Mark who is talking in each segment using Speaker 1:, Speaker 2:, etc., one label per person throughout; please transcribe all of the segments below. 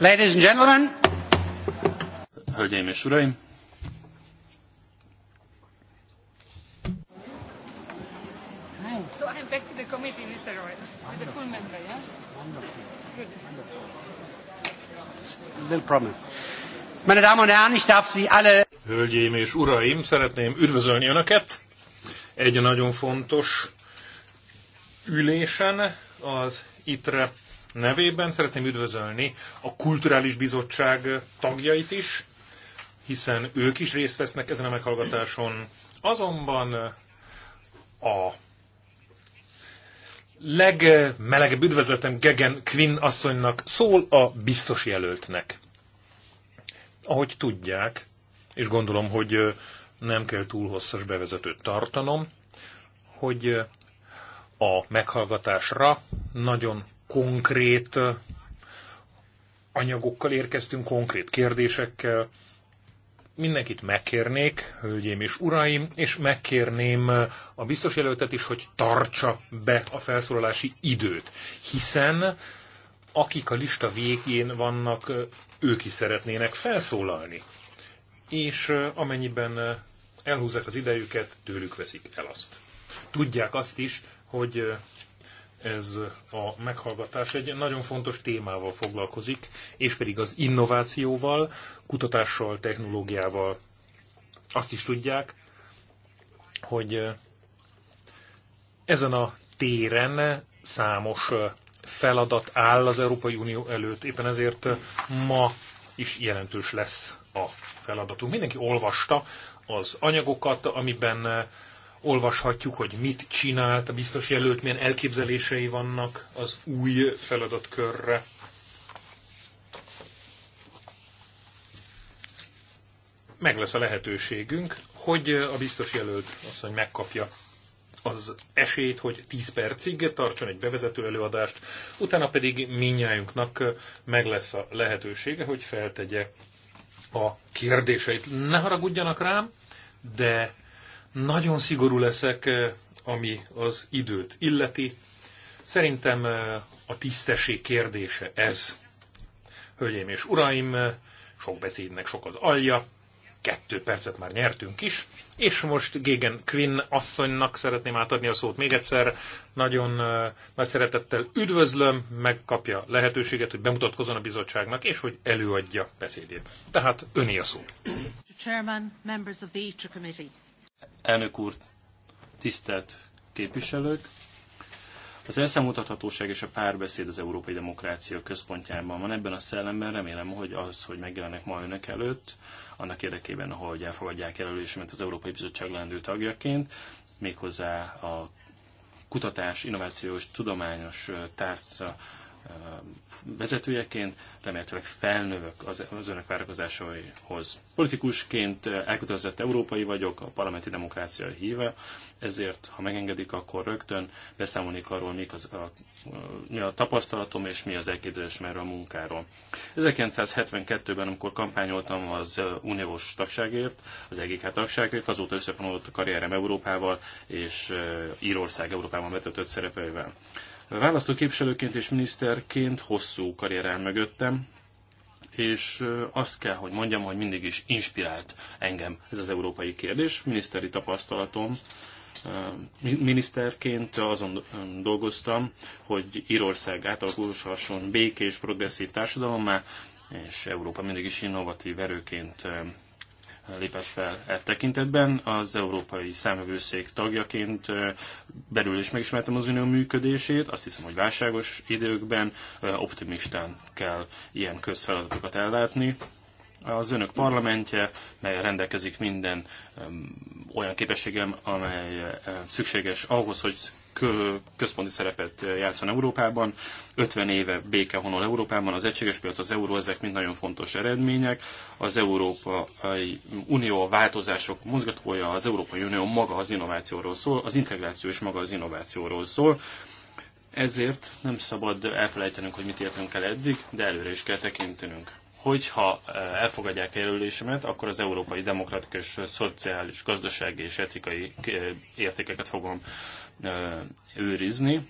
Speaker 1: Ladies and gentlemen.
Speaker 2: Hölgyeim és uraim.
Speaker 3: Mr. Roy, full member, yeah? Wonderful. Good.
Speaker 1: Little problem. Meine Damen und Herren, ich darf Sie alle... Hölgyeim
Speaker 4: és uraim, szeretném üdvözölni Önöket egy nagyon fontos ülésen az ITRE nevében szeretném üdvözölni a Kulturális Bizottság tagjait is, hiszen ők is részt vesznek ezen a meghallgatáson. Azonban a legmelegebb üdvözletem Gegen Quinn asszonynak szól a biztos jelöltnek. Ahogy tudják, és gondolom, hogy nem kell túl hosszas bevezetőt tartanom, hogy a meghallgatásra nagyon konkrét anyagokkal érkeztünk, konkrét kérdésekkel. Mindenkit megkérnék, hölgyeim és uraim, és megkérném a biztos jelöltet is, hogy tartsa be a felszólalási időt, hiszen akik a lista végén vannak, ők is szeretnének felszólalni. És amennyiben elhúzzák az idejüket, tőlük veszik el azt. Tudják azt is, hogy ez a meghallgatás egy nagyon fontos témával foglalkozik, és pedig az innovációval, kutatással, technológiával. Azt is tudják, hogy ezen a téren számos feladat áll az Európai Unió előtt, éppen ezért ma is jelentős lesz a feladatunk. Mindenki olvasta az anyagokat, amiben olvashatjuk, hogy mit csinált a biztos jelölt, milyen elképzelései vannak az új feladatkörre. Meg lesz a lehetőségünk, hogy a biztos jelölt azt, hogy megkapja az esélyt, hogy 10 percig tartson egy bevezető előadást, utána pedig minnyájunknak meg lesz a lehetősége, hogy feltegye a kérdéseit. Ne haragudjanak rám, de nagyon szigorú leszek, eh, ami az időt illeti. Szerintem eh, a tisztesség kérdése ez. Hölgyeim és uraim, eh, sok beszédnek sok az alja, kettő percet már nyertünk is, és most Gégen Quinn asszonynak szeretném átadni a szót még egyszer. Nagyon nagy szeretettel üdvözlöm, megkapja lehetőséget, hogy bemutatkozzon a bizottságnak, és hogy előadja beszédét. Tehát öné a szó.
Speaker 3: Chairman, members of the ITRA committee.
Speaker 4: Elnök úr, tisztelt képviselők!
Speaker 2: Az elszámoltathatóság és a párbeszéd az európai demokrácia központjában van. Ebben a szellemben remélem, hogy az, hogy megjelenek ma önök előtt, annak érdekében, hogy elfogadják jelölésemet az Európai Bizottság lendő tagjaként, méghozzá a kutatás, innovációs, tudományos tárca vezetőjeként, remélhetőleg felnövök az, az önök várakozásaihoz. Politikusként elkötelezett európai vagyok, a parlamenti demokrácia híve, ezért, ha megengedik, akkor rögtön beszámolnék arról, mik az, a, mi a tapasztalatom és mi az elképzelésem erről a munkáról. 1972-ben, amikor kampányoltam az uniós tagságért, az EGK tagságért, azóta összefonódott a karrierem Európával és e, Írország Európában betöltött szerepeivel. Választóképviselőként és miniszterként hosszú karrierem mögöttem, és azt kell, hogy mondjam, hogy mindig is inspirált engem ez az európai kérdés. Miniszteri tapasztalatom, miniszterként azon dolgoztam, hogy Írország átalakulhasson békés, progresszív társadalommá, és Európa mindig is innovatív erőként lépett fel e tekintetben. Az Európai Számövőszék tagjaként belül is megismertem az unió működését. Azt hiszem, hogy válságos időkben optimistán kell ilyen közfeladatokat ellátni. Az önök parlamentje, mely rendelkezik minden olyan képességem, amely szükséges ahhoz, hogy központi szerepet játszan Európában. 50 éve béke honol Európában, az egységes piac, az euró, ezek mind nagyon fontos eredmények. Az Európai Unió a változások mozgatója, az Európai Unió maga az innovációról szól, az integráció is maga az innovációról szól. Ezért nem szabad elfelejtenünk, hogy mit értünk el eddig, de előre is kell tekintenünk hogyha eh, elfogadják jelölésemet, akkor az európai demokratikus, szociális, gazdasági és etikai eh, értékeket fogom eh, őrizni.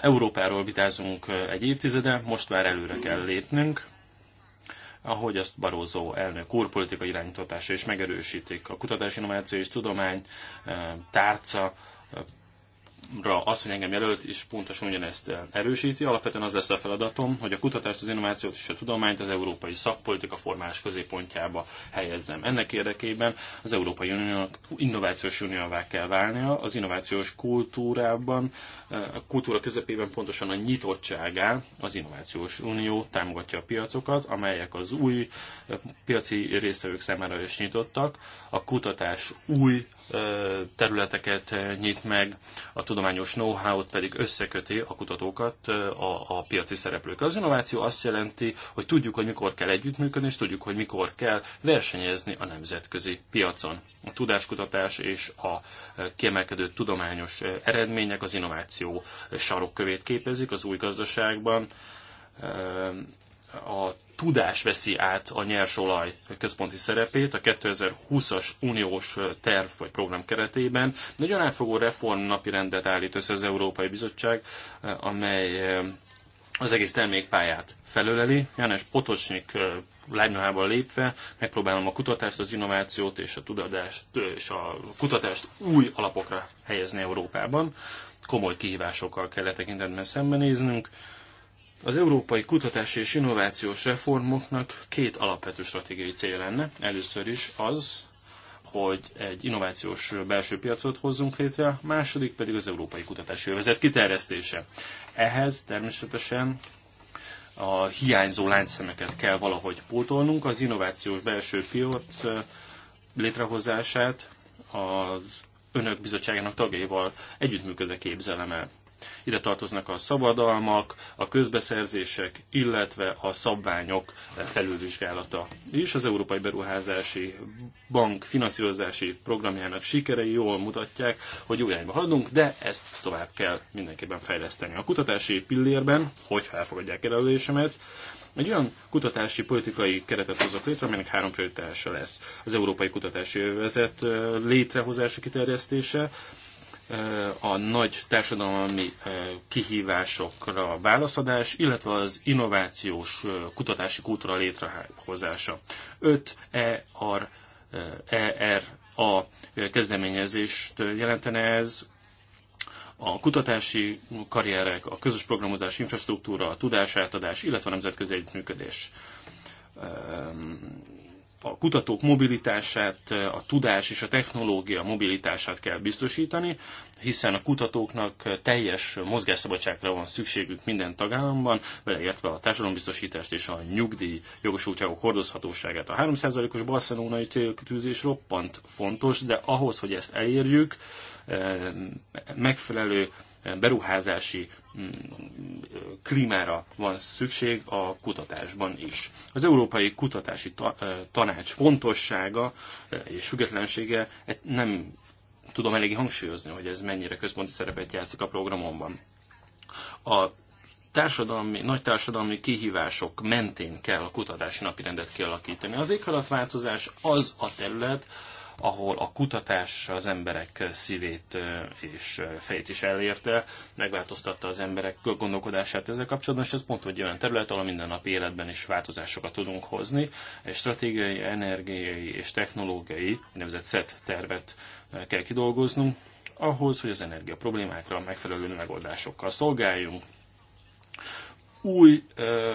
Speaker 2: Európáról vitázunk egy évtizede, most már előre kell lépnünk, ahogy azt Barózó elnök úr politikai irányítatása is megerősítik. A kutatási innováció és tudomány tárca az, hogy engem jelölt is pontosan ugyanezt erősíti. Alapvetően az lesz a feladatom, hogy a kutatást, az innovációt és a tudományt az európai szakpolitika formálás középpontjába helyezzem. Ennek érdekében az Európai Uniónak innovációs unióvá kell válnia, az innovációs kultúrában, a kultúra közepében pontosan a nyitottságá az innovációs unió támogatja a piacokat, amelyek az új piaci résztvevők számára is nyitottak, a kutatás új területeket nyit meg, a tudomány tudományos know-how-t pedig összeköti a kutatókat a, a piaci szereplőkkel. Az innováció azt jelenti, hogy tudjuk, hogy mikor kell együttműködni, és tudjuk, hogy mikor kell versenyezni a nemzetközi piacon. A tudáskutatás és a kiemelkedő tudományos eredmények az innováció sarokkövét képezik az új gazdaságban. A tudás veszi át a nyersolaj központi szerepét a 2020-as uniós terv vagy program keretében. Nagyon átfogó reform napi rendet állít össze az Európai Bizottság, amely eh, az egész termékpályát felöleli. János Potocsnik eh, lábnyomában lépve megpróbálom a kutatást, az innovációt és a tudatást, és a kutatást új alapokra helyezni Európában. Komoly kihívásokkal kell e tekintetben szembenéznünk. Az európai kutatási és innovációs reformoknak két alapvető stratégiai cél lenne. Először is az, hogy egy innovációs belső piacot hozzunk létre, a második pedig az európai kutatási övezet kiterjesztése. Ehhez természetesen a hiányzó láncszemeket kell valahogy pótolnunk, az innovációs belső piac létrehozását az önök bizottságának tagjaival együttműködve képzelem el. Ide tartoznak a szabadalmak, a közbeszerzések, illetve a szabványok felülvizsgálata. És az Európai Beruházási Bank finanszírozási programjának sikerei jól mutatják, hogy jó irányba haladunk, de ezt tovább kell mindenképpen fejleszteni. A kutatási pillérben, hogyha elfogadják jelölésemet, egy olyan kutatási politikai keretet hozok létre, aminek három prioritása lesz. Az Európai Kutatási Övezet létrehozása, kiterjesztése, a nagy társadalmi kihívásokra a válaszadás, illetve az innovációs kutatási kultúra létrehozása. 5 ER, e a kezdeményezést jelentene ez, a kutatási karrierek, a közös programozás, infrastruktúra, a tudásátadás, illetve a nemzetközi együttműködés a kutatók mobilitását, a tudás és a technológia mobilitását kell biztosítani, hiszen a kutatóknak teljes mozgásszabadságra van szükségük minden tagállamban, beleértve a társadalombiztosítást és a nyugdíj jogosultságok hordozhatóságát. A 3%-os barcelonai célkitűzés roppant fontos, de ahhoz, hogy ezt elérjük, eh, megfelelő beruházási mm, klímára van szükség a kutatásban is. Az Európai Kutatási Tanács fontossága és függetlensége e, nem tudom eléggé hangsúlyozni, hogy ez mennyire központi szerepet játszik a programomban. A társadalmi, nagy társadalmi kihívások mentén kell a kutatási napirendet kialakítani. Az éghajlatváltozás az a terület, ahol a kutatás az emberek szívét és fejét is elérte, megváltoztatta az emberek gondolkodását ezzel kapcsolatban, és ez pont egy olyan terület, ahol minden nap életben is változásokat tudunk hozni. Egy stratégiai, energiai és technológiai, nevezett SET tervet kell kidolgoznunk, ahhoz, hogy az energia problémákra megfelelő megoldásokkal szolgáljunk. Új ö,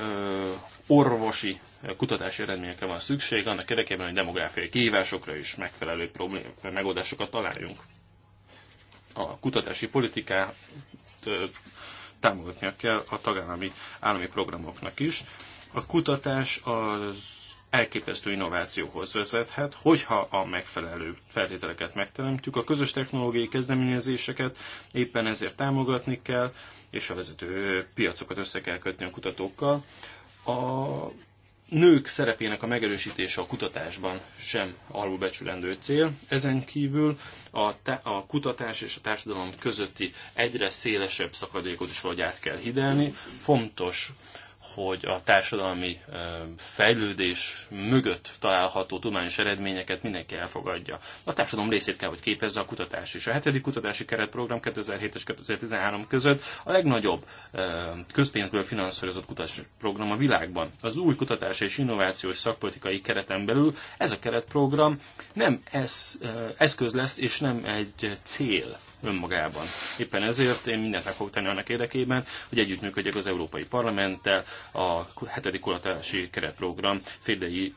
Speaker 2: orvosi kutatási eredményekre van szükség, annak érdekében, hogy demográfiai kihívásokra is megfelelő problém, megoldásokat találjunk. A kutatási politikát támogatnia kell a tagállami állami programoknak is. A kutatás az elképesztő innovációhoz vezethet, hogyha a megfelelő feltételeket megteremtjük. A közös technológiai kezdeményezéseket éppen ezért támogatni kell, és a vezető piacokat össze kell kötni a kutatókkal. A nők szerepének a megerősítése a kutatásban sem alulbecsülendő cél. Ezen kívül a, a kutatás és a társadalom közötti egyre szélesebb szakadékot is valahogy át kell hidelni. Fontos hogy a társadalmi fejlődés mögött található tudományos eredményeket mindenki elfogadja. A társadalom részét kell, hogy képezze a kutatás is. A hetedik kutatási keretprogram 2007 és 2013 között a legnagyobb közpénzből finanszírozott kutatási program a világban. Az új kutatás és innovációs szakpolitikai kereten belül ez a keretprogram nem ez, eszköz lesz, és nem egy cél önmagában. Éppen ezért én mindent meg fogok tenni annak érdekében, hogy együttműködjek az Európai Parlamenttel a hetedik kulatási keretprogram félidei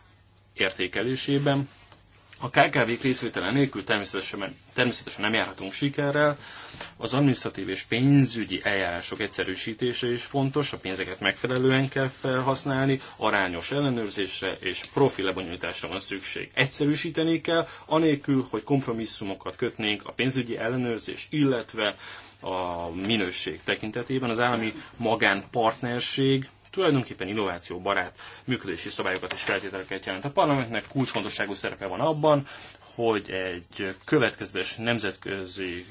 Speaker 2: értékelésében, a KKV-k részvétele nélkül természetesen, természetesen nem járhatunk sikerrel. Az administratív és pénzügyi eljárások egyszerűsítése is fontos, a pénzeket megfelelően kell felhasználni, arányos ellenőrzésre és profi lebonyolításra van szükség. Egyszerűsíteni kell, anélkül, hogy kompromisszumokat kötnénk a pénzügyi ellenőrzés, illetve a minőség tekintetében. Az állami magánpartnerség tulajdonképpen barát működési szabályokat és feltételeket jelent. A parlamentnek kulcsfontosságú szerepe van abban, hogy egy következetes nemzetközi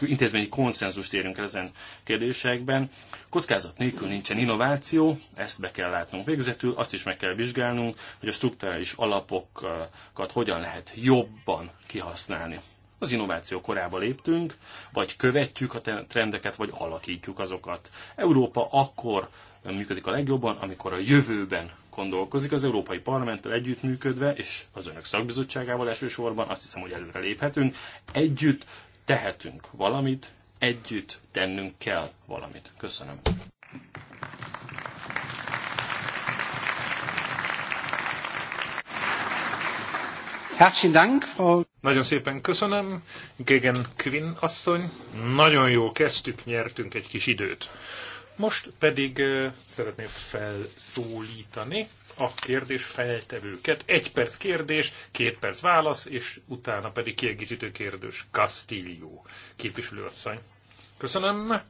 Speaker 2: intézményi konszenzust érünk el ezen kérdésekben. Kockázat nélkül nincsen innováció, ezt be kell látnunk végzetül, azt is meg kell vizsgálnunk, hogy a strukturális alapokat hogyan lehet jobban kihasználni. Az innováció korába léptünk, vagy követjük a trendeket, vagy alakítjuk azokat. Európa akkor működik a legjobban, amikor a jövőben gondolkozik az Európai Parlamenttel együttműködve, és az önök szakbizottságával elsősorban, azt hiszem, hogy előre léphetünk, együtt tehetünk valamit, együtt tennünk kell valamit. Köszönöm.
Speaker 4: Herzlichen Dank, Frau... Nagyon szépen köszönöm, Gegen Quinn asszony. Nagyon jó kezdtük, nyertünk egy kis időt. Most pedig szeretném felszólítani a kérdés feltevőket. Egy perc kérdés, két perc válasz, és utána pedig kiegészítő kérdés. Castillo, képviselőasszony. Köszönöm.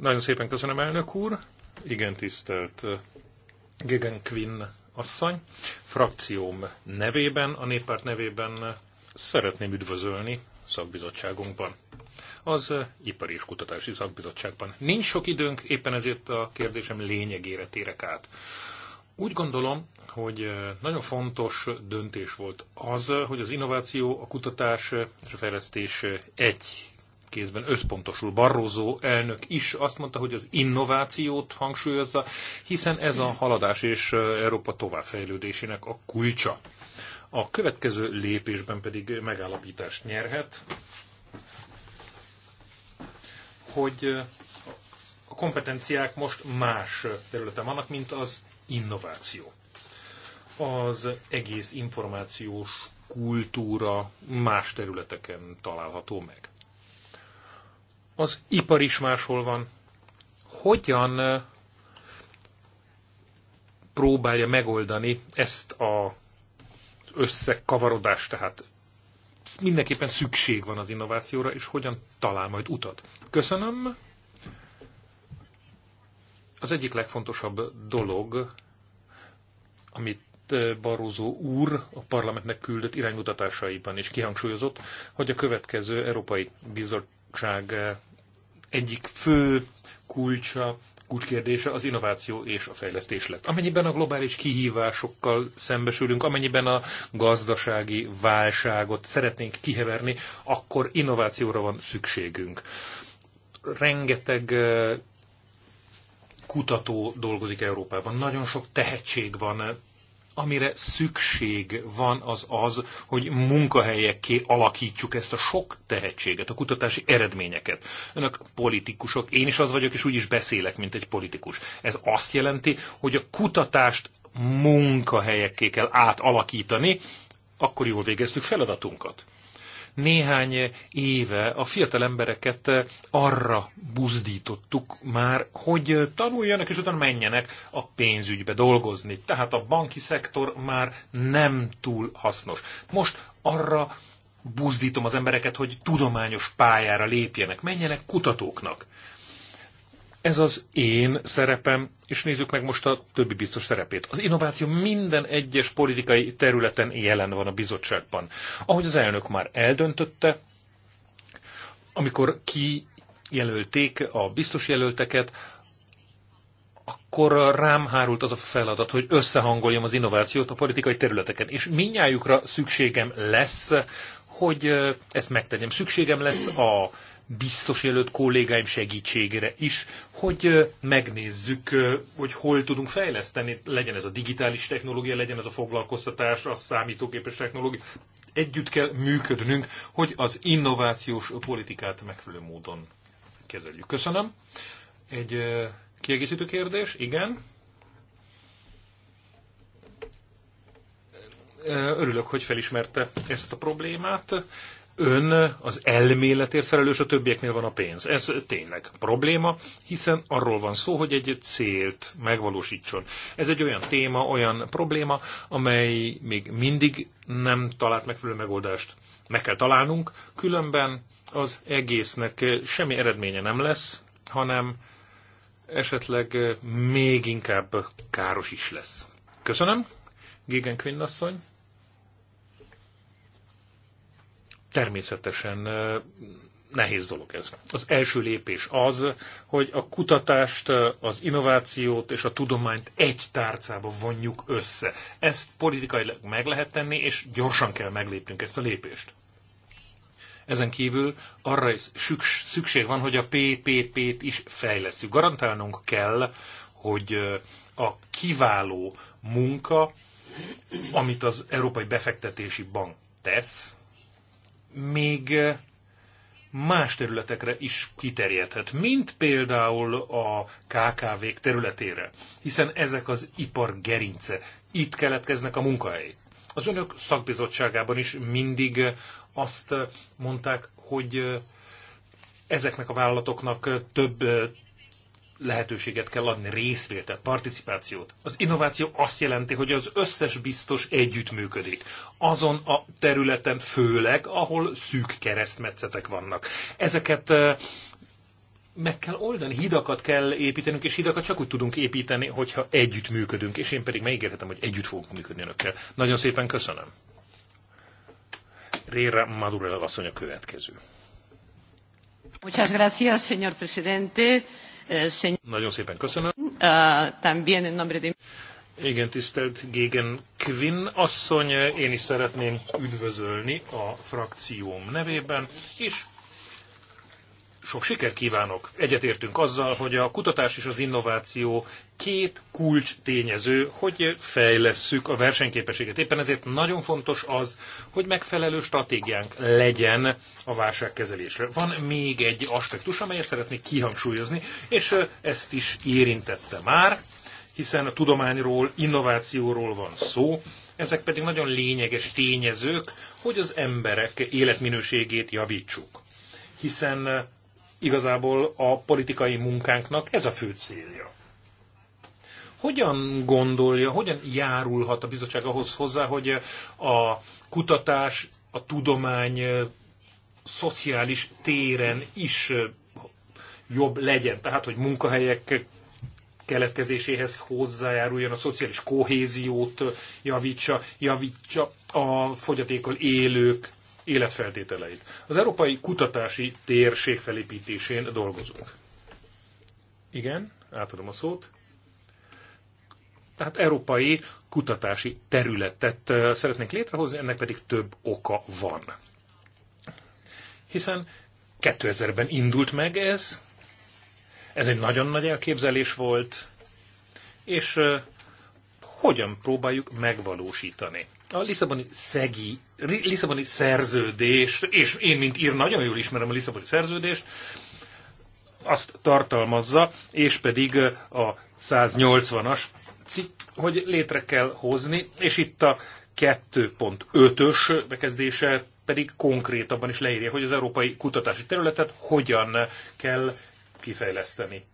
Speaker 4: Nagyon szépen köszönöm, elnök úr. Igen, tisztelt Gegen Quinn asszony. Frakcióm nevében, a néppárt nevében szeretném üdvözölni szakbizottságunkban. Az eh, Ipari és Kutatási Szakbizottságban. Nincs sok időnk, éppen ezért a kérdésem lényegére térek át. Úgy gondolom, hogy eh, nagyon fontos döntés volt az, hogy az innováció, a kutatás eh, és a fejlesztés egy kézben összpontosul. Barroso elnök is azt mondta, hogy az innovációt hangsúlyozza, hiszen ez a haladás és Európa továbbfejlődésének a kulcsa. A következő lépésben pedig megállapítást nyerhet, hogy a kompetenciák most más területen vannak, mint az innováció. Az egész információs kultúra más területeken található meg az ipar is máshol van. Hogyan próbálja megoldani ezt a összekavarodást, tehát mindenképpen szükség van az innovációra, és hogyan talál majd utat. Köszönöm. Az egyik legfontosabb dolog, amit Barroso úr a parlamentnek küldött iránymutatásaiban is kihangsúlyozott, hogy a következő Európai Bizottság egyik fő kulcsa, kulcskérdése az innováció és a fejlesztés lett. Amennyiben a globális kihívásokkal szembesülünk, amennyiben a gazdasági válságot szeretnénk kiheverni, akkor innovációra van szükségünk. Rengeteg kutató dolgozik Európában. Nagyon sok tehetség van amire szükség van, az az, hogy munkahelyekké alakítsuk ezt a sok tehetséget, a kutatási eredményeket. Önök politikusok, én is az vagyok, és úgy is beszélek, mint egy politikus. Ez azt jelenti, hogy a kutatást munkahelyekké kell átalakítani, akkor jól végeztük feladatunkat néhány éve a fiatal embereket arra buzdítottuk már, hogy tanuljanak és utána menjenek a pénzügybe dolgozni. Tehát a banki szektor már nem túl hasznos. Most arra buzdítom az embereket, hogy tudományos pályára lépjenek, menjenek kutatóknak ez az én szerepem, és nézzük meg most a többi biztos szerepét. Az innováció minden egyes politikai területen jelen van a bizottságban. Ahogy az elnök már eldöntötte, amikor kijelölték a biztos jelölteket, akkor rám hárult az a feladat, hogy összehangoljam az innovációt a politikai területeken. És minnyájukra szükségem lesz, hogy ezt megtegyem. Szükségem lesz a biztos jelölt kollégáim segítségére is, hogy megnézzük, hogy hol tudunk fejleszteni, legyen ez a digitális technológia, legyen ez a foglalkoztatás, a számítógépes technológia. Együtt kell működnünk, hogy az innovációs politikát megfelelő módon kezeljük. Köszönöm. Egy kiegészítő kérdés? Igen. Örülök, hogy felismerte ezt a problémát, ön az elméletért felelős, a többieknél van a pénz. Ez tényleg probléma, hiszen arról van szó, hogy egy célt megvalósítson. Ez egy olyan téma, olyan probléma, amely még mindig nem talált megfelelő megoldást. Meg kell találnunk, különben az egésznek semmi eredménye nem lesz, hanem esetleg még inkább káros is lesz. Köszönöm, Gégen Quinn asszony. természetesen nehéz dolog ez. Az első lépés az, hogy a kutatást, az innovációt és a tudományt egy tárcába vonjuk össze. Ezt politikailag meg lehet tenni, és gyorsan kell meglépnünk ezt a lépést. Ezen kívül arra is szükség van, hogy a PPP-t is fejleszünk. Garantálnunk kell, hogy a kiváló munka, amit az Európai Befektetési Bank tesz, még más területekre is kiterjedhet, mint például a KKV-k területére, hiszen ezek az ipar gerince, itt keletkeznek a munkahelyek. Az önök szakbizottságában is mindig azt mondták, hogy ezeknek a vállalatoknak több lehetőséget kell adni, részvételt, participációt. Az innováció azt jelenti, hogy az összes biztos együttműködik. Azon a területen főleg, ahol szűk keresztmetszetek vannak. Ezeket meg kell oldani, hidakat kell építenünk, és hidakat csak úgy tudunk építeni, hogyha együttműködünk, és én pedig megígérhetem, hogy együtt fogunk működni önökkel. Nagyon szépen köszönöm. Réra Madurella asszony a következő.
Speaker 3: Muchas gracias, señor presidente. Nagyon szépen köszönöm. Uh, también
Speaker 4: en nombre de... Igen, tisztelt Gégen Quinn asszony, én is szeretném üdvözölni a frakcióm nevében, és sok sikert kívánok. Egyetértünk azzal, hogy a kutatás és az innováció két kulcs tényező, hogy fejlesszük a versenyképességet. Éppen ezért nagyon fontos az, hogy megfelelő stratégiánk legyen a válságkezelésre. Van még egy aspektus, amelyet szeretnék kihangsúlyozni, és ezt is érintette már, hiszen a tudományról, innovációról van szó, ezek pedig nagyon lényeges tényezők, hogy az emberek életminőségét javítsuk. Hiszen igazából a politikai munkánknak ez a fő célja. Hogyan gondolja, hogyan járulhat a bizottság ahhoz hozzá, hogy a kutatás, a tudomány szociális téren is jobb legyen? Tehát, hogy munkahelyek keletkezéséhez hozzájáruljon, a szociális kohéziót javítsa, javítsa a fogyatékkal élők életfeltételeit. Az európai kutatási térség felépítésén dolgozunk. Igen, átadom a szót. Tehát európai kutatási területet szeretnénk létrehozni, ennek pedig több oka van. Hiszen 2000-ben indult meg ez, ez egy nagyon nagy elképzelés volt, és hogyan próbáljuk megvalósítani. A Lisszaboni szegi, Lisszaboni szerződés, és én, mint ír, nagyon jól ismerem a Lisszaboni szerződést, azt tartalmazza, és pedig a 180-as cikk, hogy létre kell hozni, és itt a 2.5-ös bekezdése pedig konkrétabban is leírja, hogy az európai kutatási területet hogyan kell kifejleszteni.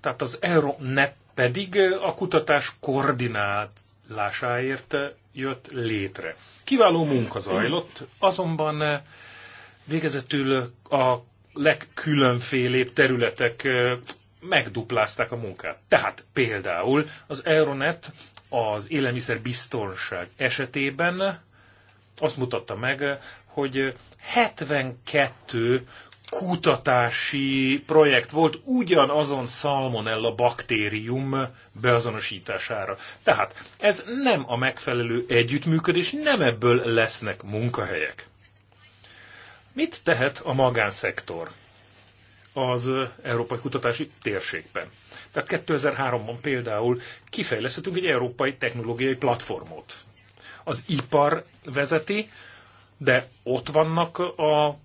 Speaker 4: Tehát az Euronet pedig a kutatás koordinált lásáért jött létre. Kiváló munka zajlott, azonban eh, végezetül eh, a legkülönfélébb területek eh, megduplázták a munkát. Tehát például az Euronet az élelmiszerbiztonság esetében azt mutatta meg, hogy 72 kutatási projekt volt ugyanazon salmonella baktérium beazonosítására. Tehát ez nem a megfelelő együttműködés, nem ebből lesznek munkahelyek. Mit tehet a magánszektor az európai kutatási térségben? Tehát 2003-ban például kifejlesztettünk egy európai technológiai platformot. Az ipar vezeti, de ott vannak a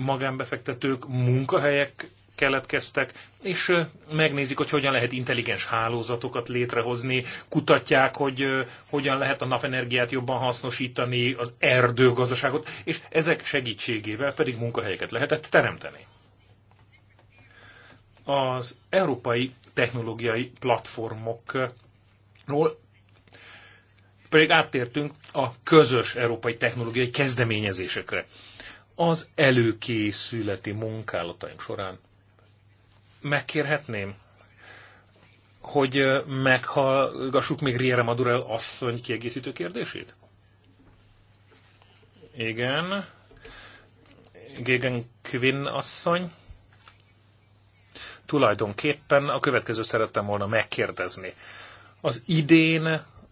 Speaker 4: magánbefektetők, munkahelyek keletkeztek, és megnézik, hogy hogyan lehet intelligens hálózatokat létrehozni, kutatják, hogy hogyan lehet a napenergiát jobban hasznosítani, az erdőgazdaságot, és ezek segítségével pedig munkahelyeket lehetett teremteni. Az európai technológiai platformokról pedig áttértünk a közös európai technológiai kezdeményezésekre az előkészületi munkálataim során megkérhetném, hogy meghallgassuk még Riera Madurel asszony kiegészítő kérdését? Igen. Gégen Quinn asszony. Tulajdonképpen a következő szerettem volna megkérdezni. Az idén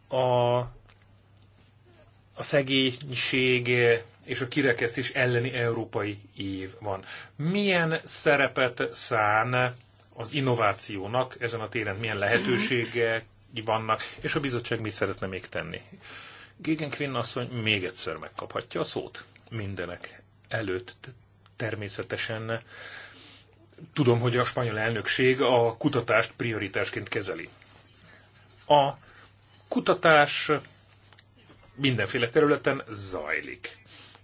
Speaker 4: a, a szegénység és a kirekesztés elleni európai év van. Milyen szerepet szán az innovációnak ezen a téren, milyen lehetőségek vannak, és a bizottság mit szeretne még tenni? Gégen Quinn asszony még egyszer megkaphatja a szót mindenek előtt természetesen tudom, hogy a spanyol elnökség a kutatást prioritásként kezeli. A kutatás mindenféle területen zajlik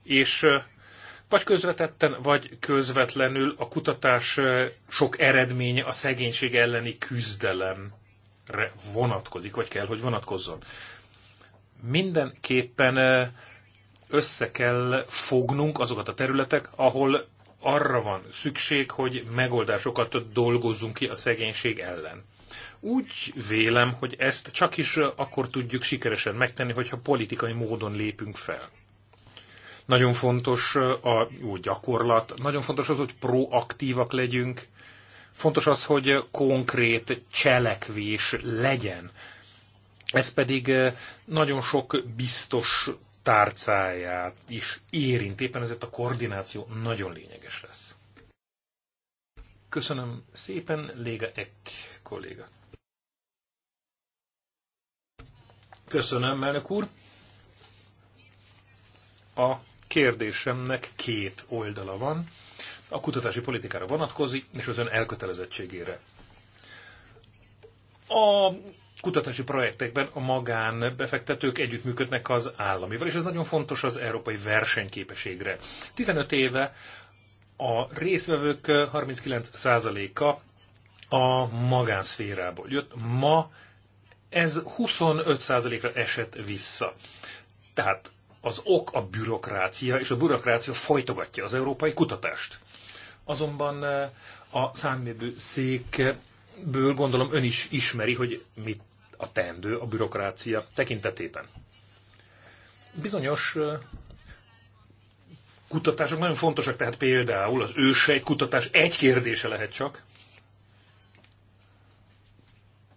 Speaker 4: és vagy közvetetten, vagy közvetlenül a kutatás sok eredménye a szegénység elleni küzdelemre vonatkozik, vagy kell, hogy vonatkozzon. Mindenképpen össze kell fognunk azokat a területek, ahol arra van szükség, hogy megoldásokat dolgozzunk ki a szegénység ellen. Úgy vélem, hogy ezt csak is akkor tudjuk sikeresen megtenni, hogyha politikai módon lépünk fel nagyon fontos a jó gyakorlat, nagyon fontos az, hogy proaktívak legyünk, fontos az, hogy konkrét cselekvés legyen. Ez pedig nagyon sok biztos tárcáját is érint, éppen ezért a koordináció nagyon lényeges lesz. Köszönöm szépen, Léga Ek kolléga. Köszönöm, elnök úr. A kérdésemnek két oldala van. A kutatási politikára vonatkozik, és az ön elkötelezettségére. A kutatási projektekben a magán befektetők együttműködnek az államival, és ez nagyon fontos az európai versenyképességre. 15 éve a részvevők 39%-a a magánszférából jött. Ma ez 25%-ra esett vissza. Tehát az ok a bürokrácia, és a bürokrácia folytogatja az európai kutatást. Azonban eh, a számjövő székből gondolom ön is ismeri, hogy mit a teendő a bürokrácia tekintetében. Bizonyos eh, kutatások nagyon fontosak, tehát például az ősejt kutatás egy kérdése lehet csak.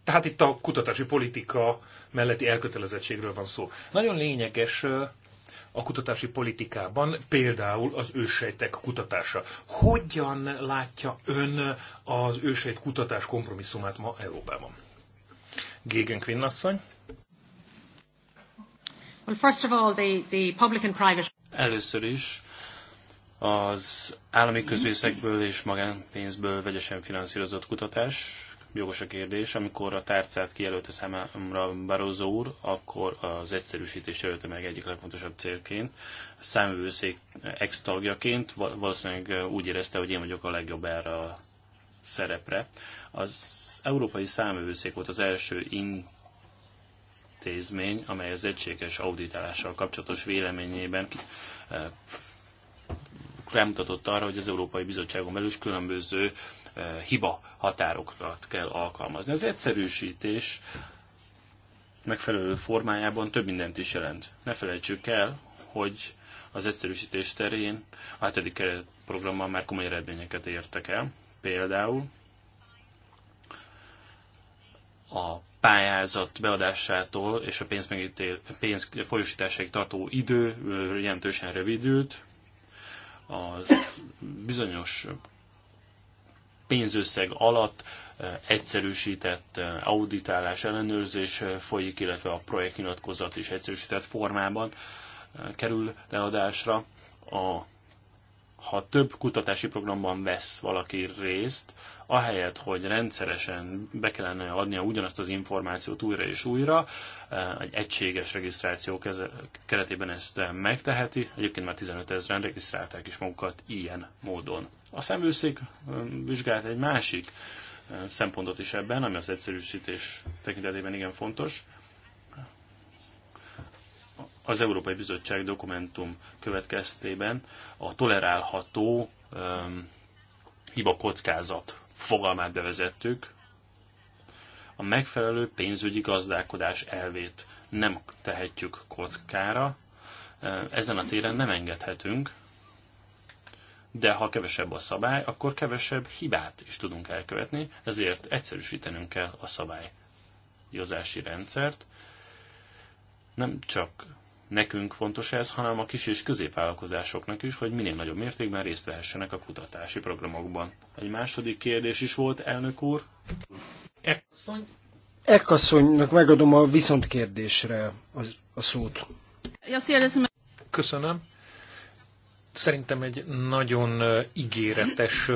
Speaker 4: Tehát itt a kutatási politika melletti elkötelezettségről van szó. Nagyon lényeges eh, a kutatási politikában, például az ősejtek kutatása. Hogyan látja ön az ősejt kutatás kompromisszumát ma Európában? Gégen Quinnasszony.
Speaker 3: Well, first of all, the, the public and private...
Speaker 2: Először is az állami közvészekből és magánpénzből vegyesen finanszírozott kutatás jogos a kérdés. Amikor a tárcát kijelölte számomra Barroso úr, akkor az egyszerűsítés jelölte meg egyik legfontosabb célként. A számvőszék ex tagjaként valószínűleg úgy érezte, hogy én vagyok a legjobb erre a szerepre. Az Európai Számvőszék volt az első in intézmény, amely az egységes auditálással kapcsolatos véleményében eh, rámutatott arra, hogy az Európai Bizottságon belül is különböző hiba határokat kell alkalmazni. Az egyszerűsítés megfelelő formájában több mindent is jelent. Ne felejtsük el, hogy az egyszerűsítés terén a hetedik keretprogrammal már komoly eredményeket értek el. Például a pályázat beadásától és a pénz, pénz folyosításáig tartó idő jelentősen rövidült, a bizonyos pénzösszeg alatt egyszerűsített auditálás ellenőrzés folyik, illetve a projektnyilatkozat is egyszerűsített formában kerül leadásra. A, ha több kutatási programban vesz valaki részt, ahelyett, hogy rendszeresen be kellene adnia ugyanazt az információt újra és újra, egy egységes regisztráció keretében ezt megteheti. Egyébként már 15 ezeren regisztrálták is magukat ilyen módon. A szemőszék vizsgált egy másik szempontot is ebben, ami az egyszerűsítés tekintetében igen fontos. Az Európai Bizottság dokumentum következtében a tolerálható um, hiba kockázat fogalmát bevezettük, a megfelelő pénzügyi gazdálkodás elvét nem tehetjük kockára, ezen a téren nem engedhetünk, de ha kevesebb a szabály, akkor kevesebb hibát is tudunk elkövetni, ezért egyszerűsítenünk kell a szabályozási rendszert. Nem csak nekünk fontos ez, hanem a kis és középvállalkozásoknak is, hogy minél nagyobb mértékben részt vehessenek a kutatási programokban. Egy második kérdés is volt, elnök úr. Ekasszony.
Speaker 1: Ekasszonynak megadom a viszont kérdésre a szót.
Speaker 4: Köszönöm. Szerintem egy nagyon ígéretes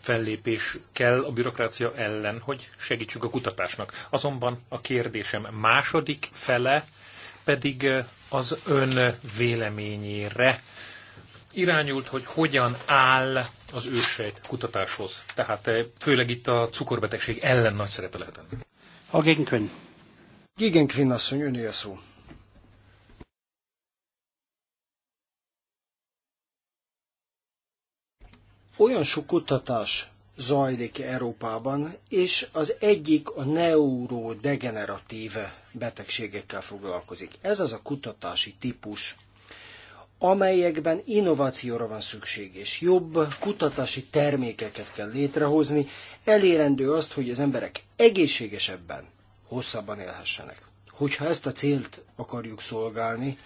Speaker 4: fellépés kell a bürokrácia ellen, hogy segítsük a kutatásnak. Azonban a kérdésem második fele pedig az ön véleményére irányult, hogy hogyan áll az őssejt kutatáshoz. Tehát főleg itt a cukorbetegség ellen nagy szerepe lehet ennek.
Speaker 1: Ha Gégenkvinn. Gégenkvinn asszony, öné a szó. Olyan sok kutatás zajlik Európában, és az egyik a neurodegeneratív betegségekkel foglalkozik. Ez az a kutatási típus, amelyekben innovációra van szükség, és jobb kutatási termékeket kell létrehozni, elérendő azt, hogy az emberek egészségesebben, hosszabban élhessenek. Hogyha ezt a célt akarjuk szolgálni,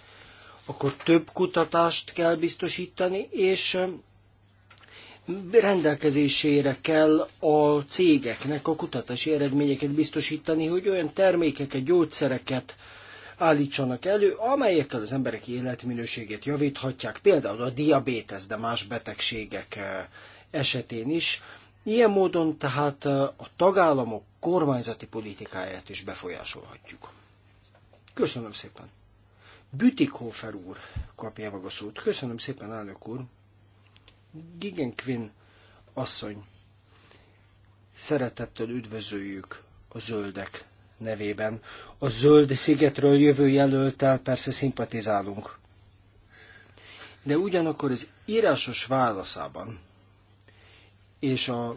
Speaker 1: akkor több kutatást kell biztosítani, és rendelkezésére kell a cégeknek a kutatási eredményeket biztosítani, hogy olyan termékeket, gyógyszereket állítsanak elő, amelyekkel az emberek életminőségét javíthatják, például a diabétesz, de más betegségek eh, esetén is. Ilyen módon tehát eh, a tagállamok kormányzati politikáját is befolyásolhatjuk. Köszönöm szépen. Bütikhofer úr kapja meg a szót. Köszönöm szépen, elnök úr. Quinn asszony, szeretettel üdvözöljük a zöldek nevében. A zöld szigetről jövő jelöltel persze szimpatizálunk. De ugyanakkor az írásos válaszában és a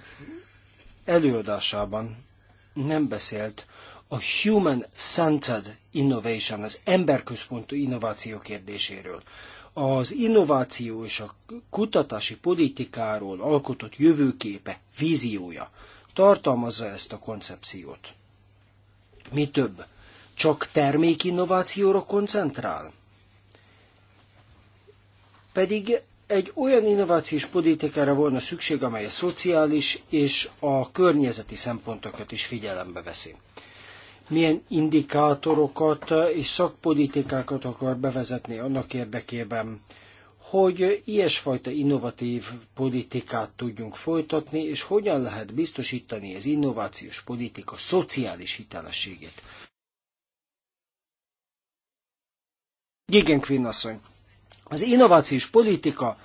Speaker 1: előadásában nem beszélt a Human Centered Innovation, az emberközpontú innováció kérdéséről az innováció és a kutatási politikáról alkotott jövőképe, víziója tartalmazza ezt a koncepciót. Mi több, csak termékinnovációra koncentrál? Pedig egy olyan innovációs politikára volna szükség, amely a szociális és a környezeti szempontokat is figyelembe veszi milyen indikátorokat és szakpolitikákat akar bevezetni annak érdekében, hogy ilyesfajta innovatív politikát tudjunk folytatni, és hogyan lehet biztosítani az innovációs politika szociális hitelességét. Igen, Quinn asszony, az innovációs politika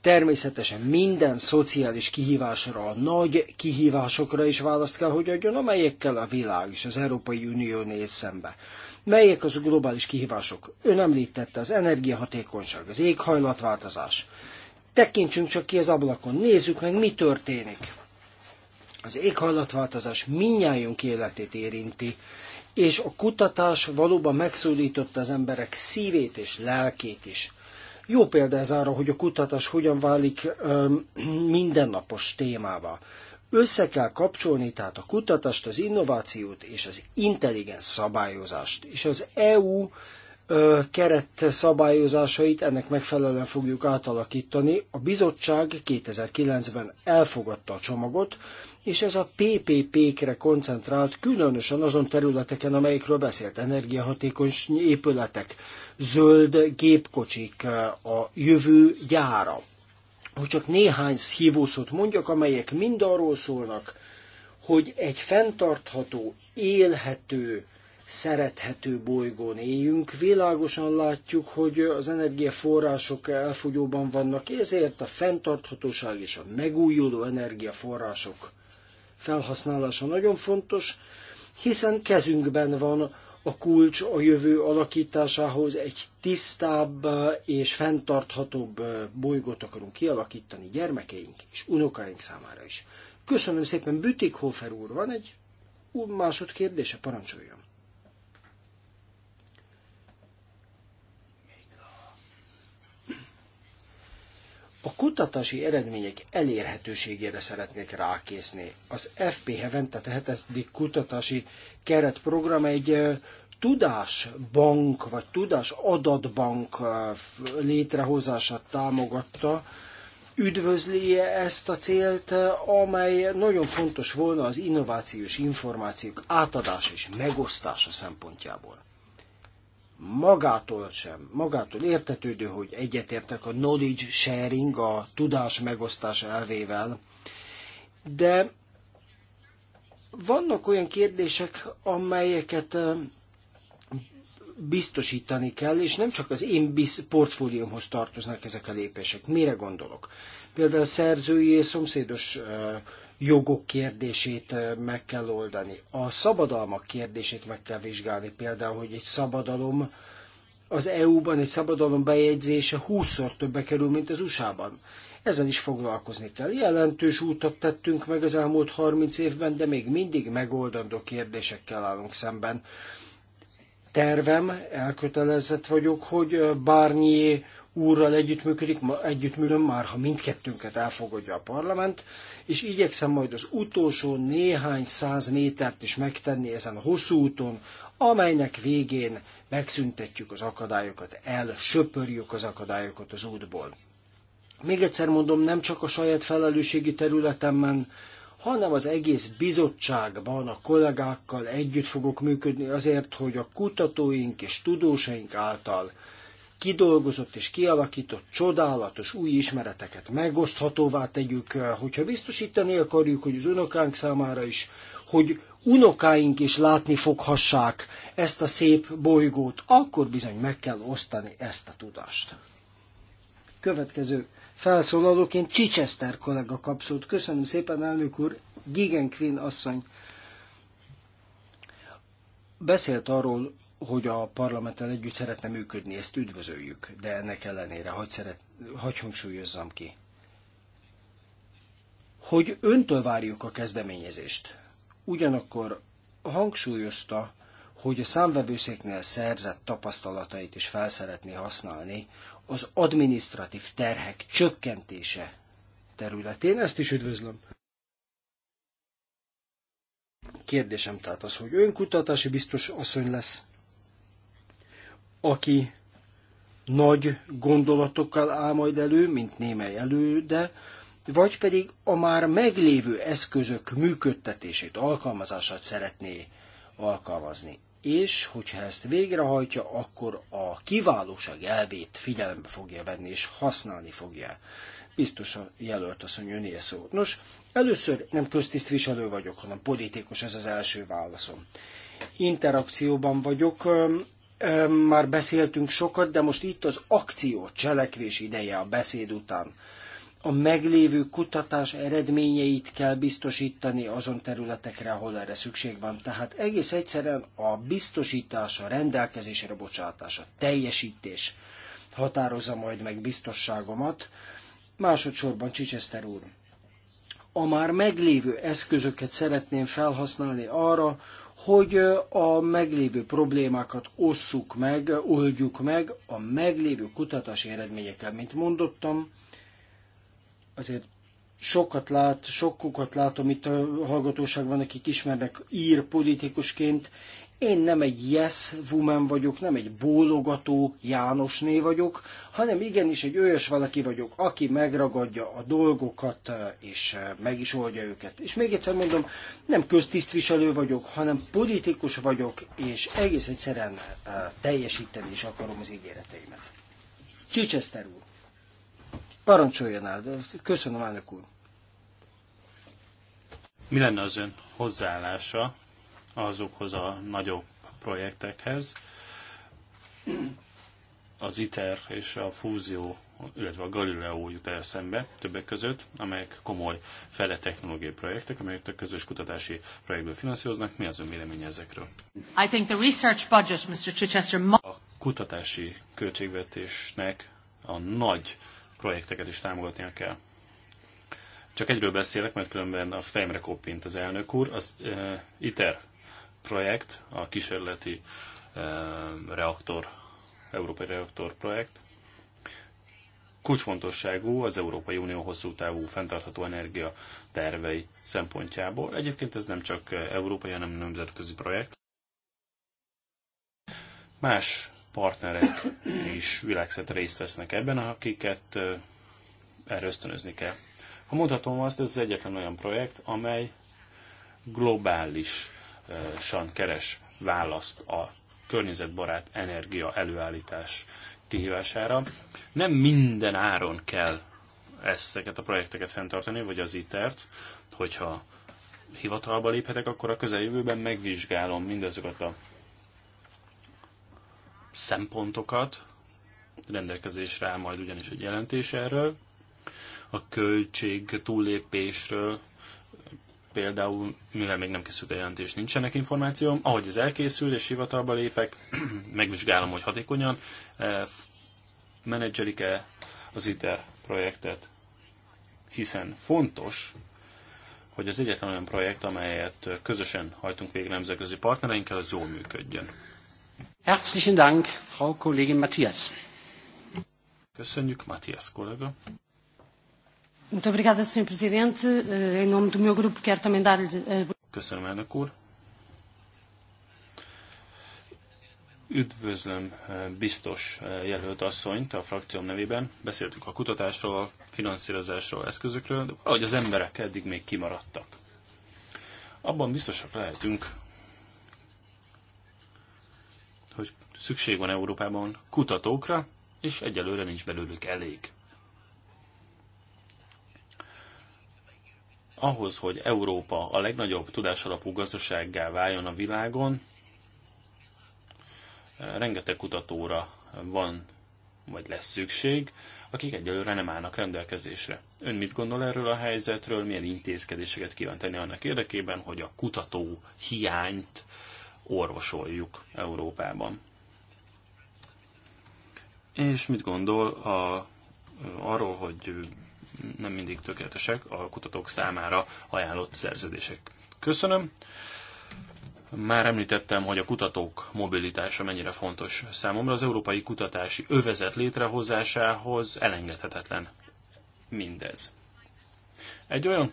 Speaker 1: Természetesen minden szociális kihívásra, a nagy kihívásokra is választ kell, hogy adjon, amelyekkel a világ és az Európai Unió néz szembe. Melyek az globális kihívások? Ön említette az energiahatékonyság, az éghajlatváltozás. Tekintsünk csak ki az ablakon, nézzük meg, mi történik. Az éghajlatváltozás minnyájunk életét érinti, és a kutatás valóban megszólította az emberek szívét és lelkét is. Jó példa ez arra, hogy a kutatás hogyan válik mindennapos témába. Össze kell kapcsolni tehát a kutatást, az innovációt és az intelligens szabályozást. És az EU keret szabályozásait ennek megfelelően fogjuk átalakítani. A bizottság 2009-ben elfogadta a csomagot, és ez a PPP-kre koncentrált, különösen azon területeken, amelyikről beszélt, energiahatékony épületek, zöld gépkocsik, eh, a jövő gyára. Hogy csak néhány hívószót mondjak, amelyek mind arról szólnak, hogy egy fenntartható, élhető, szerethető bolygón éljünk. Világosan látjuk, hogy az energiaforrások elfogyóban vannak, ezért a fenntarthatóság és a megújuló energiaforrások felhasználása nagyon fontos, hiszen kezünkben van a kulcs a jövő alakításához, egy tisztább és fenntarthatóbb bolygót akarunk kialakítani gyermekeink és unokáink számára is. Köszönöm szépen, Bütikhofer úr, van egy másod kérdése, parancsoljon. A kutatási eredmények elérhetőségére szeretnék rákészni. Az FP Hevente, tehát hetedik kutatási keretprogram egy tudásbank vagy tudás adatbank létrehozását támogatta, üdvözli -e ezt a célt, amely nagyon fontos volna az innovációs információk átadás és megosztása szempontjából magától sem, magától értetődő, hogy egyetértek a knowledge sharing, a tudás megosztás elvével, de vannak olyan kérdések, amelyeket biztosítani kell, és nem csak az én portfóliómhoz tartoznak ezek a lépések. Mire gondolok? Például a szerzői és szomszédos jogok kérdését meg kell oldani. A szabadalmak kérdését meg kell vizsgálni, például, hogy egy szabadalom az EU-ban egy szabadalom bejegyzése 20-szor többe kerül, mint az USA-ban. Ezzel is foglalkozni kell. Jelentős útat tettünk meg az elmúlt 30 évben, de még mindig megoldandó kérdésekkel állunk szemben. Tervem, elkötelezett vagyok, hogy Barnier úrral együttműködik, ma már, ha mindkettőnket elfogadja a parlament, és igyekszem majd az utolsó néhány száz métert is megtenni ezen a hosszú úton, amelynek végén megszüntetjük az akadályokat, elsöpörjük az akadályokat az útból. Még egyszer mondom, nem csak a saját felelősségi területemben, hanem az egész bizottságban a kollégákkal együtt fogok működni azért, hogy a kutatóink és tudósaink által kidolgozott és kialakított csodálatos új ismereteket megoszthatóvá tegyük, eh, hogyha biztosítani akarjuk, hogy az unokánk számára is, hogy unokáink is látni foghassák ezt a szép bolygót, akkor bizony meg kell osztani ezt a tudást. Következő felszólalóként Csicseszter kollega kapszót. Köszönöm szépen, elnök úr, Gigan Quinn asszony beszélt arról, hogy a parlamenttel együtt szeretne működni, ezt üdvözöljük, de ennek ellenére hogy szeret, hogy hangsúlyozzam ki. Hogy öntől várjuk a kezdeményezést. Ugyanakkor hangsúlyozta, hogy a számvevőszéknél szerzett tapasztalatait is fel szeretné használni az administratív terhek csökkentése területén. Ezt is üdvözlöm. Kérdésem tehát az, hogy önkutatási biztos asszony lesz, aki nagy gondolatokkal áll majd elő, mint némely előde, vagy pedig a már meglévő eszközök működtetését, alkalmazását szeretné alkalmazni. És hogyha ezt végrehajtja, akkor a kiválóság elvét figyelembe fogja venni és használni fogja. Biztos a jelölt asszony önél szó. Nos, először nem köztisztviselő vagyok, hanem politikus, ez az első válaszom. Interakcióban vagyok már beszéltünk sokat, de most itt az akció cselekvés ideje a beszéd után. A meglévő kutatás eredményeit kell biztosítani azon területekre, ahol erre szükség van. Tehát egész egyszerűen a biztosítása, rendelkezésre bocsátása, teljesítés határozza majd meg biztosságomat. Másodszorban Csicseszter úr, a már meglévő eszközöket szeretném felhasználni arra, hogy a meglévő problémákat osszuk meg, oldjuk meg a meglévő kutatási eredményekkel. Mint mondottam, azért sokat lát, sokukat látom itt a hallgatóságban, akik ismernek ír politikusként, én nem egy yes woman vagyok, nem egy bólogató Jánosné vagyok, hanem igenis egy olyas valaki vagyok, aki megragadja a dolgokat, eh, és eh, meg is oldja őket. És még egyszer mondom, nem köztisztviselő vagyok, hanem politikus vagyok, és egész egyszerűen eh, teljesíteni is akarom az ígéreteimet. Csicseszter úr, parancsoljon el, köszönöm, elnök úr.
Speaker 2: Mi lenne az ön hozzáállása azokhoz a nagyobb projektekhez. Az ITER és a fúzió, illetve a Galileo jut el szembe többek között, amelyek komoly fele technológiai projektek, amelyek a közös kutatási projektből finanszíroznak. Mi az ön véleménye ezekről?
Speaker 3: I think the research budget, Mr. Chichester... A
Speaker 2: kutatási költségvetésnek a nagy projekteket is támogatnia kell. Csak egyről beszélek, mert különben a fejemre koppint az elnök úr, az e, ITER projekt, a kísérleti eh, reaktor, európai reaktor projekt, kulcsfontosságú az Európai Unió hosszú távú fenntartható energia tervei szempontjából. Egyébként ez nem csak európai, hanem nemzetközi projekt. Más partnerek is világszerte részt vesznek ebben, akiket eh, erre ösztönözni kell. Ha mondhatom azt, ez az egyetlen olyan projekt, amely globális folyamatosan keres választ a környezetbarát energia előállítás kihívására. Nem minden áron kell ezeket a projekteket fenntartani, vagy az ITER-t, e hogyha hivatalba léphetek, akkor a közeljövőben megvizsgálom mindezeket a szempontokat, rendelkezésre áll majd ugyanis egy jelentés erről, a költség túllépésről, például, mivel még nem készült a jelentés, nincsenek információm. Ahogy ez elkészül és hivatalba lépek, megvizsgálom, hogy hatékonyan eh, menedzselik-e az ITER projektet, hiszen fontos, hogy az egyetlen olyan projekt, amelyet közösen hajtunk végre nemzetközi partnereinkkel, az jól működjön.
Speaker 1: Herzlichen Dank, Frau Kollegin Matthias.
Speaker 2: Köszönjük, Matthias kollega.
Speaker 3: Muito obrigada, Sr. Presidente. Eh, em nome do meu grupo, quero também dar-lhe... Eh,
Speaker 2: Köszönöm, elnök úr. Üdvözlöm eh, biztos jelölt asszonyt a frakcióm nevében. Beszéltük a kutatásról, a finanszírozásról, eszközökről, de valahogy az emberek eddig még kimaradtak. Abban biztosak lehetünk, hogy szükség van Európában kutatókra, és egyelőre nincs belőlük elég. Ahhoz, hogy Európa a legnagyobb tudásalapú gazdasággá váljon a világon, rengeteg kutatóra van vagy lesz szükség, akik egyelőre nem állnak rendelkezésre. Ön mit gondol erről a helyzetről, milyen intézkedéseket kíván tenni annak érdekében, hogy a kutató hiányt orvosoljuk Európában? És mit gondol a, arról, hogy nem mindig tökéletesek a kutatók számára ajánlott szerződések. Köszönöm. Már említettem, hogy a kutatók mobilitása mennyire fontos számomra. Az európai kutatási övezet létrehozásához elengedhetetlen mindez. Egy olyan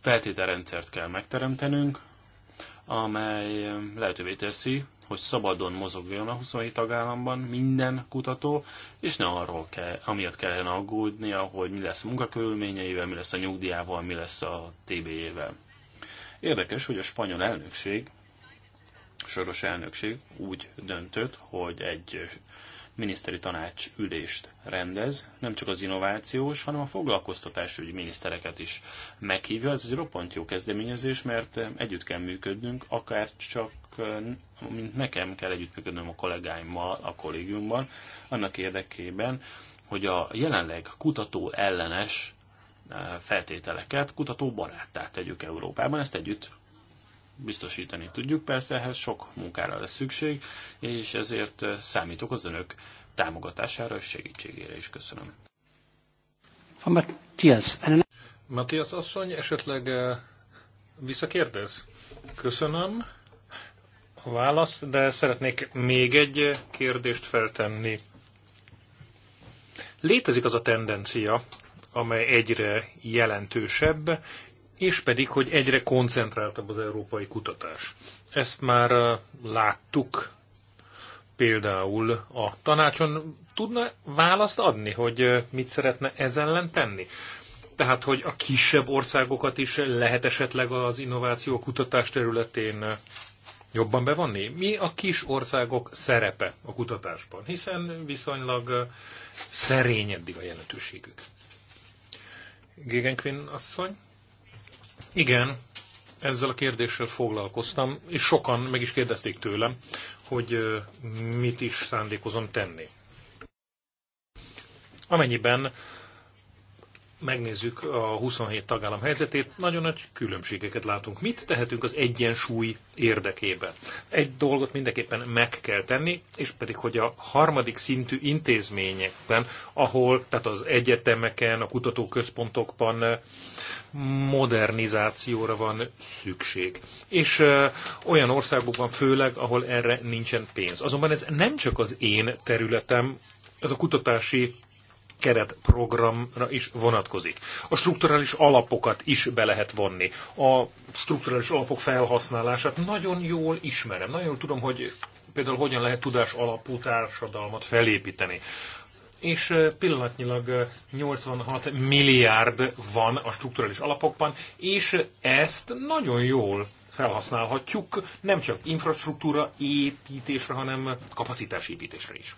Speaker 2: feltételrendszert kell megteremtenünk, amely lehetővé teszi, hogy szabadon mozogjon a 27 tagállamban minden kutató, és ne arról kell, amiatt kellene aggódnia, hogy mi lesz a munkakörülményeivel, mi lesz a nyugdíjával, mi lesz a tb vel Érdekes, hogy a spanyol elnökség, a soros elnökség úgy döntött, hogy egy miniszteri tanács ülést rendez, nem csak az innovációs, hanem a foglalkoztatásügyi minisztereket is meghívja. Ez egy roppant jó kezdeményezés, mert együtt kell működnünk, akár csak mint nekem kell együttműködnöm a kollégáimmal a kollégiumban, annak érdekében, hogy a jelenleg kutató ellenes feltételeket kutató baráttá tegyük Európában, ezt együtt biztosítani tudjuk. Persze ehhez sok munkára lesz szükség, és ezért számítok az önök
Speaker 4: támogatására és segítségére is. Köszönöm.
Speaker 1: Matthias.
Speaker 4: Matthias asszony esetleg visszakérdez? Köszönöm a választ, de szeretnék még egy kérdést feltenni. Létezik az a tendencia, amely egyre jelentősebb, és pedig, hogy egyre koncentráltabb az európai kutatás. Ezt már uh, láttuk például a tanácson. Tudna választ adni, hogy uh, mit szeretne ez ellen tenni? Tehát, hogy a kisebb országokat is lehet esetleg az innováció kutatás területén uh, jobban bevonni? Mi a kis országok szerepe a kutatásban? Hiszen viszonylag szerény eddig a jelentőségük. Gégenkvin asszony? Igen, ezzel a kérdéssel foglalkoztam, és sokan meg is kérdezték tőlem, hogy mit is szándékozom tenni. Amennyiben megnézzük a 27 tagállam helyzetét, nagyon nagy különbségeket látunk. Mit tehetünk az egyensúly érdekében? Egy dolgot mindenképpen meg kell tenni, és pedig, hogy a harmadik szintű intézményekben, ahol, tehát az egyetemeken, a kutatóközpontokban eh, modernizációra van szükség. És eh, olyan országokban főleg, ahol erre nincsen pénz. Azonban ez nem csak az én területem, ez a kutatási keretprogramra is vonatkozik. A strukturális alapokat is be lehet vonni. A strukturális alapok felhasználását nagyon jól ismerem. Nagyon jól tudom, hogy például hogyan lehet tudás alapú társadalmat felépíteni. És pillanatnyilag 86 milliárd van a strukturális alapokban, és ezt nagyon jól felhasználhatjuk nem csak infrastruktúra építésre, hanem kapacitás építésre is.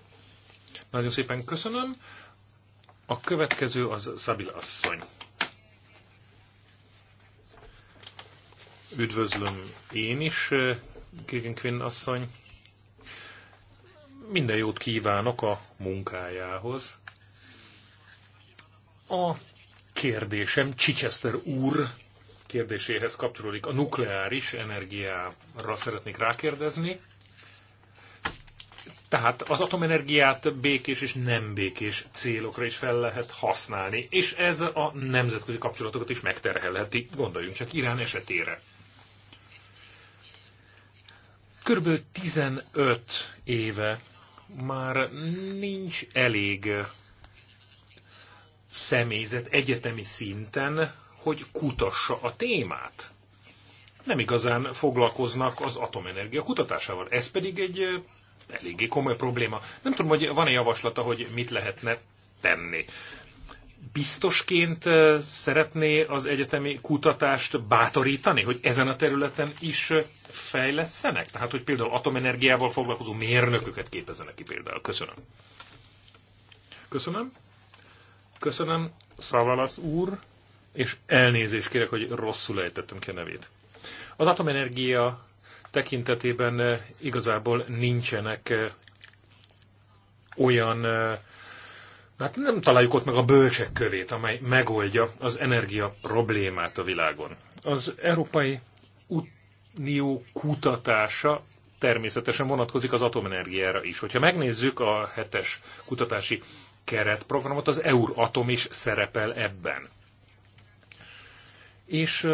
Speaker 4: Nagyon szépen köszönöm. A következő az Szabil asszony. Üdvözlöm én is, Kégen Quinn asszony. Minden jót kívánok a munkájához. A kérdésem Chichester úr kérdéséhez kapcsolódik. A nukleáris energiára szeretnék rákérdezni. Tehát az atomenergiát békés és nem békés célokra is fel lehet használni, és ez a nemzetközi kapcsolatokat is megterhelheti, gondoljunk csak Irán esetére. Körülbelül 15 éve már nincs elég személyzet egyetemi szinten, hogy kutassa a témát. Nem igazán foglalkoznak az atomenergia kutatásával. Ez pedig egy eléggé komoly probléma. Nem tudom, hogy van-e javaslata, hogy mit lehetne tenni. Biztosként eh, szeretné az egyetemi kutatást bátorítani, hogy ezen a területen is eh, fejlesztenek? Tehát, hogy például atomenergiával foglalkozó mérnököket képezzenek ki például. Köszönöm. Köszönöm. Köszönöm, Szavalasz úr, és elnézést kérek, hogy rosszul ejtettem ki a nevét. Az atomenergia tekintetében eh, igazából nincsenek eh, olyan, eh, hát nem találjuk ott meg a bölcsek kövét, amely megoldja az energia problémát a világon. Az Európai Unió kutatása természetesen vonatkozik az atomenergiára is. Hogyha megnézzük a hetes kutatási keretprogramot, az Euratom is szerepel ebben. És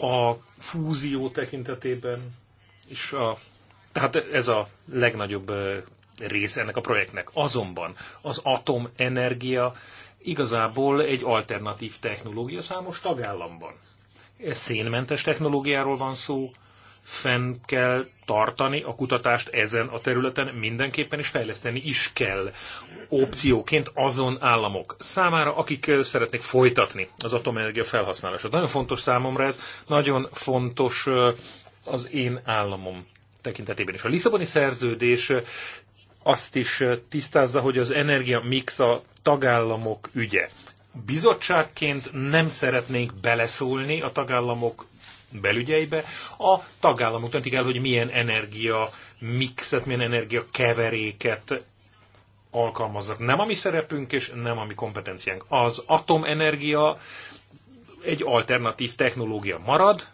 Speaker 4: a fúzió tekintetében is a, tehát ez a legnagyobb része ennek a projektnek. Azonban az atomenergia igazából egy alternatív technológia számos tagállamban. Szénmentes technológiáról van szó, fenn kell tartani a kutatást ezen a területen, mindenképpen is fejleszteni is kell opcióként azon államok számára, akik szeretnék folytatni az atomenergia felhasználását. Nagyon fontos számomra ez, nagyon fontos az én államom tekintetében is. A Lisszaboni szerződés azt is tisztázza, hogy az energia mix a tagállamok ügye. Bizottságként nem szeretnénk beleszólni a tagállamok belügyeibe, a tagállamok döntik el, hogy milyen energia mixet, milyen energia keveréket alkalmaznak. Nem a mi szerepünk, és nem a mi kompetenciánk. Az atomenergia egy alternatív technológia marad,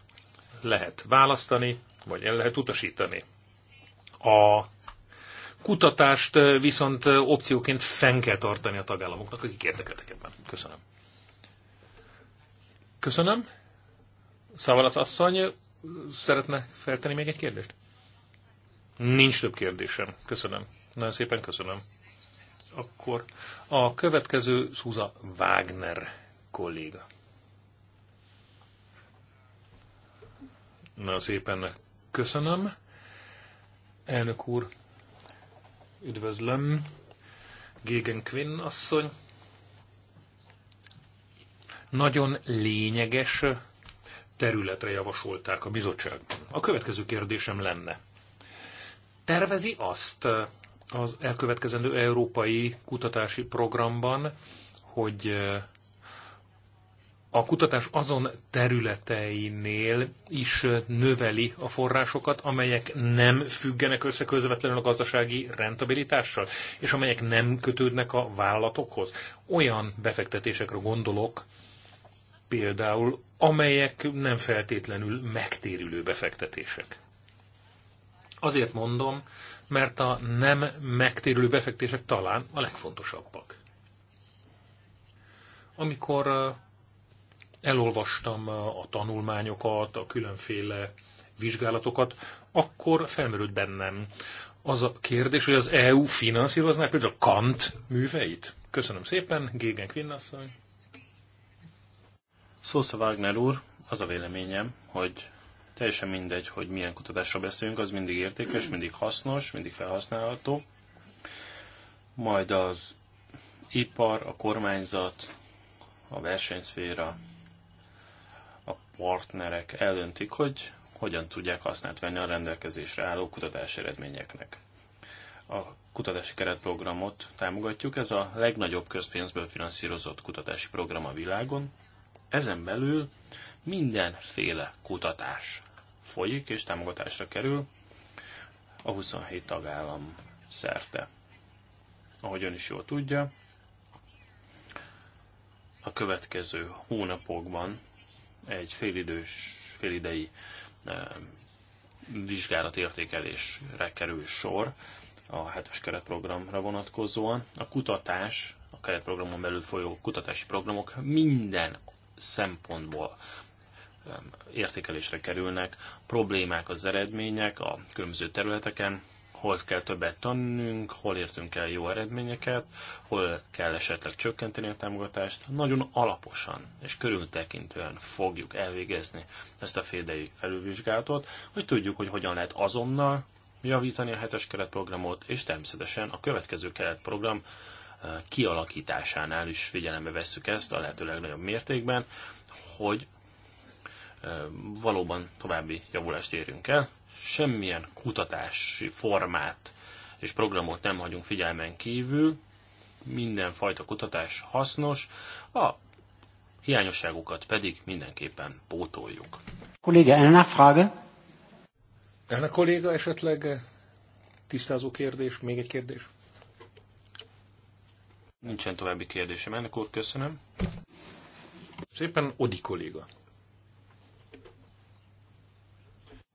Speaker 4: lehet választani, vagy el lehet utasítani. A kutatást viszont opcióként fenn kell tartani a tagállamoknak, akik érdekeltek ebben. Köszönöm. Köszönöm. Szavalasz asszony szeretne feltenni még egy kérdést? Nincs több kérdésem. Köszönöm. Nagyon szépen köszönöm. Akkor a következő Szúza Wagner kolléga. Nagyon szépen köszönöm. Elnök úr, üdvözlöm. Gégen Quinn asszony. Nagyon lényeges területre javasolták a bizottságban. A következő kérdésem lenne. Tervezi azt az elkövetkezendő európai kutatási programban, hogy eh, a kutatás azon területeinél is növeli a forrásokat, amelyek nem függenek össze közvetlenül a gazdasági rentabilitással, és amelyek nem kötődnek a vállalatokhoz. Olyan befektetésekre gondolok, például, amelyek nem feltétlenül megtérülő befektetések. Azért mondom, mert a nem megtérülő befektetések talán a legfontosabbak. Amikor elolvastam a tanulmányokat, a különféle vizsgálatokat, akkor felmerült bennem az a kérdés, hogy az EU finanszírozná például Kant műveit. Köszönöm szépen, Gégen Kvinnasszony.
Speaker 2: Szósza Wagner úr, az a véleményem, hogy teljesen mindegy, hogy milyen kutatásra beszélünk, az mindig értékes, mindig hasznos, mindig felhasználható. Majd az ipar, a kormányzat, a versenyszféra, a partnerek eldöntik, hogy hogyan tudják használt venni a rendelkezésre álló kutatás eredményeknek. A kutatási keretprogramot támogatjuk, ez a legnagyobb közpénzből finanszírozott kutatási program a világon, ezen belül mindenféle kutatás folyik és támogatásra kerül a 27 tagállam szerte. Ahogy ön is jól tudja, a következő hónapokban egy félidős, félidei értékelésre kerül sor a hetes keretprogramra vonatkozóan. A kutatás, a keretprogramon belül folyó kutatási programok minden szempontból értékelésre kerülnek, problémák az eredmények a különböző területeken, hol kell többet tanulnunk? hol értünk el jó eredményeket, hol kell esetleg csökkenteni a támogatást. Nagyon alaposan és körültekintően fogjuk elvégezni ezt a félidei felülvizsgálatot, hogy tudjuk, hogy hogyan lehet azonnal javítani a hetes keretprogramot, és természetesen a következő keretprogram kialakításánál is figyelembe vesszük ezt a lehető legnagyobb mértékben, hogy valóban további javulást érjünk el. Semmilyen kutatási formát és programot nem hagyunk figyelmen kívül, mindenfajta kutatás
Speaker 1: hasznos, a
Speaker 2: hiányosságokat pedig mindenképpen pótoljuk.
Speaker 1: Kolléga, elná frage?
Speaker 4: Elná kolléga esetleg tisztázó kérdés, még egy kérdés?
Speaker 2: Nincsen további kérdésem. Ennek úr, köszönöm. Szépen Odi kolléga.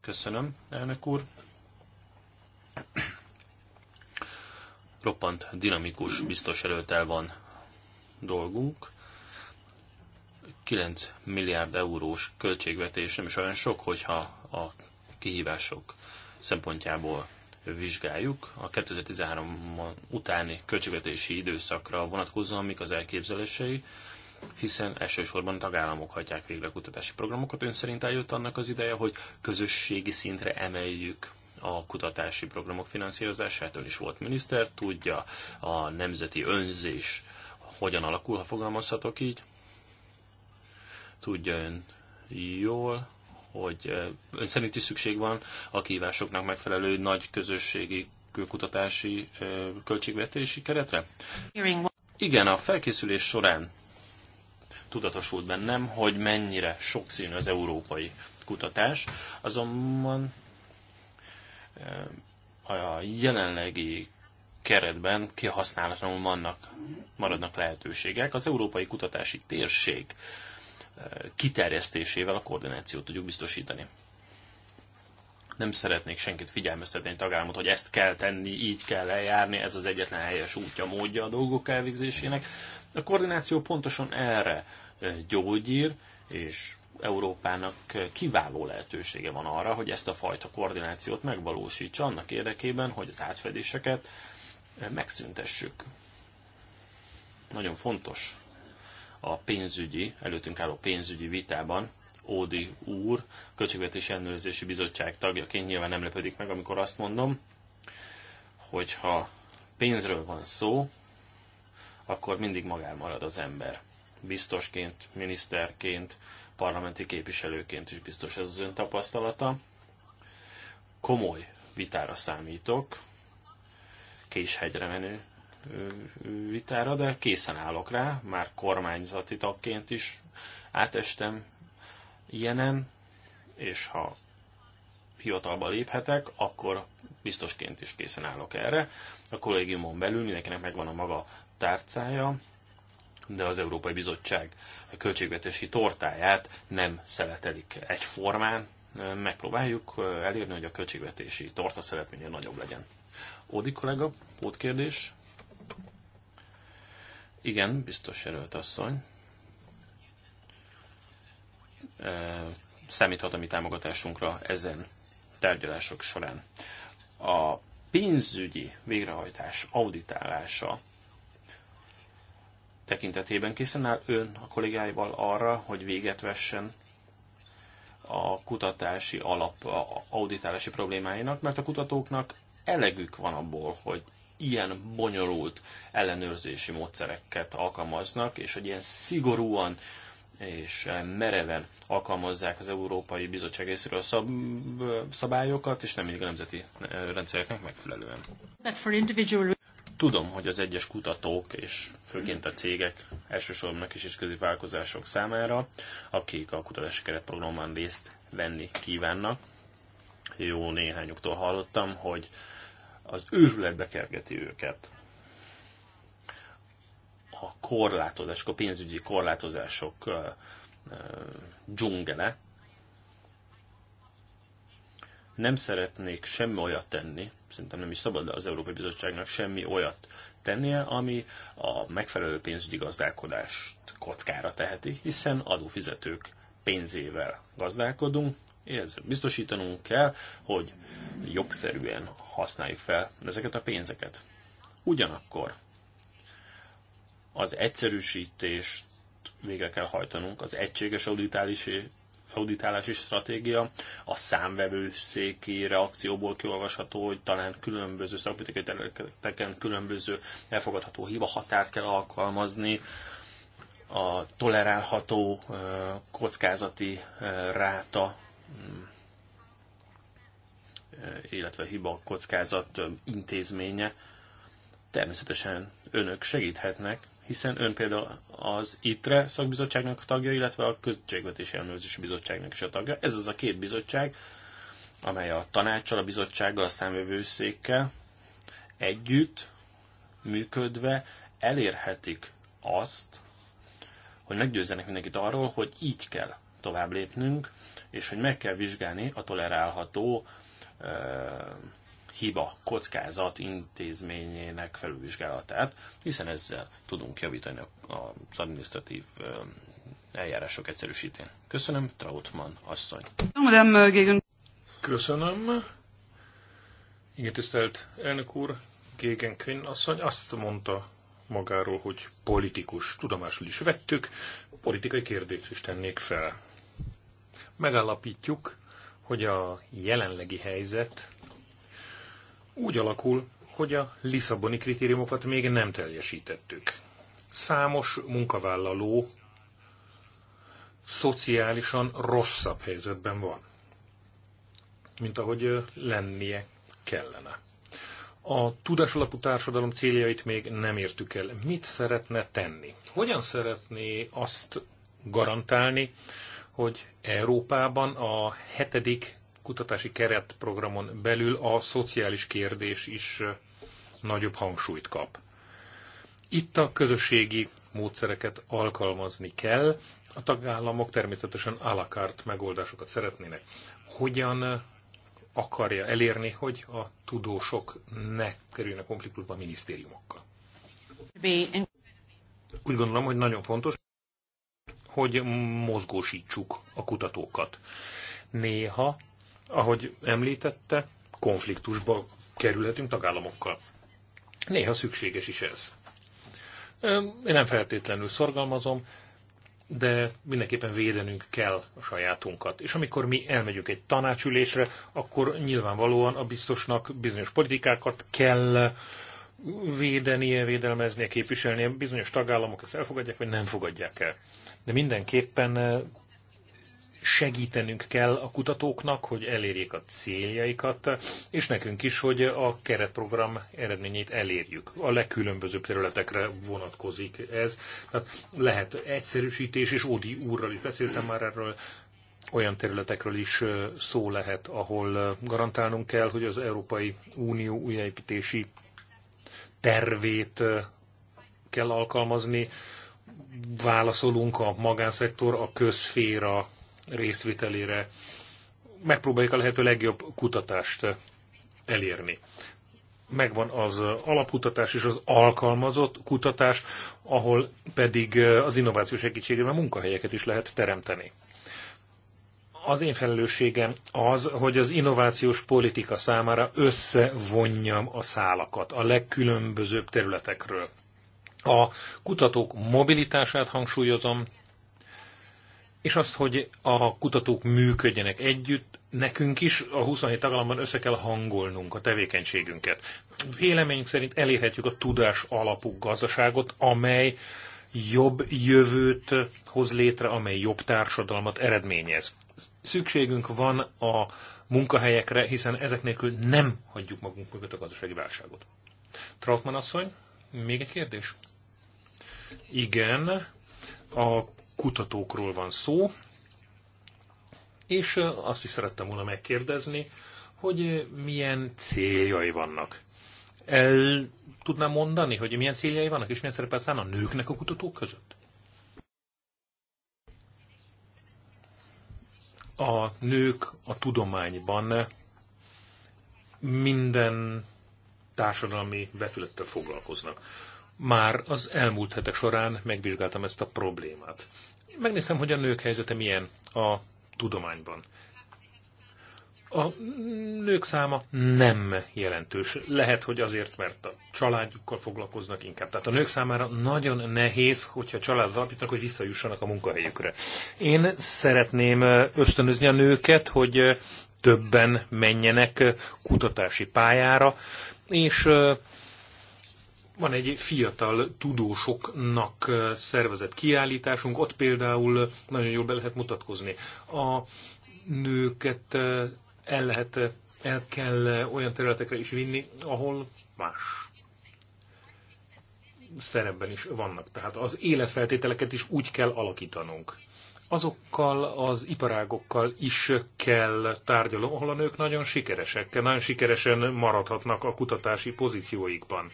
Speaker 2: Köszönöm, elnök úr. Roppant dinamikus biztos előttel van dolgunk. 9 milliárd eurós költségvetés nem is olyan sok, hogyha a kihívások szempontjából vizsgáljuk a 2013 utáni költségvetési időszakra vonatkozóan, mik az elképzelései, hiszen elsősorban tagállamok hagyják végre a kutatási programokat. Ön szerint eljött annak az ideje, hogy közösségi szintre emeljük a kutatási programok finanszírozását. Ön is volt miniszter, tudja a nemzeti önzés hogyan alakul, ha fogalmazhatok így. Tudja ön jól, hogy ön szerint is szükség van a kívásoknak megfelelő nagy közösségi külkutatási költségvetési keretre? Igen, a felkészülés során tudatosult bennem, hogy mennyire sokszínű az európai kutatás, azonban a jelenlegi keretben kihasználatlanul vannak, maradnak lehetőségek. Az európai kutatási térség kiterjesztésével a koordinációt tudjuk biztosítani. Nem szeretnék senkit figyelmeztetni egy tagállamot, hogy ezt kell tenni, így kell eljárni, ez az egyetlen helyes útja, módja a dolgok elvégzésének. A koordináció pontosan erre gyógyír, és Európának kiváló lehetősége van arra, hogy ezt a fajta koordinációt megvalósítsa annak érdekében, hogy az átfedéseket megszüntessük. Nagyon fontos a pénzügyi, előttünk álló pénzügyi vitában Ódi úr, Költségvetési Ellenőrzési Bizottság tagjaként nyilván nem lepődik meg, amikor azt mondom, hogyha pénzről van szó, akkor mindig magán marad az ember. Biztosként, miniszterként, parlamenti képviselőként is biztos ez az ön tapasztalata. Komoly vitára számítok, késhegyre menő vitára, de készen állok rá, már kormányzati tagként is átestem ilyenem, és ha hivatalba léphetek, akkor biztosként is készen állok erre. A kollégiumon belül mindenkinek megvan a maga tárcája, de az Európai Bizottság költségvetési tortáját nem szeletelik egyformán. Megpróbáljuk elérni, hogy a költségvetési torta szeret minél nagyobb legyen. Ódi kollega, pótkérdés? Igen, biztos jelölt asszony. Számíthat a mi támogatásunkra ezen tárgyalások során. A pénzügyi végrehajtás auditálása tekintetében készen áll ön a kollégáival arra, hogy véget vessen a kutatási alap a auditálási problémáinak, mert a kutatóknak elegük van abból, hogy ilyen bonyolult ellenőrzési módszereket alkalmaznak, és hogy ilyen szigorúan és mereven alkalmazzák az Európai Bizottság részéről szab, szabályokat, és nem mindig a nemzeti eh, rendszereknek megfelelően. Tudom, hogy az egyes kutatók és főként a cégek elsősorban a kis és középvállalkozások számára, akik a kutatási keretprogramban részt venni kívánnak, jó néhányuktól hallottam, hogy az őrületbe kergeti őket. A korlátozások, a pénzügyi korlátozások dzsungele. Nem szeretnék semmi olyat tenni, szerintem nem is szabad az Európai Bizottságnak semmi olyat tennie, ami a megfelelő pénzügyi gazdálkodást kockára teheti, hiszen adófizetők pénzével gazdálkodunk, és biztosítanunk kell, hogy jogszerűen használjuk fel ezeket a pénzeket. Ugyanakkor az egyszerűsítést végre kell hajtanunk, az egységes auditálási, auditálási stratégia, a számvevőszéki reakcióból kiolvasható, hogy talán különböző szakpolitikai területeken különböző elfogadható hiba határt kell alkalmazni, a tolerálható kockázati ráta mm, illetve hiba kockázat intézménye, természetesen önök segíthetnek, hiszen ön például az ITRE szakbizottságnak a tagja, illetve a Költségvetési Ellenőrzési Bizottságnak is a tagja. Ez az a két bizottság, amely a tanácssal, a bizottsággal, a számvevőszékkel együtt működve elérhetik azt, hogy meggyőzzenek mindenkit arról, hogy így kell tovább lépnünk, és hogy meg kell vizsgálni a tolerálható hiba kockázat intézményének felülvizsgálatát, hiszen ezzel tudunk javítani az administratív eljárások
Speaker 4: egyszerűsítén. Köszönöm, Trautmann asszony. Köszönöm. Igen, tisztelt elnök úr, Gégen Kvinn asszony azt mondta magáról, hogy politikus. Tudomásul is vettük, politikai kérdést is tennék fel. Megállapítjuk, hogy a jelenlegi helyzet úgy alakul, hogy a Lisszaboni kritériumokat még nem teljesítettük. Számos munkavállaló szociálisan rosszabb helyzetben van, mint ahogy lennie kellene. A tudásalapú társadalom céljait még nem értük el. Mit szeretne tenni? Hogyan szeretné azt garantálni, hogy Európában a hetedik kutatási keretprogramon belül a szociális kérdés is nagyobb hangsúlyt kap. Itt a közösségi módszereket alkalmazni kell, a tagállamok természetesen alakárt megoldásokat szeretnének. Hogyan akarja elérni, hogy a tudósok ne kerüljenek konfliktusba a minisztériumokkal? Úgy gondolom, hogy nagyon fontos, hogy mozgósítsuk a kutatókat. Néha, ahogy említette, konfliktusba kerülhetünk tagállamokkal. Néha szükséges is ez. Én nem feltétlenül szorgalmazom, de mindenképpen védenünk kell a sajátunkat. És amikor mi elmegyünk egy tanácsülésre, akkor nyilvánvalóan a biztosnak bizonyos politikákat kell védenie, védelmeznie, képviselnie. Bizonyos tagállamok ezt elfogadják, vagy nem fogadják el. De mindenképpen eh, segítenünk kell a kutatóknak, hogy elérjék a céljaikat, és nekünk is, hogy a keretprogram eredményét elérjük. A legkülönbözőbb területekre vonatkozik ez. Tehát lehet egyszerűsítés, és Ódi úrral is beszéltem már erről, olyan területekről is eh, szó lehet, ahol eh, garantálnunk kell, hogy az Európai Unió újjáépítési tervét kell alkalmazni, válaszolunk a magánszektor, a közféra részvitelére, megpróbáljuk a lehető legjobb kutatást elérni. Megvan az alapkutatás és az alkalmazott kutatás, ahol pedig az innováció segítségével munkahelyeket is lehet teremteni az én felelősségem az, hogy az innovációs politika számára összevonjam a szálakat a legkülönbözőbb területekről. A kutatók mobilitását hangsúlyozom, és azt, hogy a kutatók működjenek együtt, nekünk is a 27 tagállamban össze kell hangolnunk a tevékenységünket. Véleményünk szerint elérhetjük a tudás alapú gazdaságot, amely jobb jövőt hoz létre, amely jobb társadalmat eredményez. Szükségünk van a munkahelyekre, hiszen ezek nélkül nem hagyjuk magunk mögött a gazdasági válságot. Trautmann asszony, még egy kérdés? Igen, a kutatókról van szó, és azt is szerettem volna megkérdezni, hogy milyen céljai vannak. El tudnám mondani, hogy milyen céljai vannak, és milyen szerepel szán a nőknek a kutatók között? A nők a tudományban minden társadalmi vetülettel foglalkoznak. Már az elmúlt hetek során megvizsgáltam ezt a problémát. Megnéztem, hogy a nők helyzete milyen a tudományban. A nők száma nem jelentős. Lehet, hogy azért, mert a családjukkal foglalkoznak inkább. Tehát a nők számára nagyon nehéz, hogyha család alapítanak, hogy visszajussanak a munkahelyükre. Én szeretném ösztönözni a nőket, hogy többen menjenek kutatási pályára, és van egy fiatal tudósoknak szervezett kiállításunk, ott például nagyon jól be lehet mutatkozni. A nőket el lehet, el kell olyan területekre is vinni, ahol más szerepben is vannak. Tehát az életfeltételeket is úgy kell alakítanunk. Azokkal az iparágokkal is kell tárgyalom, ahol a nők nagyon sikeresek, nagyon sikeresen maradhatnak a kutatási pozícióikban.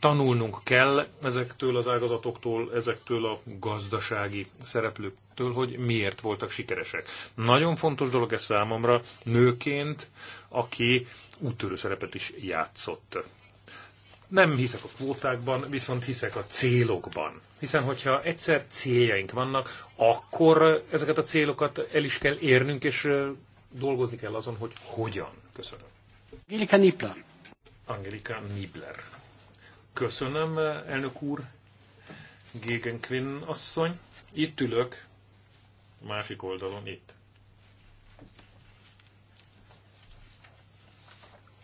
Speaker 4: Tanulnunk kell ezektől az ágazatoktól, ezektől a gazdasági szereplőktől ettől, hogy miért voltak sikeresek. Nagyon fontos dolog ez számomra nőként, aki úttörő szerepet is játszott. Nem hiszek a kvótákban, viszont hiszek a célokban. Hiszen, hogyha egyszer céljaink vannak, akkor ezeket a célokat el is kell érnünk, és dolgozni kell azon, hogy hogyan. Köszönöm.
Speaker 1: Angelika Nibler.
Speaker 4: Angelika Nibler. Köszönöm, elnök úr. Gégen Quinn asszony. Itt ülök másik oldalon itt.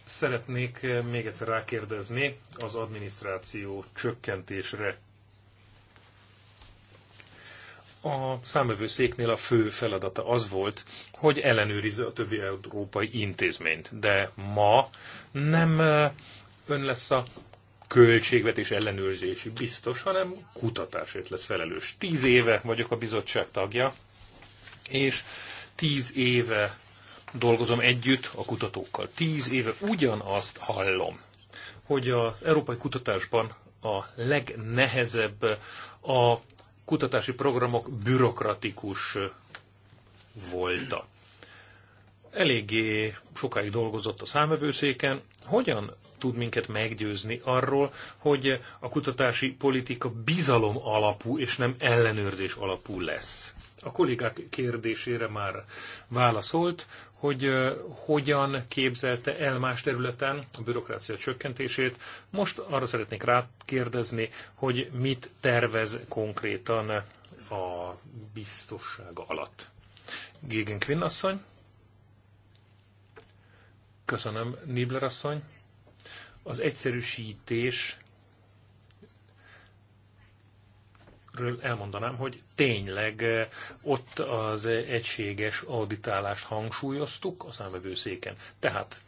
Speaker 4: Szeretnék eh, még egyszer rákérdezni az adminisztráció csökkentésre. A számövőszéknél a fő feladata az volt, hogy ellenőrizze a többi európai intézményt. De ma nem eh, ön lesz a költségvetés ellenőrzési biztos, hanem kutatásért lesz felelős. Tíz éve vagyok a bizottság tagja, és tíz éve dolgozom együtt a kutatókkal. Tíz éve ugyanazt hallom, hogy az európai kutatásban a legnehezebb a kutatási programok bürokratikus volta. Eléggé sokáig dolgozott a számövőszéken. Hogyan tud minket meggyőzni arról, hogy a kutatási politika bizalom alapú és nem ellenőrzés alapú lesz? A kollégák kérdésére már válaszolt, hogy hogyan képzelte el más területen a bürokrácia csökkentését. Most arra szeretnék rákérdezni, hogy mit tervez konkrétan a biztossága alatt. Gégen Quinn asszony. Köszönöm, Nibler asszony. Az egyszerűsítés ről elmondanám, hogy tényleg eh, ott az egységes auditálást hangsúlyoztuk a számvevőszéken. Tehát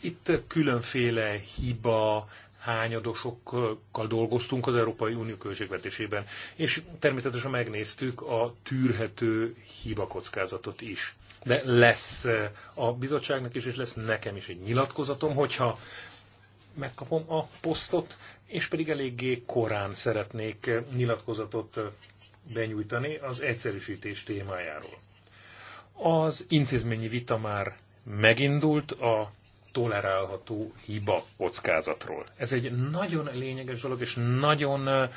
Speaker 4: itt különféle hiba, hányadosokkal dolgoztunk az Európai Unió költségvetésében, és természetesen megnéztük a tűrhető hibakockázatot is. De lesz eh, a bizottságnak is, és lesz nekem is egy nyilatkozatom, hogyha megkapom a posztot, és pedig eléggé korán szeretnék nyilatkozatot benyújtani az egyszerűsítés témájáról. Az intézményi vita már megindult a tolerálható hiba kockázatról. Ez egy nagyon lényeges dolog, és nagyon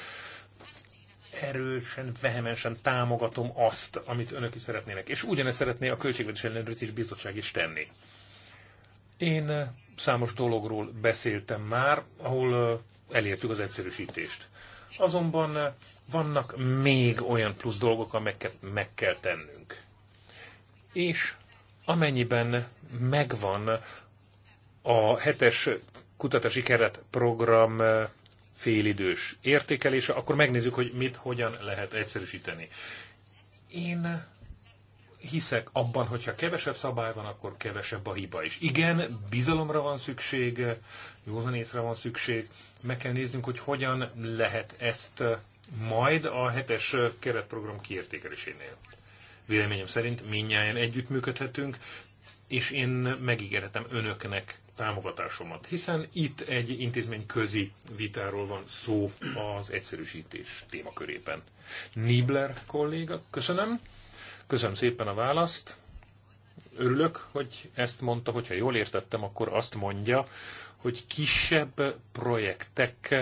Speaker 4: erősen, vehemensen támogatom azt, amit önök is szeretnének. És ugyanezt szeretné a Költségvetés Ellenőrzés Bizottság is tenni. Én számos dologról beszéltem már, ahol elértük az egyszerűsítést. Azonban vannak még olyan plusz dolgok, amelyeket meg kell tennünk. És amennyiben megvan a hetes kutatási keretprogram félidős értékelése, akkor megnézzük, hogy mit, hogyan lehet egyszerűsíteni. Én hiszek abban, hogyha kevesebb szabály van, akkor kevesebb a hiba is. Igen, bizalomra van szükség, józan észre van szükség, meg kell néznünk, hogy hogyan lehet ezt majd a hetes keretprogram kiértékelésénél. Véleményem szerint minnyáján együttműködhetünk, és én megígérhetem önöknek támogatásomat, hiszen itt egy intézmény közi vitáról van szó az egyszerűsítés témakörében. Nibler kolléga, köszönöm. Köszönöm szépen a választ. Örülök, hogy ezt mondta, hogyha jól értettem, akkor azt mondja, hogy kisebb projektek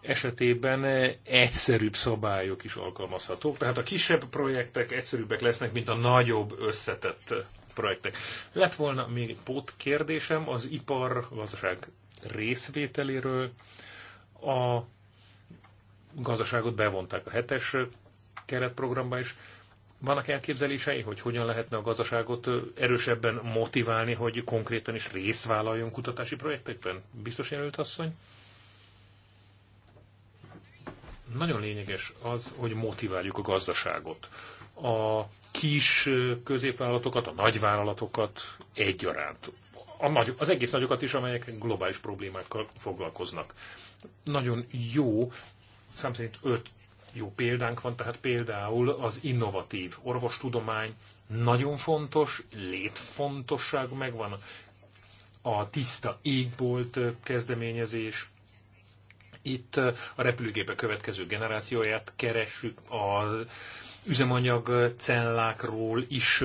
Speaker 4: esetében egyszerűbb szabályok is alkalmazhatók. Tehát a kisebb projektek egyszerűbbek lesznek, mint a nagyobb összetett projektek. Lett volna még pót kérdésem az ipar gazdaság részvételéről. A gazdaságot bevonták a hetes keretprogramba is. Vannak elképzelései, hogy hogyan lehetne a gazdaságot erősebben motiválni, hogy konkrétan is részt vállaljon kutatási projektekben? Biztos jelölt asszony? Nagyon lényeges az, hogy motiváljuk a gazdaságot. A kis középvállalatokat, a nagyvállalatokat egyaránt. A nagy, az egész nagyokat is, amelyek globális problémákkal foglalkoznak. Nagyon jó, szám szerint öt jó példánk van, tehát például az innovatív orvostudomány nagyon fontos, létfontosság megvan, a tiszta égbolt kezdeményezés, itt a repülőgépe következő generációját keressük, az üzemanyag cellákról is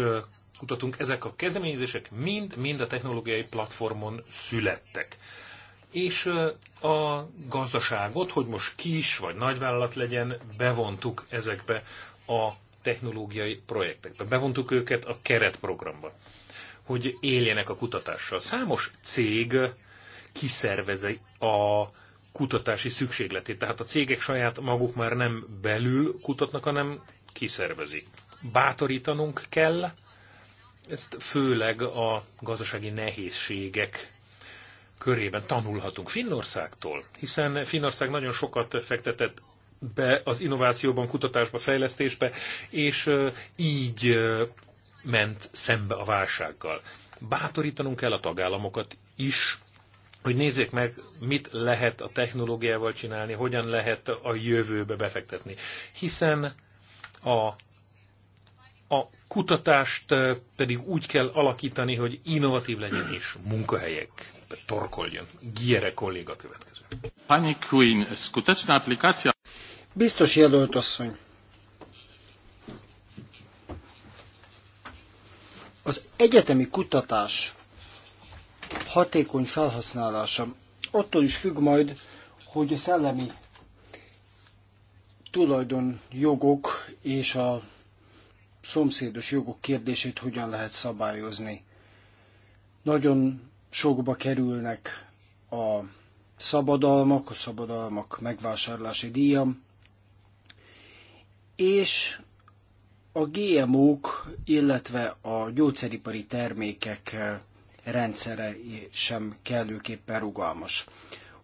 Speaker 4: kutatunk. Ezek a kezdeményezések mind, mind a technológiai platformon születtek és a gazdaságot, hogy most kis vagy nagyvállalat legyen, bevontuk ezekbe a technológiai projektekbe. Bevontuk őket a keretprogramba, hogy éljenek a kutatással. Számos cég kiszervezi a kutatási szükségletét. Tehát a cégek saját maguk már nem belül kutatnak, hanem kiszervezik. Bátorítanunk kell, ezt főleg a gazdasági nehézségek körében tanulhatunk Finnországtól, hiszen Finnország nagyon sokat fektetett be az innovációban, kutatásba, fejlesztésbe, és így ment szembe a válsággal. Bátorítanunk kell a tagállamokat is, hogy nézzék meg, mit lehet a technológiával csinálni, hogyan lehet a jövőbe befektetni. Hiszen a, a kutatást pedig úgy kell alakítani, hogy innovatív legyen és munkahelyek torkoljon. gyere, kolléga következő. Pani
Speaker 1: Queen, skuteczna aplikacja... Biztos jelölt asszony. Az egyetemi kutatás hatékony felhasználása attól is függ majd, hogy a szellemi tulajdonjogok és a szomszédos jogok kérdését hogyan lehet szabályozni. Nagyon sokba kerülnek a szabadalmak, a szabadalmak megvásárlási díja, és a GMO-k, illetve a gyógyszeripari termékek rendszere sem kellőképpen rugalmas.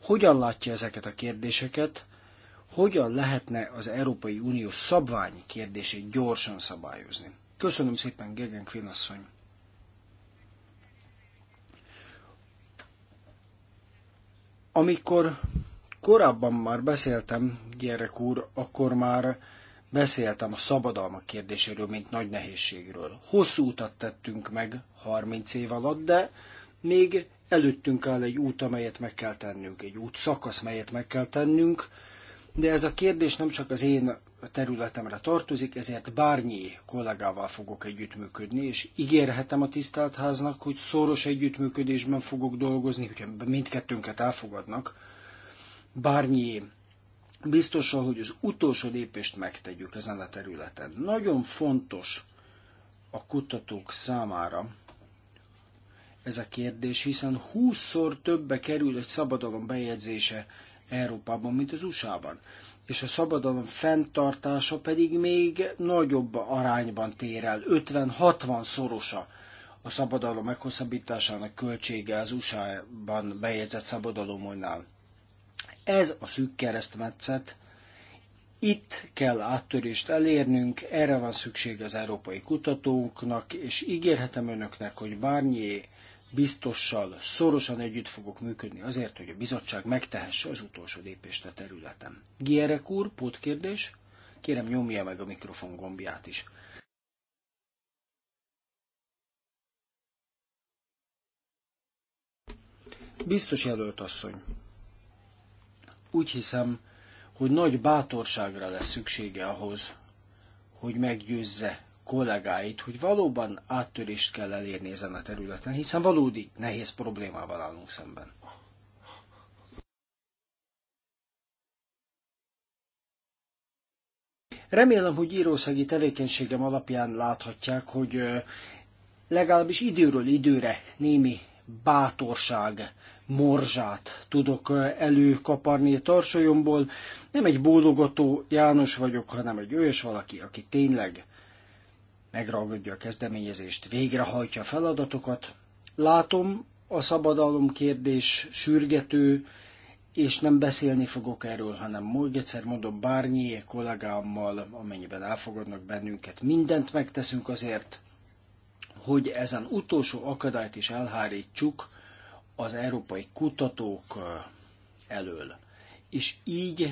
Speaker 1: Hogyan látja ezeket a kérdéseket? Hogyan lehetne az Európai Unió szabványi kérdését gyorsan szabályozni? Köszönöm szépen, Gegen Kvinasszony! Amikor korábban már beszéltem, Gyerek úr, akkor már beszéltem a szabadalmak kérdéséről, mint nagy nehézségről. Hosszú utat tettünk meg 30 év alatt, de még előttünk áll egy út, amelyet meg kell tennünk, egy út szakasz, melyet meg kell tennünk, de ez a kérdés nem csak az én területemre tartozik, ezért Bárnyi kollégával fogok együttműködni, és ígérhetem a tisztelt háznak, hogy szoros együttműködésben fogok dolgozni, hogyha mindkettőnket elfogadnak. Bárnyi biztosan, hogy az utolsó lépést megtegyük ezen a területen. Nagyon fontos a kutatók számára ez a kérdés, hiszen 20-szor többe kerül egy szabadalom bejegyzése Európában, mint az USA-ban és a szabadalom fenntartása pedig még nagyobb arányban tér el, 50-60 szorosa a szabadalom meghosszabbításának költsége az USA-ban bejegyzett szabadalomonál. Ez a szűk keresztmetszet, itt kell áttörést elérnünk, erre van szükség az európai kutatóknak és ígérhetem önöknek, hogy bármilyen biztossal szorosan együtt fogok működni azért, hogy a bizottság megtehesse az utolsó lépést a területen. Gierek úr, pótkérdés? Kérem nyomja meg a mikrofon gombját is. Biztos jelölt asszony. Úgy hiszem, hogy nagy bátorságra lesz szüksége ahhoz, hogy meggyőzze kollégáit, hogy valóban áttörést kell elérni ezen a területen, hiszen valódi nehéz problémával állunk szemben. Remélem, hogy írószegi tevékenységem alapján láthatják, hogy legalábbis időről időre némi bátorság morzsát tudok előkaparni a tarsolyomból. Nem egy bólogató János vagyok, hanem egy olyas valaki, aki tényleg megragadja a kezdeményezést, végrehajtja a feladatokat. Látom, a szabadalom kérdés sürgető, és nem beszélni fogok erről, hanem még egyszer mondom, bárnyi kollégámmal, amennyiben elfogadnak bennünket, mindent megteszünk azért, hogy ezen utolsó akadályt is elhárítsuk az európai kutatók elől. És így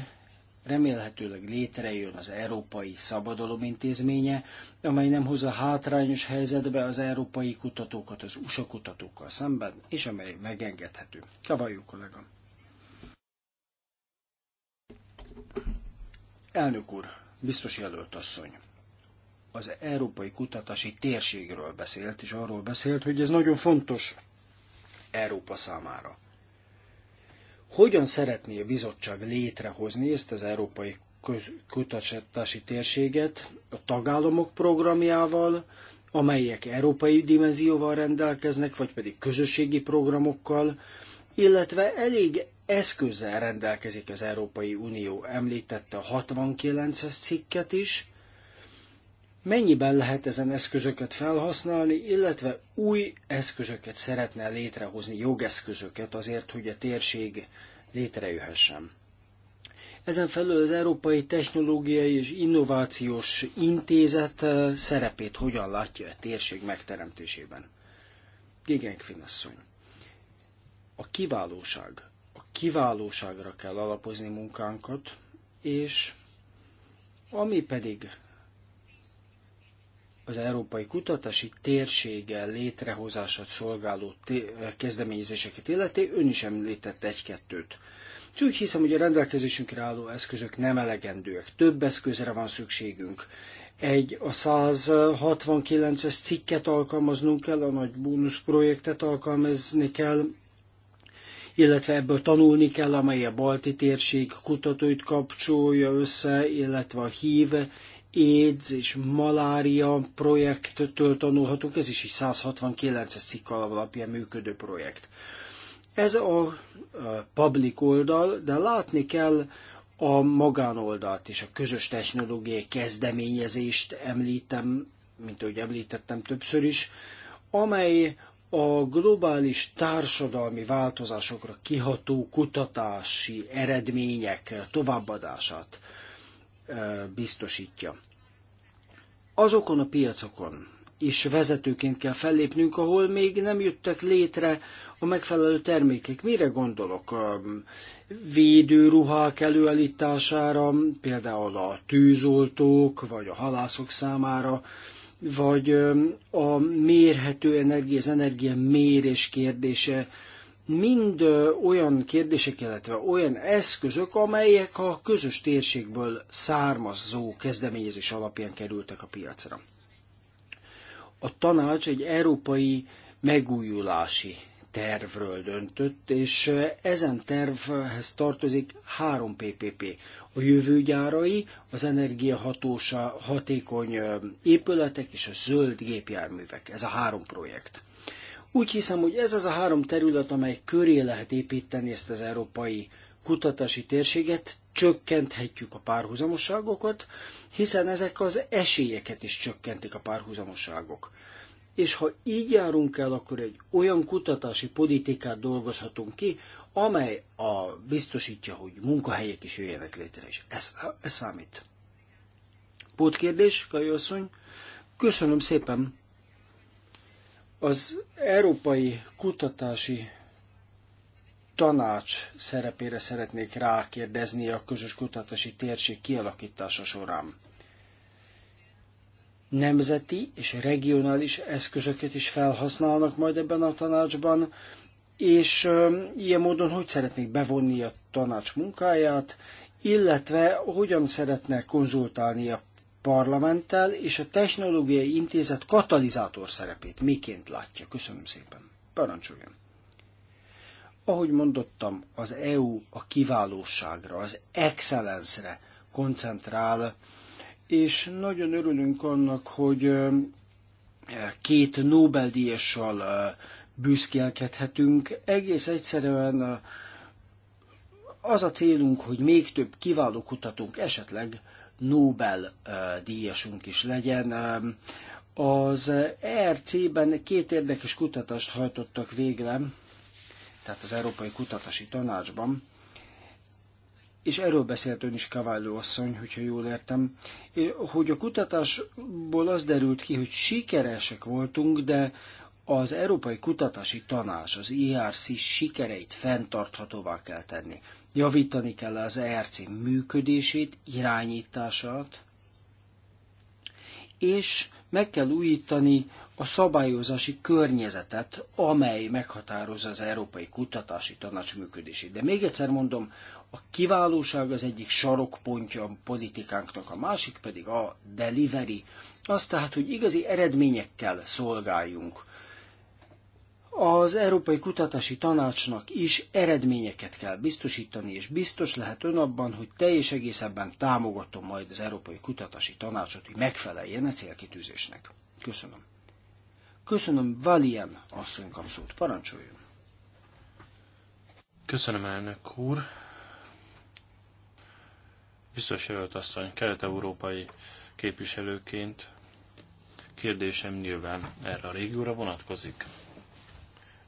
Speaker 1: remélhetőleg létrejön az Európai Szabadalom Intézménye, amely nem hozza hátrányos helyzetbe az európai kutatókat az USA kutatókkal szemben, és amely megengedhető. Kavajó kollega! Elnök úr, biztos jelölt asszony! az európai kutatási térségről beszélt, és arról beszélt, hogy ez nagyon fontos Európa számára. Hogyan szeretné a bizottság létrehozni ezt az európai kutatási térséget a tagállamok programjával, amelyek európai dimenzióval rendelkeznek, vagy pedig közösségi programokkal, illetve elég eszközzel rendelkezik az Európai Unió. Említette a 69-es cikket is, mennyiben lehet ezen eszközöket felhasználni, illetve új eszközöket szeretne létrehozni, jogeszközöket azért, hogy a térség létrejöhessen. Ezen felül az Európai Technológiai és Innovációs Intézet eh, szerepét hogyan látja a térség megteremtésében? Igen, Kvinasszony. A kiválóság. A kiválóságra kell alapozni munkánkat, és ami pedig az Európai Kutatási Térséggel létrehozását szolgáló kezdeményezéseket illeti, ön is említett egy-kettőt. És úgy hiszem, hogy a rendelkezésünkre álló eszközök nem elegendőek. Több eszközre van szükségünk. Egy a 169-es cikket alkalmaznunk kell, a nagy bónuszprojektet alkalmazni kell, illetve ebből tanulni kell, amely a balti térség kutatóit kapcsolja össze, illetve a hív AIDS és malária projekttől tanulhatunk, ez is egy 169-es cikk alapján működő projekt. Ez a public oldal, de látni kell a magánoldalt és a közös technológiai kezdeményezést említem, mint ahogy említettem többször is, amely a globális társadalmi változásokra kiható kutatási eredmények továbbadását e, biztosítja azokon a piacokon is vezetőként kell fellépnünk, ahol még nem jöttek létre a megfelelő termékek. Mire gondolok? A védőruhák előállítására, például a tűzoltók, vagy a halászok számára, vagy a mérhető energia, az energia mérés kérdése mind olyan kérdések, illetve olyan eszközök, amelyek a közös térségből származó kezdeményezés alapján kerültek a piacra. A tanács egy európai megújulási tervről döntött, és ezen tervhez tartozik három PPP. A jövőgyárai, az energiahatósa, hatékony épületek és a zöld gépjárművek. Ez a három projekt. Úgy hiszem, hogy ez az a három terület, amely köré lehet építeni ezt az európai kutatási térséget, csökkenthetjük a párhuzamosságokat, hiszen ezek az esélyeket is csökkentik a párhuzamosságok. És ha így járunk el, akkor egy olyan kutatási politikát dolgozhatunk ki, amely a, biztosítja, hogy munkahelyek is jöjjenek létre, és ez, ez számít. Pótkérdés, Kajasszony? Köszönöm szépen! Az Európai Kutatási Tanács szerepére szeretnék rákérdezni a közös kutatási térség kialakítása során. Nemzeti és regionális eszközöket is felhasználnak majd ebben a tanácsban, és ilyen módon hogy szeretnék bevonni a tanács munkáját, illetve hogyan szeretne konzultálni a parlamenttel és a Technológiai Intézet katalizátor szerepét miként látja? Köszönöm szépen. Parancsoljon. Ahogy mondottam, az EU a kiválóságra, az excellence koncentrál, és nagyon örülünk annak, hogy két Nobel-díjassal büszkélkedhetünk. Egész egyszerűen az a célunk, hogy még több kiváló kutatunk esetleg Nobel-díjasunk is legyen. Az ERC-ben két érdekes kutatást hajtottak végre, tehát az Európai Kutatási Tanácsban, és erről beszélt ön is Kaváló asszony, hogyha jól értem, hogy a kutatásból az derült ki, hogy sikeresek voltunk, de az Európai Kutatási Tanács, az IRC sikereit fenntarthatóvá kell tenni. Javítani kell az ERC működését, irányítását, és meg kell újítani a szabályozási környezetet, amely meghatározza az Európai Kutatási Tanács működését. De még egyszer mondom, a kiválóság az egyik sarokpontja a politikánknak, a másik pedig a delivery, az tehát, hogy igazi eredményekkel szolgáljunk az Európai Kutatási Tanácsnak is eredményeket kell biztosítani, és biztos lehet ön abban, hogy teljes egészében támogatom majd az Európai Kutatási Tanácsot, hogy megfeleljen a célkitűzésnek. Köszönöm. Köszönöm, Valian asszony szót Parancsoljon.
Speaker 2: Köszönöm, elnök úr. Biztos jelölt asszony, kelet-európai képviselőként kérdésem nyilván erre a régióra vonatkozik.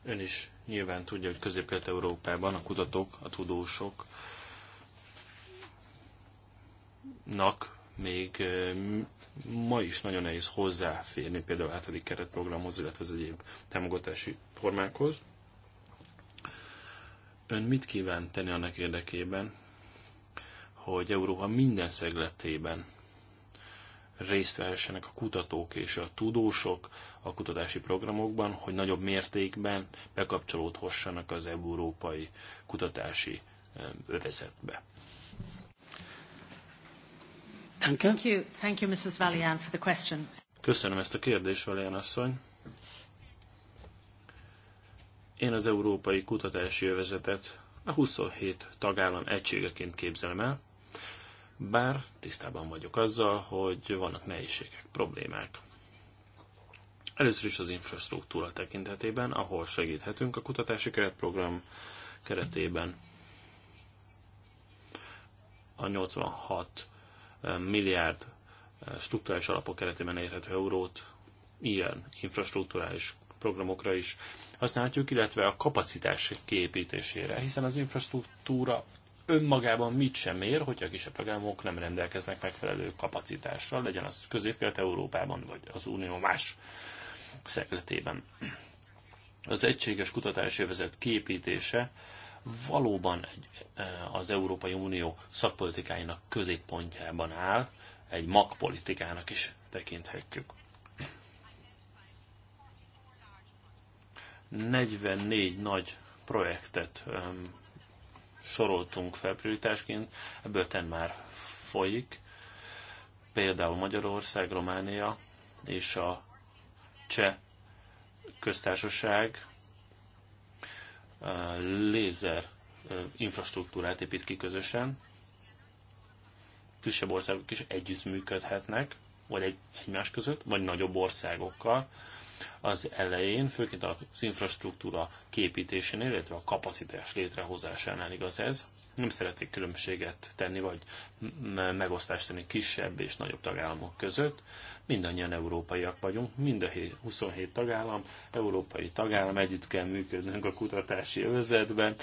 Speaker 2: Ön is nyilván tudja, hogy közép európában a kutatók, a tudósoknak még ma is nagyon nehéz hozzáférni például a hetedik keretprogramhoz, illetve az egyéb támogatási formákhoz. Ön mit kíván tenni annak érdekében, hogy Európa minden szegletében részt vehessenek a kutatók és a tudósok a kutatási programokban, hogy nagyobb mértékben bekapcsolódhassanak az európai kutatási övezetbe.
Speaker 3: Thank you. Thank you, Mrs. Valian, for the question.
Speaker 2: Köszönöm ezt a kérdést, Valian asszony. Én az európai kutatási övezetet a 27 tagállam egységeként képzelem el, bár tisztában vagyok azzal, hogy vannak nehézségek, problémák. Először is az infrastruktúra tekintetében, ahol segíthetünk a kutatási keretprogram keretében. A 86 eh, milliárd eh, struktúrális alapok keretében érhető eurót ilyen infrastruktúrális programokra is használhatjuk, illetve a kapacitás kiépítésére, hiszen az infrastruktúra önmagában mit sem ér, hogyha a kisebb tagállamok nem rendelkeznek megfelelő kapacitással, legyen az közép európában vagy az Unió más szegletében. Az egységes kutatási övezet képítése valóban egy, e, az Európai Unió szakpolitikáinak középpontjában áll, egy magpolitikának is tekinthetjük. 44 nagy projektet soroltunk fel prioritásként, ebből ten már folyik, például Magyarország, Románia és a Cseh köztársaság eh, lézer eh, infrastruktúrát épít ki közösen. Kisebb országok is együttműködhetnek, vagy egy, egymás között, vagy nagyobb országokkal az elején, főként az infrastruktúra képítésénél, illetve a kapacitás létrehozásánál igaz ez. Nem szeretnék különbséget tenni, vagy megosztást tenni kisebb és nagyobb tagállamok között. Mindannyian európaiak vagyunk, mind a 27 tagállam, európai tagállam, együtt kell működnünk a kutatási övezetben,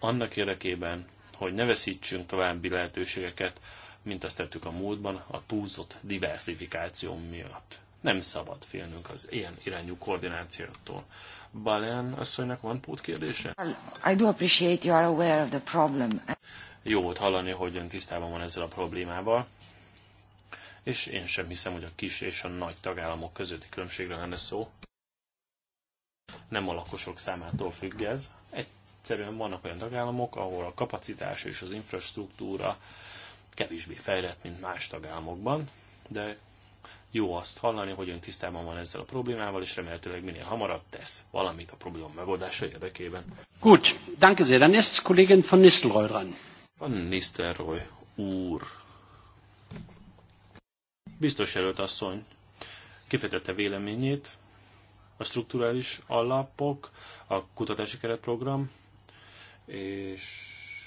Speaker 2: annak érdekében, hogy ne veszítsünk további lehetőségeket, mint azt tettük a múltban, a túlzott diversifikáció miatt. Nem szabad félnünk az ilyen irányú koordinációtól. Balen asszonynak van pótkérdése? I do appreciate you are aware of the problem. Jó volt hallani, hogy ön tisztában van ezzel a problémával és én sem hiszem, hogy a kis és a nagy tagállamok közötti különbségre lenne szó. Nem a lakosok számától függ ez. Egyszerűen vannak olyan tagállamok, ahol a kapacitás és az infrastruktúra kevésbé fejlett, mint más tagállamokban, de jó azt hallani, hogy ön tisztában van ezzel a problémával, és remélhetőleg minél hamarabb tesz valamit a probléma megoldása érdekében.
Speaker 1: Gut, danke sehr. Dann ist Kollegin von Nistelrooy dran. Van
Speaker 2: Nistelrooy úr. Biztos előtt asszony kifejtette véleményét, a strukturális alapok, a kutatási keretprogram, és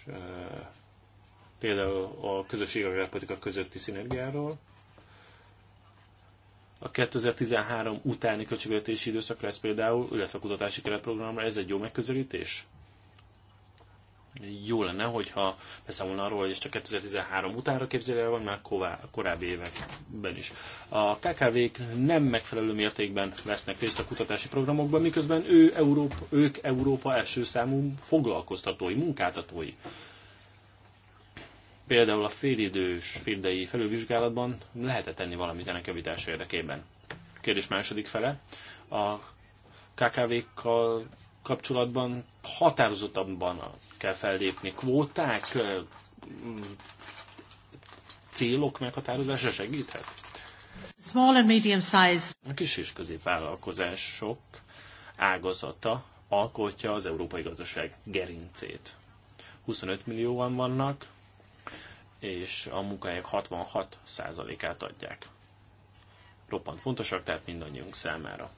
Speaker 2: e, például a közösségi a közötti szinergiáról a 2013 utáni költségvetési időszakra ez például, illetve a kutatási keretprogramra, ez egy jó megközelítés? Jó lenne, hogyha beszámolna arról, hogy ez csak 2013 utánra képzelje, el, vagy már ková, korábbi években is. A KKV-k nem megfelelő mértékben vesznek részt a kutatási programokban, miközben ő Európa, ők Európa első számú foglalkoztatói, munkáltatói például a félidős fildei felülvizsgálatban lehetett tenni valamit ennek javítása érdekében. Kérdés második fele. A KKV-kkal kapcsolatban határozottabban kell fellépni. Kvóták, célok meghatározása segíthet?
Speaker 3: Small and medium size.
Speaker 2: A kis és középvállalkozások ágazata alkotja az európai gazdaság gerincét. 25 millióan vannak, és a munkahelyek 66%-át adják. Roppant fontosak, tehát mindannyiunk számára.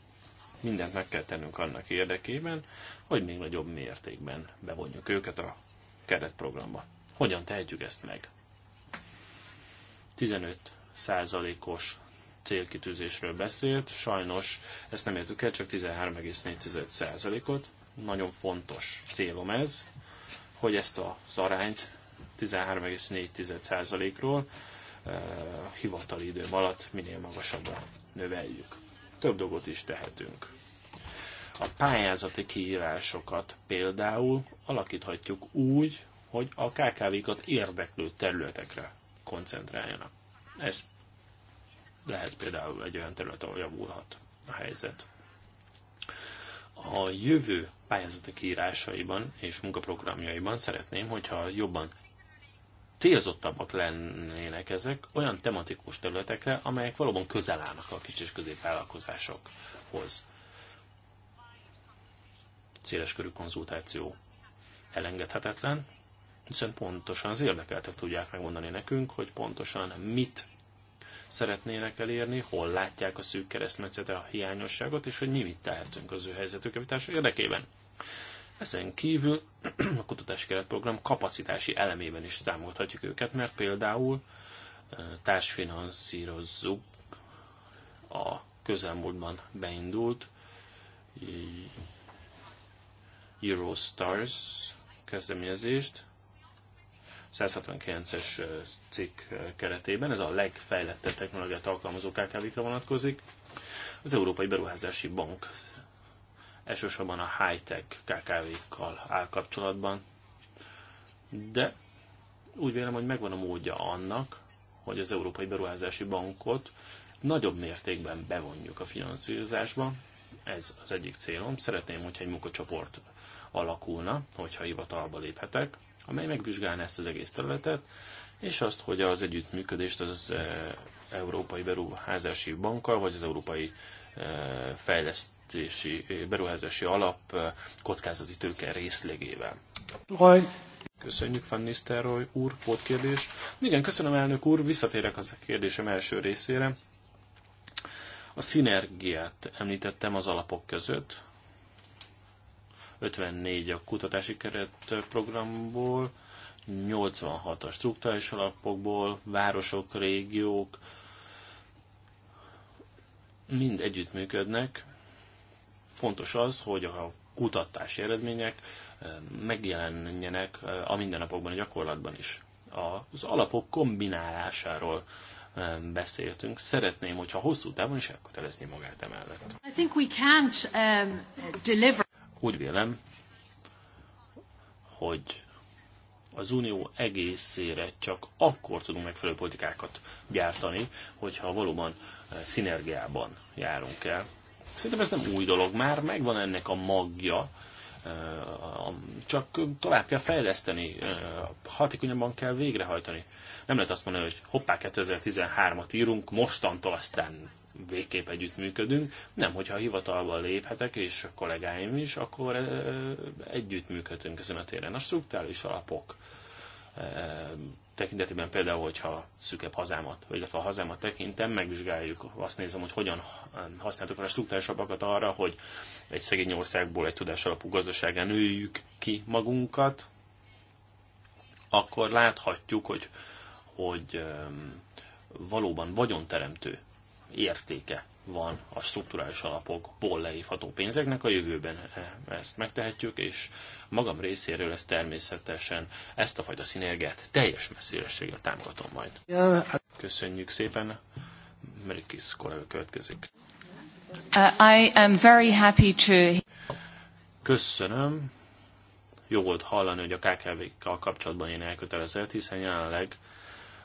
Speaker 2: Mindent meg kell tennünk annak érdekében, hogy még nagyobb mértékben bevonjuk őket a keretprogramba. Hogyan tehetjük ezt meg? 15%-os célkitűzésről beszélt, sajnos ezt nem értük el, csak 13,4%-ot. Nagyon fontos célom ez, hogy ezt az arányt 13,4%-ról eh, hivatali időm alatt minél magasabbra növeljük. Több dolgot is tehetünk. A pályázati kiírásokat például alakíthatjuk úgy, hogy a KKV-kat érdeklő területekre koncentráljanak. Ez lehet például egy olyan terület, ahol javulhat a helyzet. A jövő pályázati kiírásaiban és munkaprogramjaiban szeretném, hogyha jobban célzottabbak lennének ezek olyan tematikus területekre, amelyek valóban közel állnak a kis és középvállalkozásokhoz. Széleskörű konzultáció elengedhetetlen, hiszen pontosan az érdekeltek tudják megmondani nekünk, hogy pontosan mit szeretnének elérni, hol látják a szűk keresztmetszete a hiányosságot, és hogy mi mit tehetünk az ő helyzetük javítása érdekében. Ezen kívül a kutatási keretprogram kapacitási elemében is támogathatjuk őket, mert például társfinanszírozzuk a közelmúltban beindult Eurostars kezdeményezést, 169-es cikk keretében, ez a legfejlettebb technológiát alkalmazó KKV-kra vonatkozik. Az Európai Beruházási Bank elsősorban a high-tech KKV-kkal áll kapcsolatban, de úgy vélem, hogy megvan a módja annak, hogy az Európai Beruházási Bankot nagyobb mértékben bevonjuk a finanszírozásba. Ez az egyik célom. Szeretném, hogyha egy munkacsoport alakulna, hogyha hivatalba léphetek, amely megvizsgálná ezt az egész területet, és azt, hogy az együttműködést az eh, Európai Beruházási Bankkal, vagy az Európai eh, Fejlesztés beruházási, beruházási alap eh, kockázati tőke részlegével. Köszönjük, Van Nisztelrooy úr, pótkérdés. Igen, köszönöm, elnök úr, visszatérek az a kérdésem első részére. A szinergiát említettem az alapok között. 54 a kutatási keretprogramból, 86 a struktúrális alapokból, városok, régiók, mind együttműködnek, Fontos az, hogy a kutatási eredmények eh, megjelenjenek eh, a mindennapokban, a gyakorlatban is. Az alapok kombinálásáról eh, beszéltünk. Szeretném, hogyha hosszú távon is elkötelezni magát emellett.
Speaker 3: I think we can't, um, deliver.
Speaker 2: Úgy vélem, hogy az unió egészére csak akkor tudunk megfelelő politikákat gyártani, hogyha valóban szinergiában járunk el. Szerintem ez nem új dolog, már megvan ennek a magja, csak tovább kell fejleszteni, hatékonyabban kell végrehajtani. Nem lehet azt mondani, hogy hoppá, 2013-at írunk, mostantól aztán végképp együttműködünk. Nem, hogyha a hivatalban léphetek, és a kollégáim is, akkor együttműködünk ezen a téren. A struktúrális alapok tekintetében például, hogyha szükebb hazámat, vagy illetve a hazámat tekintem, megvizsgáljuk, azt nézem, hogy hogyan használtuk fel a struktúrásabbakat arra, hogy egy szegény országból egy tudásalapú gazdaságán nőjük ki magunkat, akkor láthatjuk, hogy, hogy valóban vagyonteremtő értéke van a strukturális alapokból leívható pénzeknek, a jövőben ezt megtehetjük, és magam részéről ez természetesen, ezt a fajta szinergiát teljes messzélességgel támogatom majd. Köszönjük szépen, Merikis kollega következik.
Speaker 3: Uh, I am very happy to...
Speaker 2: Köszönöm. Jó volt hallani, hogy a KKV-kkal kapcsolatban én elkötelezett, hiszen jelenleg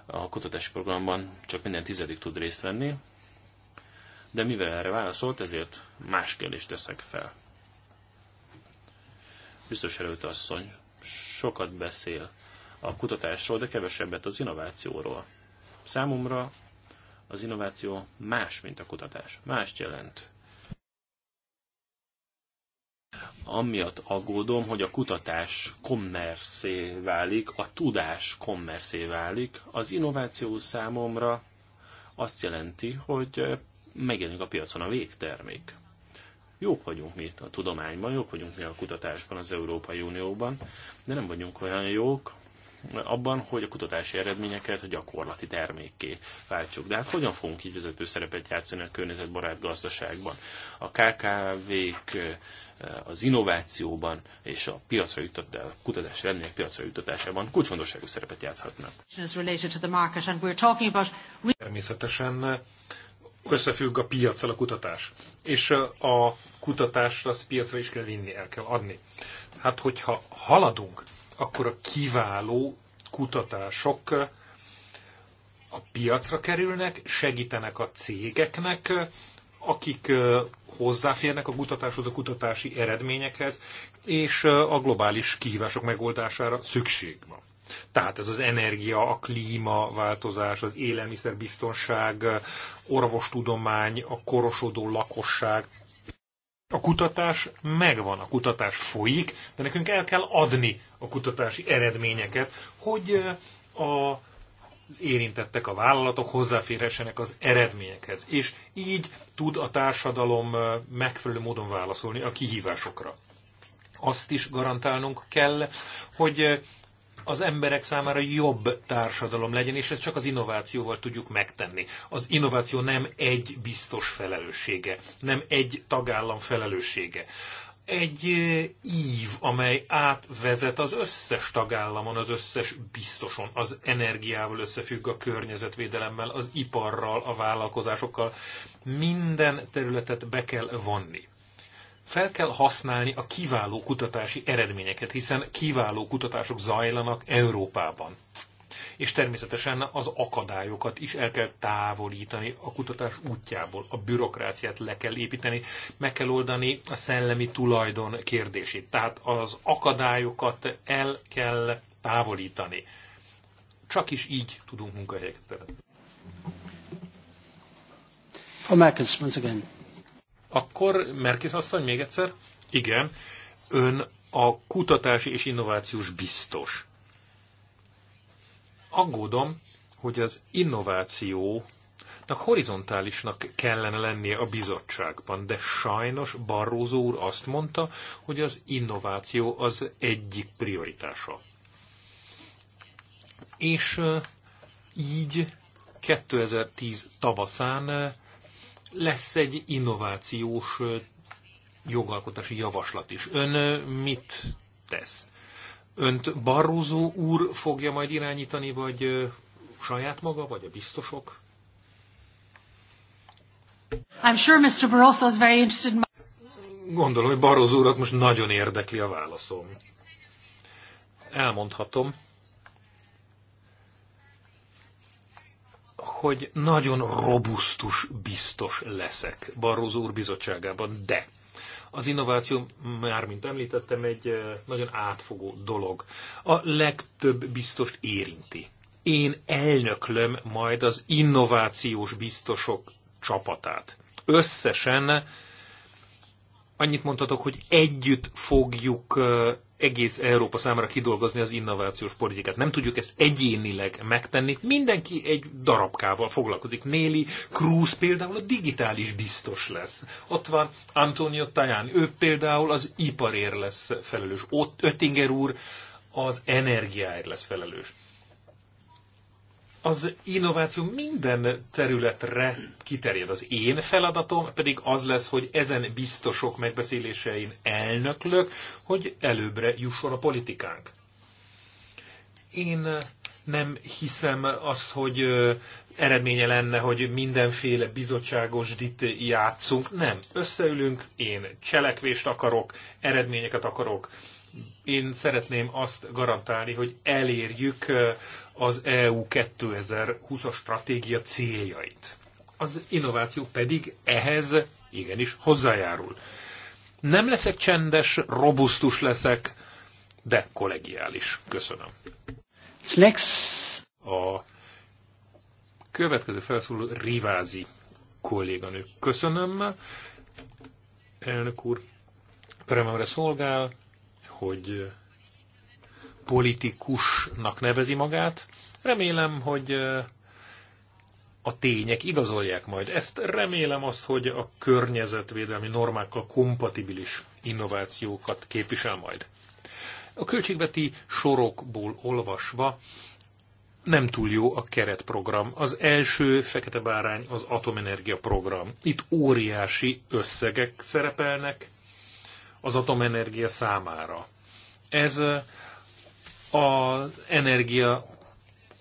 Speaker 2: a kutatási programban csak minden tizedik tud részt venni, de mivel erre válaszolt, ezért más kérdést teszek fel. Biztos előtt asszony sokat beszél a kutatásról, de kevesebbet az innovációról. Számomra az innováció más, mint a kutatás. Mást jelent. Amiatt aggódom, hogy a kutatás kommerszé válik, a tudás kommerszé válik. Az innováció számomra azt jelenti, hogy megjelenik a piacon a végtermék. Jók vagyunk mi a tudományban, jók vagyunk mi a kutatásban az Európai Unióban, de nem vagyunk olyan jók abban, hogy a kutatási eredményeket a gyakorlati termékké váltsuk. De hát hogyan fogunk így vezető szerepet játszani a környezetbarát gazdaságban? A KKV-k eh, az innovációban és a piacra jutott, a kutatási eredmények piacra jutatásában kulcsfontosságú szerepet játszhatnak.
Speaker 4: Természetesen összefügg a piacsal a kutatás. És a kutatást az piacra is kell vinni, el kell adni. Hát, hogyha haladunk, akkor a kiváló kutatások a piacra kerülnek, segítenek a cégeknek, akik hozzáférnek a kutatáshoz, a kutatási eredményekhez, és a globális kihívások megoldására szükség van. Tehát ez az energia, a klímaváltozás, az élelmiszerbiztonság, orvostudomány, a korosodó lakosság. A kutatás megvan, a kutatás folyik, de nekünk el kell adni a kutatási eredményeket, hogy eh, a az érintettek, a vállalatok hozzáférhessenek az eredményekhez, és így tud a társadalom eh, megfelelő módon válaszolni a kihívásokra. Azt is garantálnunk kell, hogy eh, az emberek számára jobb társadalom legyen, és ezt csak az innovációval tudjuk megtenni. Az innováció nem egy biztos felelőssége, nem egy tagállam felelőssége. Egy ív, amely átvezet az összes tagállamon, az összes biztoson, az energiával összefügg a környezetvédelemmel, az iparral, a vállalkozásokkal. Minden területet be kell vonni fel kell használni a kiváló kutatási eredményeket, hiszen kiváló kutatások zajlanak Európában. És természetesen az akadályokat is el kell távolítani a kutatás útjából, a bürokráciát le kell építeni, meg kell oldani a szellemi tulajdon kérdését. Tehát az akadályokat el kell távolítani. Csak is így tudunk munkahelyeket teremteni.
Speaker 1: For once again.
Speaker 4: Akkor Merkis asszony még egyszer? Igen, ön a kutatási és innovációs biztos. Aggódom, hogy az innovációnak horizontálisnak kellene lennie a bizottságban, de sajnos Barrózó úr azt mondta, hogy az innováció az egyik prioritása. És így 2010 tavaszán lesz egy innovációs jogalkotási javaslat is. Ön mit tesz? Önt Barroso úr fogja majd irányítani, vagy saját maga, vagy a biztosok?
Speaker 3: I'm sure Mr. Barroso is very interested in
Speaker 4: Gondolom, hogy Barroso úrat most nagyon érdekli a válaszom. Elmondhatom, hogy nagyon robusztus biztos leszek Barroso úr bizottságában, de az innováció, már mint említettem, egy nagyon átfogó dolog. A legtöbb biztost érinti. Én elnöklöm majd az innovációs biztosok csapatát. Összesen annyit mondhatok, hogy együtt fogjuk egész Európa számára kidolgozni az innovációs politikát. Nem tudjuk ezt egyénileg megtenni. Mindenki egy darabkával foglalkozik. Néli Cruz például a digitális biztos lesz. Ott van Antonio Taján, ő például az iparért lesz felelős. Ott Öttinger úr az energiáért lesz felelős az innováció minden területre kiterjed. Az én feladatom pedig az lesz, hogy ezen biztosok megbeszélésein elnöklök, hogy előbbre jusson a politikánk. Én nem hiszem azt, hogy eredménye lenne, hogy mindenféle bizottságos dit játszunk. Nem, összeülünk, én cselekvést akarok, eredményeket akarok, én szeretném azt garantálni, hogy elérjük az EU 2020-as stratégia céljait. Az innováció pedig ehhez igenis hozzájárul. Nem leszek csendes, robusztus leszek, de kollegiális. Köszönöm. A következő felszóló Rivázi kolléganő. Köszönöm, elnök úr. Örömömre szolgál, hogy politikusnak nevezi magát. Remélem, hogy a tények igazolják majd. Ezt remélem azt, hogy a környezetvédelmi normákkal kompatibilis innovációkat képvisel majd. A költségveti sorokból olvasva nem túl jó a keretprogram. Az első fekete bárány az atomenergia program. Itt óriási összegek szerepelnek, az atomenergia számára. Ez az energia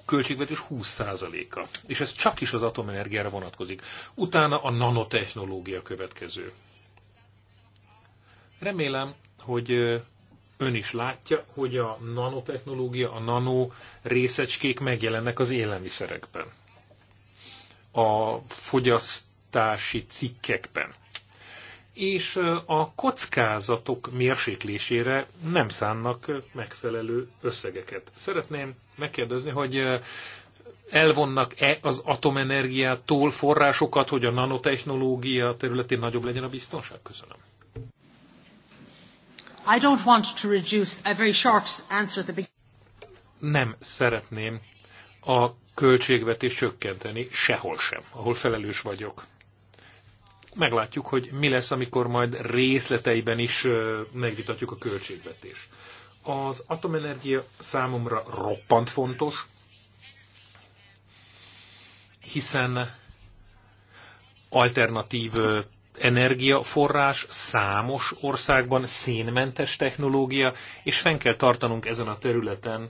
Speaker 4: költségvetés 20%-a, és ez csak is az atomenergiára vonatkozik. Utána a nanotechnológia következő. Remélem, hogy ön is látja, hogy a nanotechnológia, a nano részecskék megjelennek az élelmiszerekben, a fogyasztási cikkekben és a kockázatok mérséklésére nem szánnak megfelelő összegeket. Szeretném megkérdezni, hogy elvonnak-e az atomenergiától forrásokat, hogy a nanotechnológia területén nagyobb legyen a biztonság? Köszönöm.
Speaker 3: I don't want to reduce a very short answer at the
Speaker 4: nem szeretném a költségvetés csökkenteni sehol sem, ahol felelős vagyok meglátjuk, hogy mi lesz, amikor majd részleteiben is megvitatjuk a költségvetés. Az atomenergia számomra roppant fontos, hiszen alternatív energiaforrás számos országban szénmentes technológia, és fenn kell tartanunk ezen a területen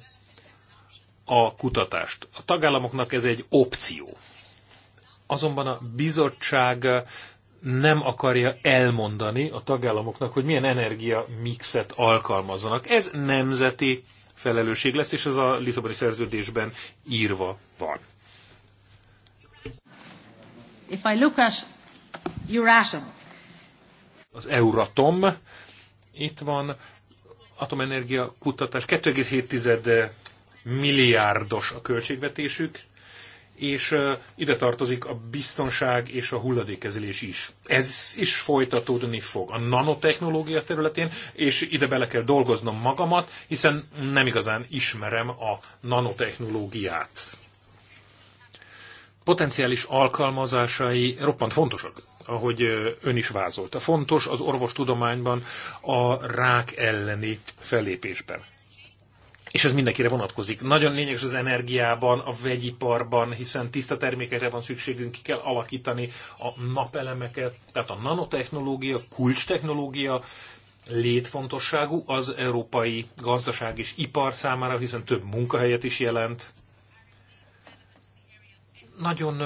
Speaker 4: a kutatást. A tagállamoknak ez egy opció. Azonban a bizottság nem akarja elmondani a tagállamoknak, hogy milyen energia mixet alkalmazzanak. Ez nemzeti felelősség lesz, és ez a Lisszaboni szerződésben írva
Speaker 3: van. If I look at Euratom. Az
Speaker 4: Euratom,
Speaker 3: itt van
Speaker 4: atomenergia kutatás, 2,7 milliárdos a költségvetésük, és ide tartozik a biztonság és a hulladékkezelés is. Ez is folytatódni fog a nanotechnológia területén, és ide bele kell dolgoznom magamat, hiszen nem igazán ismerem a nanotechnológiát. Potenciális alkalmazásai roppant fontosak, ahogy ön is vázolta. Fontos az orvostudományban a rák elleni fellépésben és ez mindenkire vonatkozik. Nagyon lényeges az energiában, a vegyiparban, hiszen tiszta termékekre van szükségünk, ki kell alakítani a napelemeket, tehát a nanotechnológia, kulcstechnológia létfontosságú az európai gazdaság és ipar számára, hiszen több munkahelyet is jelent. Nagyon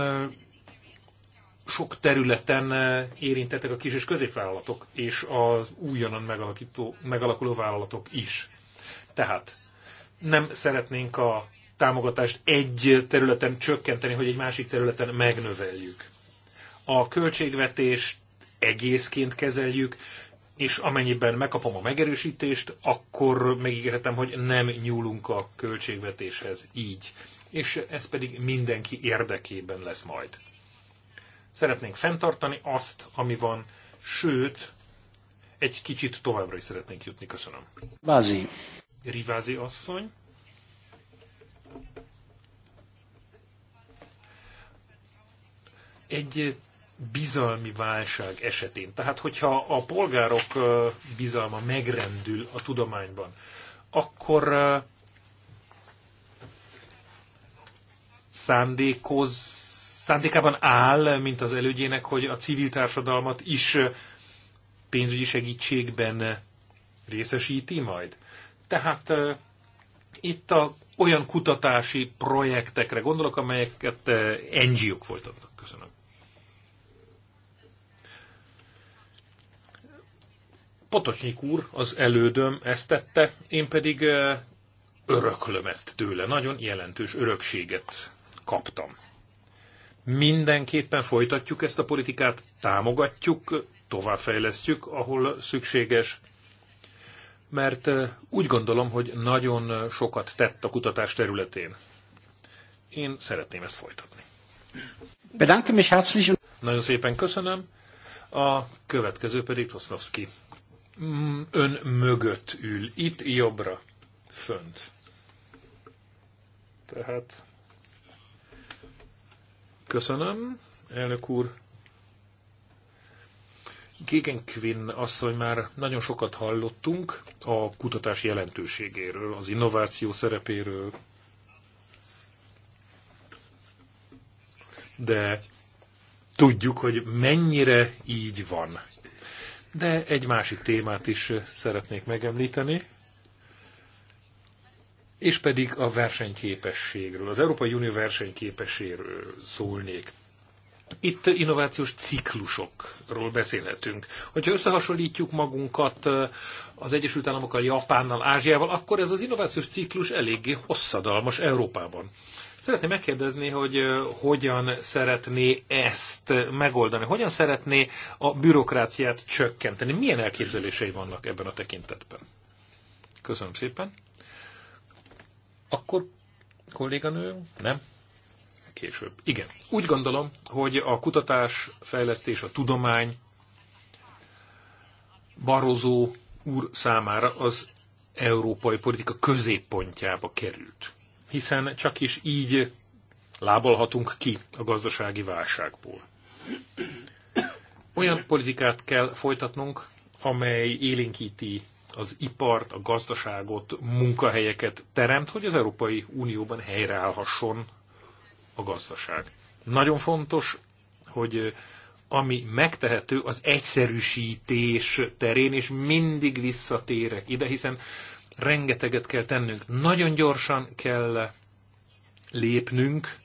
Speaker 4: sok területen érintettek a kis és középvállalatok, és az újonnan megalakuló vállalatok is. Tehát nem szeretnénk a támogatást egy területen csökkenteni, hogy egy másik területen megnöveljük. A költségvetést egészként kezeljük, és amennyiben megkapom a megerősítést, akkor megígérhetem, hogy nem nyúlunk a költségvetéshez így. És ez pedig mindenki érdekében lesz majd. Szeretnénk fenntartani azt, ami van, sőt, egy kicsit továbbra is szeretnénk jutni. Köszönöm. Bázi. Rivázi asszony. Egy bizalmi válság esetén, tehát hogyha a polgárok bizalma megrendül a tudományban, akkor szándékoz, szándékában áll, mint az elődjének, hogy a civil társadalmat is pénzügyi segítségben részesíti majd. Tehát itt a, olyan kutatási projektekre gondolok, amelyeket NGO-k folytatnak. Köszönöm. Potocsnyik úr, az elődöm ezt tette, én pedig öröklöm ezt tőle. Nagyon jelentős örökséget kaptam. Mindenképpen folytatjuk ezt a politikát, támogatjuk, továbbfejlesztjük, ahol szükséges, mert úgy gondolom, hogy nagyon sokat tett a kutatás területén. Én szeretném ezt folytatni. Bedanke mich herzlich. Nagyon szépen köszönöm. A következő pedig Tosznovszki. Mm, ön mögött ül, itt jobbra, fönt. Tehát köszönöm, elnök úr. Gégen Quinn asszony már nagyon sokat hallottunk a kutatás jelentőségéről, az innováció szerepéről, de tudjuk, hogy mennyire így van. De egy másik témát is szeretnék megemlíteni, és pedig a versenyképességről, az Európai Unió versenyképességről szólnék. Itt innovációs ciklusokról beszélhetünk. Hogyha összehasonlítjuk magunkat eh, az Egyesült Államokkal, Japánnal, Ázsiával, akkor ez az innovációs ciklus eléggé hosszadalmas Európában. Szeretném megkérdezni, hogy eh, hogyan szeretné ezt megoldani, hogyan szeretné a bürokráciát csökkenteni, milyen elképzelései vannak ebben a tekintetben. Köszönöm szépen. Akkor kolléganő, nem? később. Igen, úgy gondolom, hogy a kutatás, fejlesztés, a tudomány Barozó úr számára az európai politika középpontjába került. Hiszen csak is így lábalhatunk ki a gazdasági válságból. Olyan politikát kell folytatnunk, amely élénkíti az ipart, a gazdaságot, munkahelyeket teremt, hogy az Európai Unióban helyreállhasson a gazdaság. Nagyon fontos, hogy ami megtehető, az egyszerűsítés terén, és mindig visszatérek ide, hiszen rengeteget kell tennünk. Nagyon gyorsan kell lépnünk,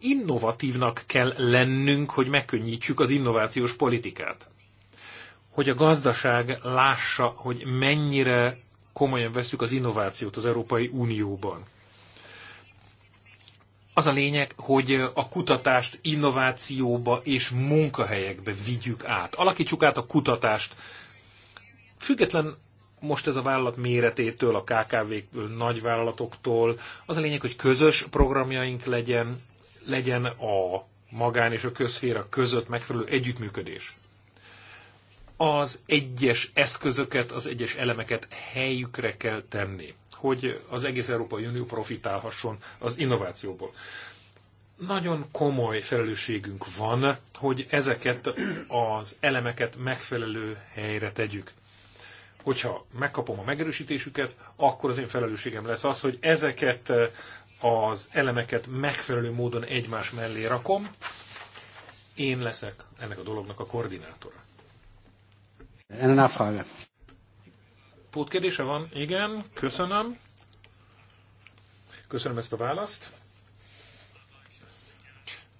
Speaker 4: innovatívnak kell lennünk, hogy megkönnyítsük az innovációs politikát. Hogy a gazdaság lássa, hogy mennyire komolyan veszük az innovációt az Európai Unióban az a lényeg, hogy a kutatást innovációba és munkahelyekbe vigyük át. Alakítsuk át a kutatást. Független most ez a vállalat méretétől, a kkv nagyvállalatoktól. Az a lényeg, hogy közös programjaink legyen, legyen a magán és a közféra között megfelelő együttműködés. Az egyes eszközöket, az egyes elemeket helyükre kell tenni hogy az egész Európai Unió profitálhasson az innovációból. Nagyon komoly felelősségünk van, hogy ezeket az elemeket megfelelő helyre tegyük. Hogyha megkapom a megerősítésüket, akkor az én felelősségem lesz az, hogy ezeket az elemeket megfelelő módon egymás mellé rakom. Én leszek ennek a dolognak a koordinátora. Eine Nachfrage. Pótkérdése van? Igen, köszönöm. Köszönöm ezt a választ.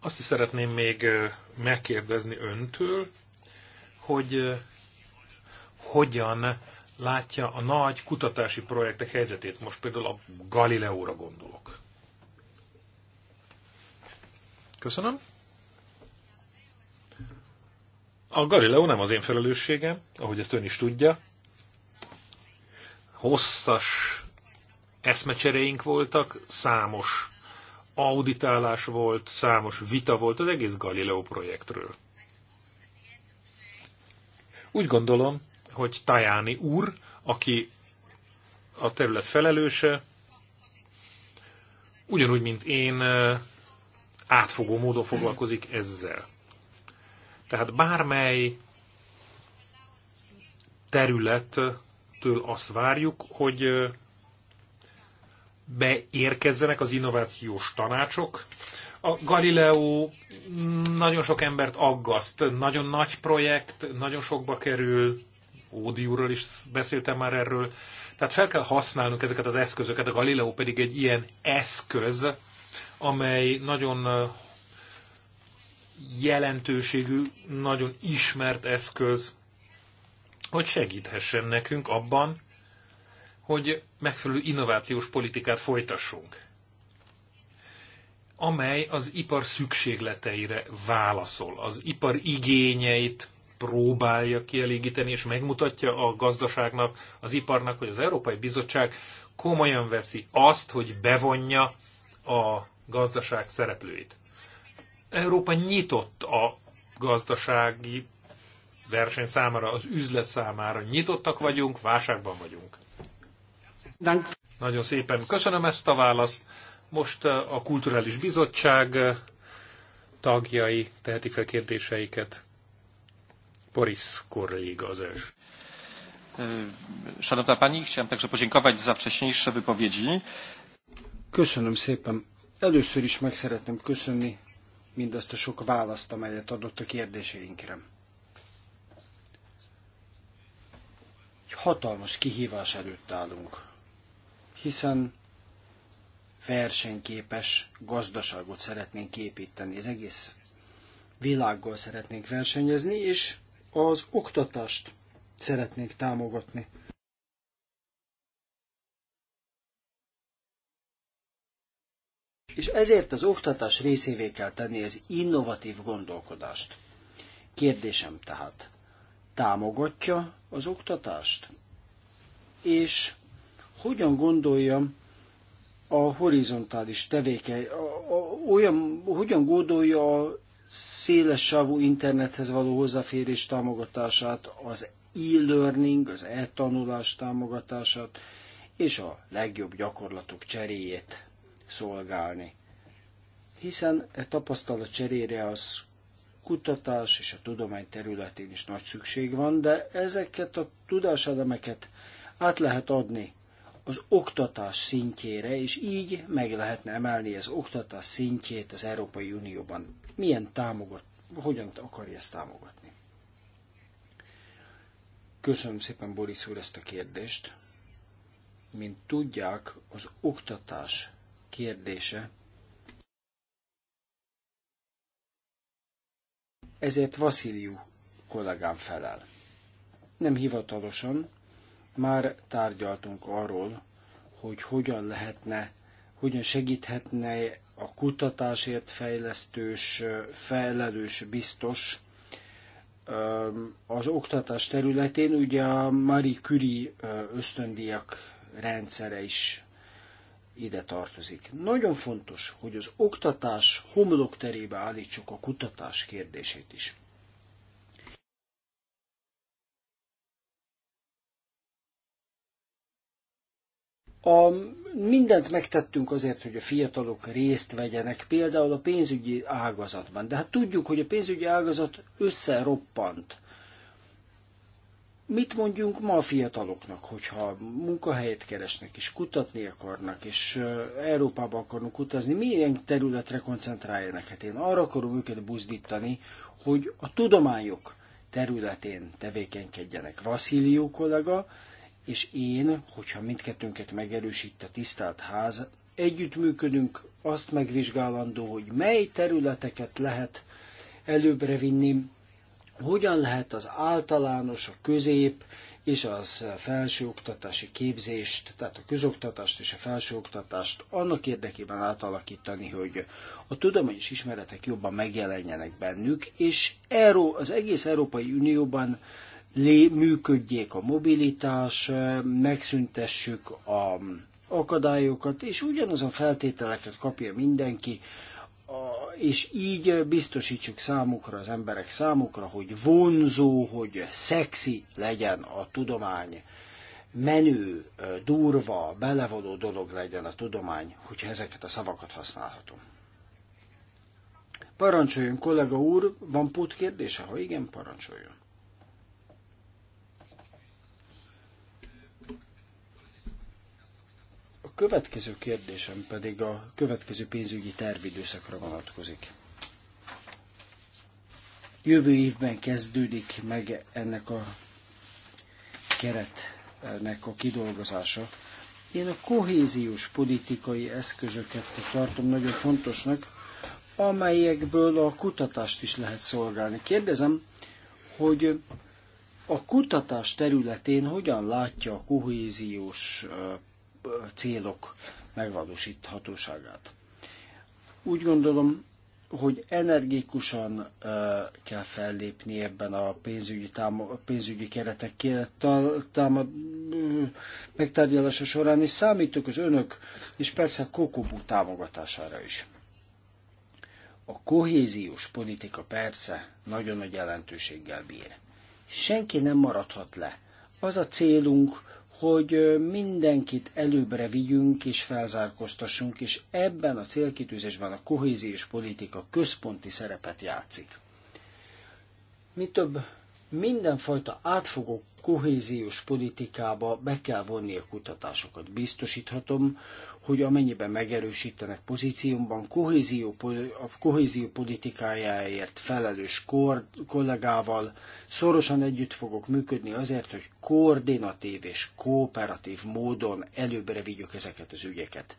Speaker 4: Azt is szeretném még megkérdezni öntől, hogy hogyan látja a nagy kutatási projektek helyzetét. Most például a Galileóra gondolok. Köszönöm. A Galileo nem az én felelősségem, ahogy ezt ön is tudja hosszas eszmecseréink voltak, számos auditálás volt, számos vita volt az egész Galileo projektről. Úgy gondolom, hogy Tajáni úr, aki a terület felelőse, ugyanúgy, mint én, átfogó módon foglalkozik ezzel. Tehát bármely terület től azt várjuk, hogy beérkezzenek az innovációs tanácsok. A Galileo nagyon sok embert aggaszt, nagyon nagy projekt, nagyon sokba kerül, Ódiúról is beszéltem már erről. Tehát fel kell használnunk ezeket az eszközöket, a Galileo pedig egy ilyen eszköz, amely nagyon jelentőségű, nagyon ismert eszköz, hogy segíthessen nekünk abban, hogy megfelelő innovációs politikát folytassunk, amely az ipar szükségleteire válaszol, az ipar igényeit próbálja kielégíteni, és megmutatja a gazdaságnak, az iparnak, hogy az Európai Bizottság komolyan veszi azt, hogy bevonja a gazdaság szereplőit. Európa nyitott a gazdasági verseny számára, az üzlet számára nyitottak vagyunk, válságban vagyunk. Dank. Nagyon szépen köszönöm ezt a választ. Most eh, a Kulturális Bizottság eh, tagjai teheti fel kérdéseiket. Boris Korléga az első. Eh, Szanowna Pani, chciałem także
Speaker 1: podziękować za wcześniejsze wypowiedzi. Köszönöm szépen. Először is meg szeretném köszönni mindazt a sok választ, amelyet adott a kérdéseinkre. hatalmas kihívás előtt állunk, hiszen versenyképes gazdaságot szeretnénk építeni, az egész világgal szeretnénk versenyezni, és az oktatást szeretnénk támogatni. És ezért az oktatás részévé kell tenni az innovatív gondolkodást. Kérdésem tehát, támogatja az oktatást? És hogyan gondolja a horizontális tevékeny, a, a, olyan, hogyan gondolja a széles sávú internethez való hozzáférés támogatását, az e-learning, az e-tanulás támogatását és a legjobb gyakorlatok cseréjét szolgálni. Hiszen e tapasztalat cserére az kutatás és a tudomány területén is nagy szükség van, de ezeket a tudáselemeket át lehet adni az oktatás szintjére, és így meg lehetne emelni az oktatás szintjét az Európai Unióban. Milyen támogat, hogyan akarja ezt támogatni? Köszönöm szépen, Boris úr, ezt a kérdést. Mint tudják, az oktatás kérdése ezért Vasziliu kollégám felel. Nem hivatalosan, már tárgyaltunk arról, hogy hogyan lehetne, hogyan segíthetne a kutatásért fejlesztős, felelős, biztos az oktatás területén. Ugye a Marie Curie ösztöndíjak rendszere is ide tartozik. Nagyon fontos, hogy az oktatás homlokterébe állítsuk a kutatás kérdését is. A, mindent megtettünk azért, hogy a fiatalok részt vegyenek, például a pénzügyi ágazatban. De hát tudjuk, hogy a pénzügyi ágazat összeroppant mit mondjunk ma a fiataloknak, hogyha munkahelyet keresnek, és kutatni akarnak, és Európába akarnak utazni, milyen területre koncentráljanak? Hát én arra akarom őket buzdítani, hogy a tudományok területén tevékenykedjenek. Vasilió kollega, és én, hogyha mindkettőnket megerősít a tisztelt ház, együttműködünk, azt megvizsgálandó, hogy mely területeket lehet előbbre vinni, hogyan lehet az általános, a közép és az felsőoktatási képzést, tehát a közoktatást és a felsőoktatást annak érdekében átalakítani, hogy a tudományos ismeretek jobban megjelenjenek bennük, és Euró, az egész Európai Unióban lé, működjék a mobilitás, megszüntessük a akadályokat, és ugyanazon feltételeket kapja mindenki, a, és így biztosítsuk számukra, az emberek számukra, hogy vonzó, hogy szexi legyen a tudomány, menő, durva, belevaló dolog legyen a tudomány, hogyha ezeket a szavakat használhatom. Parancsoljon, kollega úr, van kérdése, Ha igen, parancsoljon. következő kérdésem pedig a következő pénzügyi tervidőszakra vonatkozik. Jövő évben kezdődik meg ennek a keretnek a kidolgozása. Én a kohéziós politikai eszközöket tartom nagyon fontosnak, amelyekből a kutatást is lehet szolgálni. Kérdezem, hogy a kutatás területén hogyan látja a kohéziós célok megvalósíthatóságát. Úgy gondolom, hogy energikusan uh, kell fellépni ebben a pénzügyi, támo- pénzügyi keretek támad, megtárgyalása során, és számítok az önök, és persze a kokobú támogatására is. A kohéziós politika persze nagyon nagy jelentőséggel bír. Senki nem maradhat le. Az a célunk, hogy mindenkit előbbre vigyünk és felzárkóztassunk, és ebben a célkitűzésben a kohéziós politika központi szerepet játszik. Mi több, mindenfajta átfogó kohéziós politikába be kell vonni a kutatásokat. Biztosíthatom, hogy amennyiben megerősítenek pozíciómban, kohézió, a kohézió politikájáért felelős kor, kollégával szorosan együtt fogok működni azért, hogy koordinatív és kooperatív módon előbbre vigyük ezeket az ügyeket.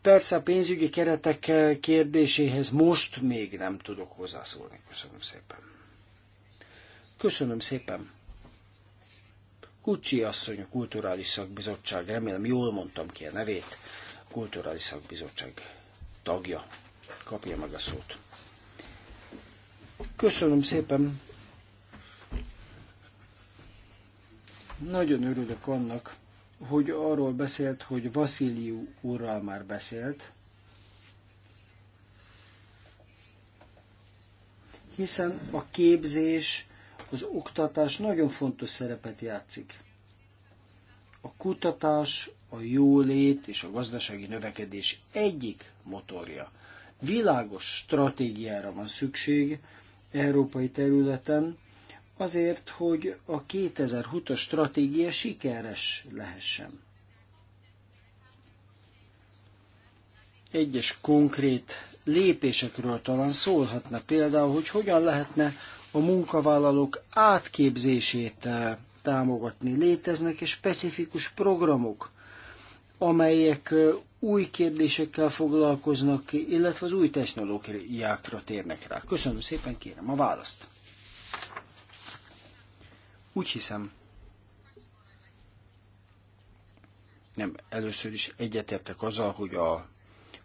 Speaker 1: Persze a pénzügyi keretek kérdéséhez most még nem tudok hozzászólni. Köszönöm szépen. Köszönöm szépen. Kucsi asszony, a Kulturális Szakbizottság, remélem jól mondtam ki a nevét, a Kulturális Szakbizottság tagja. Kapja meg a szót. Köszönöm szépen. Nagyon örülök annak, hogy arról beszélt, hogy Vasziliu úrral már beszélt, hiszen a képzés az oktatás nagyon fontos szerepet játszik. A kutatás, a jólét és a gazdasági növekedés egyik motorja. Világos stratégiára van szükség európai területen, azért, hogy a 2020-as stratégia sikeres lehessen. Egyes konkrét lépésekről talán szólhatna például, hogy hogyan lehetne a munkavállalók átképzését eh, támogatni. Léteznek és specifikus programok, amelyek eh, új kérdésekkel foglalkoznak, illetve az új technológiákra térnek rá. Köszönöm szépen, kérem a választ. Úgy hiszem, nem, először is egyetértek azzal, hogy a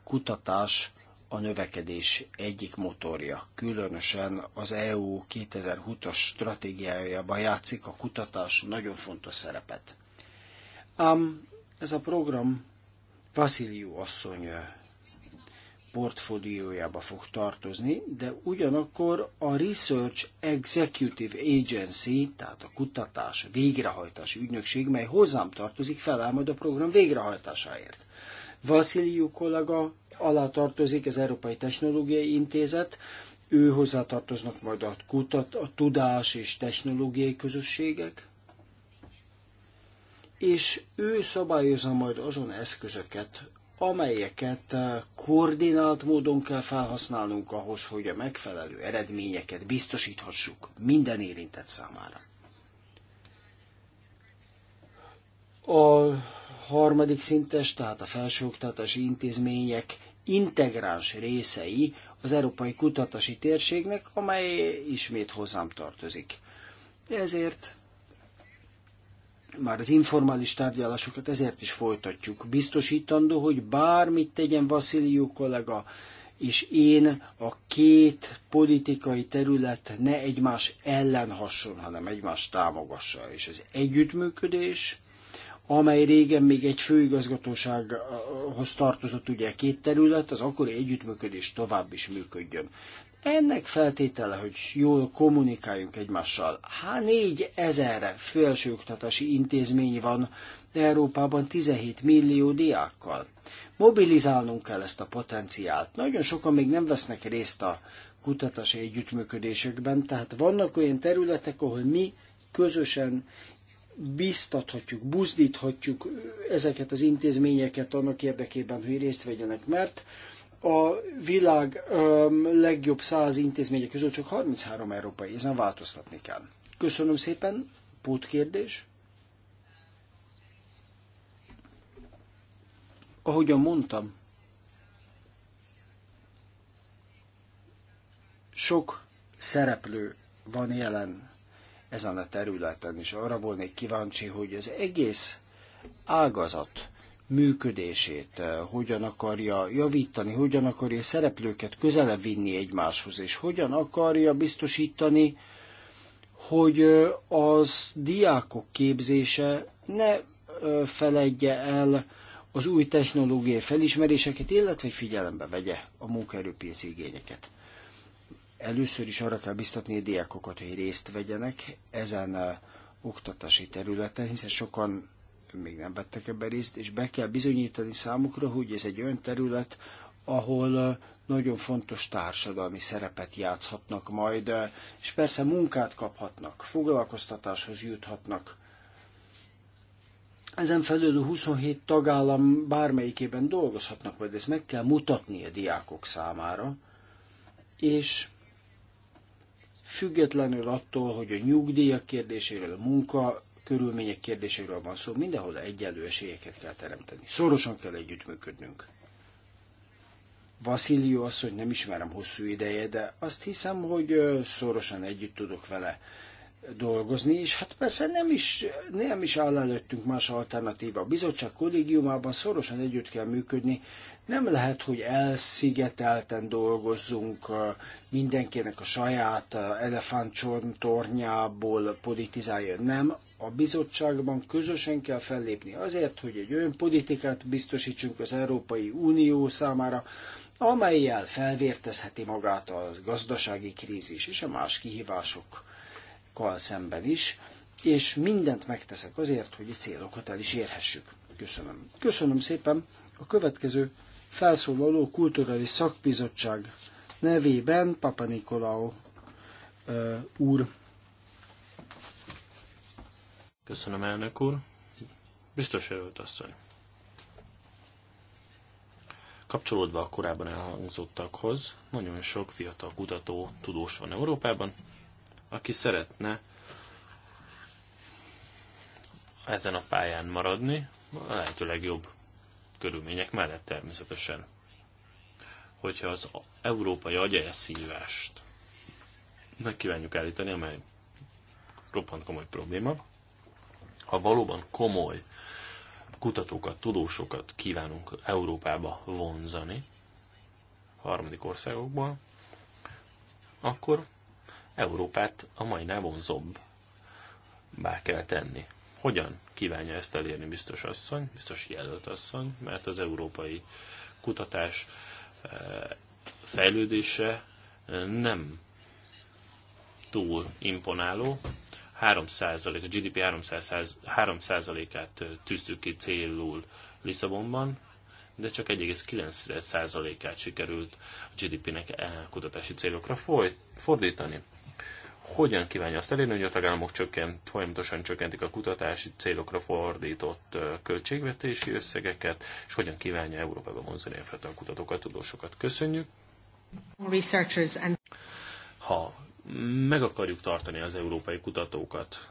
Speaker 1: kutatás a növekedés egyik motorja. Különösen az EU 2020-as stratégiájában játszik a kutatás nagyon fontos szerepet. Ám ez a program Vasiliu asszony portfóliójába fog tartozni, de ugyanakkor a Research Executive Agency, tehát a kutatás végrehajtási ügynökség, mely hozzám tartozik, feláll majd a program végrehajtásáért. Vasiliu kollega alá tartozik az Európai Technológiai Intézet, ő tartoznak majd a kutat, a tudás és technológiai közösségek, és ő szabályozza majd azon eszközöket, amelyeket eh, koordinált módon kell felhasználnunk ahhoz, hogy a megfelelő eredményeket biztosíthassuk minden érintett számára. A harmadik szintes, tehát a felsőoktatási intézmények integráns részei az európai kutatási térségnek, amely ismét hozzám tartozik. Ezért már az informális tárgyalásokat ezért is folytatjuk. Biztosítandó, hogy bármit tegyen Vasziliu kollega, és én a két politikai terület ne egymás ellen hasson, hanem egymás támogassa. És az együttműködés amely régen még egy főigazgatósághoz tartozott ugye két terület, az akkori együttműködés tovább is működjön. Ennek feltétele, hogy jól kommunikáljunk egymással. Há, négy ezerre felsőoktatási intézmény van Európában 17 millió diákkal. Mobilizálnunk kell ezt a potenciált. Nagyon sokan még nem vesznek részt a kutatási együttműködésekben, tehát vannak olyan területek, ahol mi közösen biztathatjuk, buzdíthatjuk ezeket az intézményeket annak érdekében, hogy részt vegyenek, mert a világ um, legjobb száz intézmények közül csak 33 európai, ezen változtatni kell. Köszönöm szépen, pótkérdés. Ahogyan mondtam, sok szereplő van jelen ezen a területen, is, arra volnék kíváncsi, hogy az egész ágazat működését eh, hogyan akarja javítani, hogyan akarja szereplőket közelebb vinni egymáshoz, és hogyan akarja biztosítani, hogy eh, az diákok képzése ne eh, feledje el az új technológiai felismeréseket, illetve figyelembe vegye a munkaerőpiaci igényeket. Először is arra kell biztatni a diákokat, hogy részt vegyenek ezen a uh, oktatási területen, hiszen sokan még nem vettek ebbe részt, és be kell bizonyítani számukra, hogy ez egy olyan terület, ahol uh, nagyon fontos társadalmi szerepet játszhatnak majd, uh, és persze munkát kaphatnak, foglalkoztatáshoz juthatnak. Ezen felül a 27 tagállam bármelyikében dolgozhatnak, majd ezt meg kell mutatni a diákok számára, és függetlenül attól, hogy a nyugdíjak kérdéséről, a munka körülmények kérdéséről van szó, mindenhol egyenlő esélyeket kell teremteni. Szorosan kell együttműködnünk. azt asszony nem ismerem hosszú ideje, de azt hiszem, hogy szorosan együtt tudok vele dolgozni, és hát persze nem is, nem is áll előttünk más alternatíva. A bizottság kollégiumában szorosan együtt kell működni, nem lehet, hogy elszigetelten dolgozzunk, uh, mindenkinek a saját uh, elefántcsorn tornyából politizálja. Nem, a bizottságban közösen kell fellépni azért, hogy egy olyan politikát biztosítsunk az Európai Unió számára, amelyel felvértezheti magát a gazdasági krízis és a más kihívásokkal szemben is, és mindent megteszek azért, hogy a célokat el is érhessük. Köszönöm. Köszönöm szépen. A következő felszólaló kulturális szakbizottság nevében Papa Nikolau úr.
Speaker 2: Köszönöm, elnök úr. Biztos erőt asszony. Kapcsolódva a korábban elhangzottakhoz, nagyon sok fiatal kutató, tudós van Európában, aki szeretne ezen a pályán maradni, a lehető legjobb körülmények mellett természetesen. Hogyha az európai agyelszívást meg kívánjuk állítani, amely roppant komoly probléma, ha valóban komoly kutatókat, tudósokat kívánunk Európába vonzani, harmadik országokból, akkor Európát a mai vonzóbb bá kell tenni. Hogyan kívánja ezt elérni biztos asszony, biztos jelölt asszony, mert az európai kutatás eh, fejlődése eh, nem túl imponáló. 3%, a GDP 3%-át eh, tűztük ki célul Lisszabonban, de csak 1,9%-át sikerült a GDP-nek kutatási célokra fordítani hogyan kívánja azt elérni, hogy a tagállamok csökkent, folyamatosan csökkentik a kutatási célokra fordított költségvetési összegeket, és hogyan kívánja Európába vonzani a fiatal kutatókat, tudósokat. Köszönjük! Ha meg akarjuk tartani az európai kutatókat,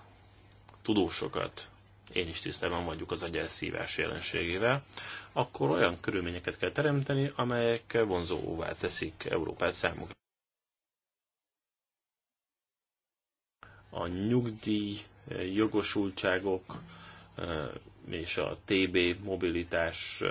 Speaker 2: tudósokat, én is tisztában vagyok az agyelszívás jelenségével, akkor olyan körülményeket kell teremteni, amelyek vonzóvá teszik Európát számukra. a nyugdíj eh, jogosultságok eh, és a TB mobilitás eh,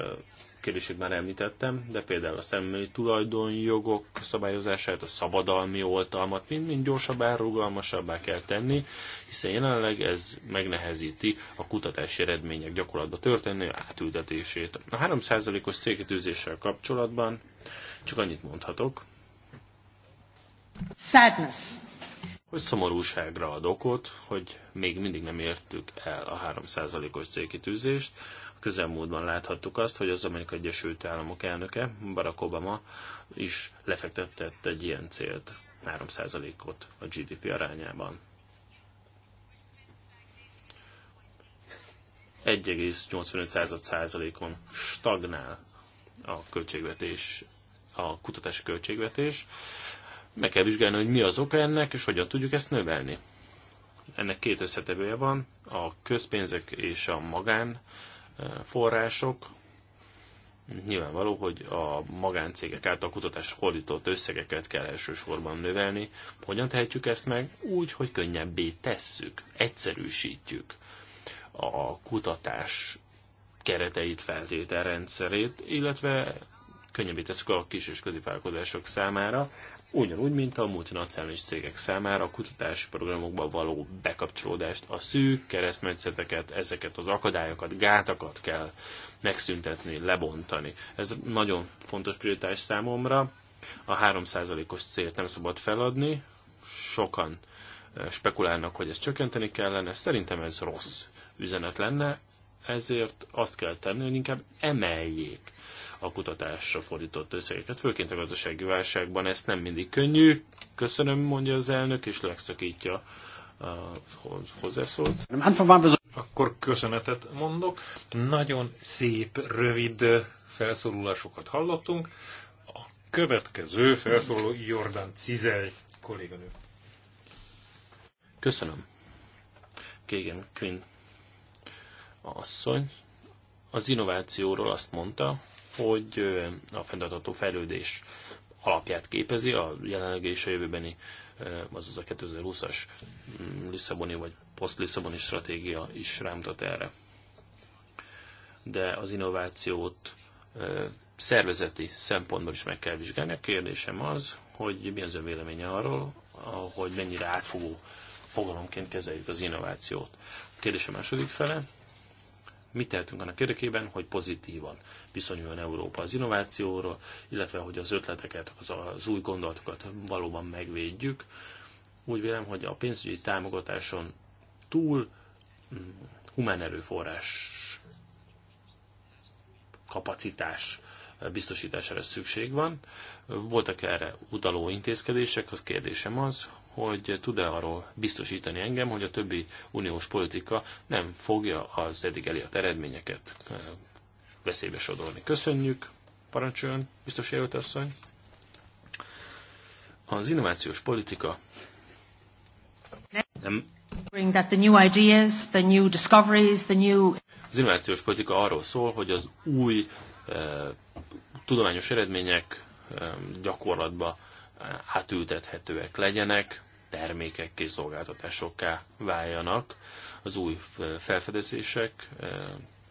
Speaker 2: kérdését már említettem, de például a személyi tulajdonjogok szabályozását, a szabadalmi oltalmat mind-mind gyorsabbá, rugalmasabbá kell tenni, hiszen jelenleg ez megnehezíti a kutatási eredmények gyakorlatba történő átültetését. A 3%-os cégkötőzéssel kapcsolatban csak annyit mondhatok.
Speaker 3: Sadness
Speaker 2: hogy szomorúságra ad okot, hogy még mindig nem értük el a 3%-os célkitűzést. A közelmúltban láthattuk azt, hogy az Amerikai Egyesült Államok elnöke, Barack Obama is lefektetett egy ilyen célt, 3%-ot a GDP arányában. 1,85%-on stagnál a költségvetés, a kutatási költségvetés. Meg kell vizsgálni, hogy mi az oka ennek, és hogyan tudjuk ezt növelni. Ennek két összetevője van, a közpénzek és a magán eh, források. Nyilvánvaló, hogy a magáncégek által kutatásra fordított összegeket kell elsősorban növelni. Hogyan tehetjük ezt meg? Úgy, hogy könnyebbé tesszük, egyszerűsítjük a kutatás kereteit, feltételrendszerét, illetve könnyebbé tesszük a kis és középvállalkozások számára, ugyanúgy, mint a multinacionális cégek számára a kutatási programokban való bekapcsolódást, a szűk keresztmetszeteket, ezeket az akadályokat, gátakat kell megszüntetni, lebontani. Ez nagyon fontos prioritás számomra. A 3%-os célt nem szabad feladni. Sokan eh, spekulálnak, hogy ezt csökkenteni kellene. Szerintem ez rossz üzenet lenne ezért azt kell tenni, hogy inkább emeljék a kutatásra fordított összegeket, főként a gazdasági válságban ez nem mindig könnyű. Köszönöm, mondja az elnök, és legszakítja
Speaker 4: hozzászólt. Akkor köszönetet mondok. Nagyon szép, rövid felszólulásokat hallottunk. A következő felszóló Jordan Cizely kolléganő. Köszönöm.
Speaker 2: Kégen Quinn asszony az innovációról azt mondta, hogy a fenntartható fejlődés alapját képezi a jelenlegi és a jövőbeni, azaz a 2020-as mm, Lisszaboni vagy poszt-Lisszaboni stratégia is rámutat erre. De az innovációt szervezeti szempontból is meg kell vizsgálni. A kérdésem az, hogy mi az ön véleménye arról, hogy mennyire átfogó fogalomként kezeljük az innovációt. A kérdésem második fele, mit tehetünk annak érdekében, hogy pozitívan viszonyuljon Európa az innovációról, illetve hogy az ötleteket, az, az új gondolatokat valóban megvédjük. Úgy vélem, hogy a pénzügyi támogatáson túl mm, humán erőforrás kapacitás biztosítására szükség van. Voltak erre utaló intézkedések, az kérdésem az, hogy tud-e arról biztosítani engem, hogy a többi uniós politika nem fogja az eddig elért eredményeket veszélybe sodorni. Köszönjük, parancsoljon, biztos jelölt asszony. Az innovációs politika nem. Az innovációs politika arról szól, hogy az új eh, tudományos eredmények eh, gyakorlatba átültethetőek legyenek, és szolgáltatásokká váljanak az új felfedezések,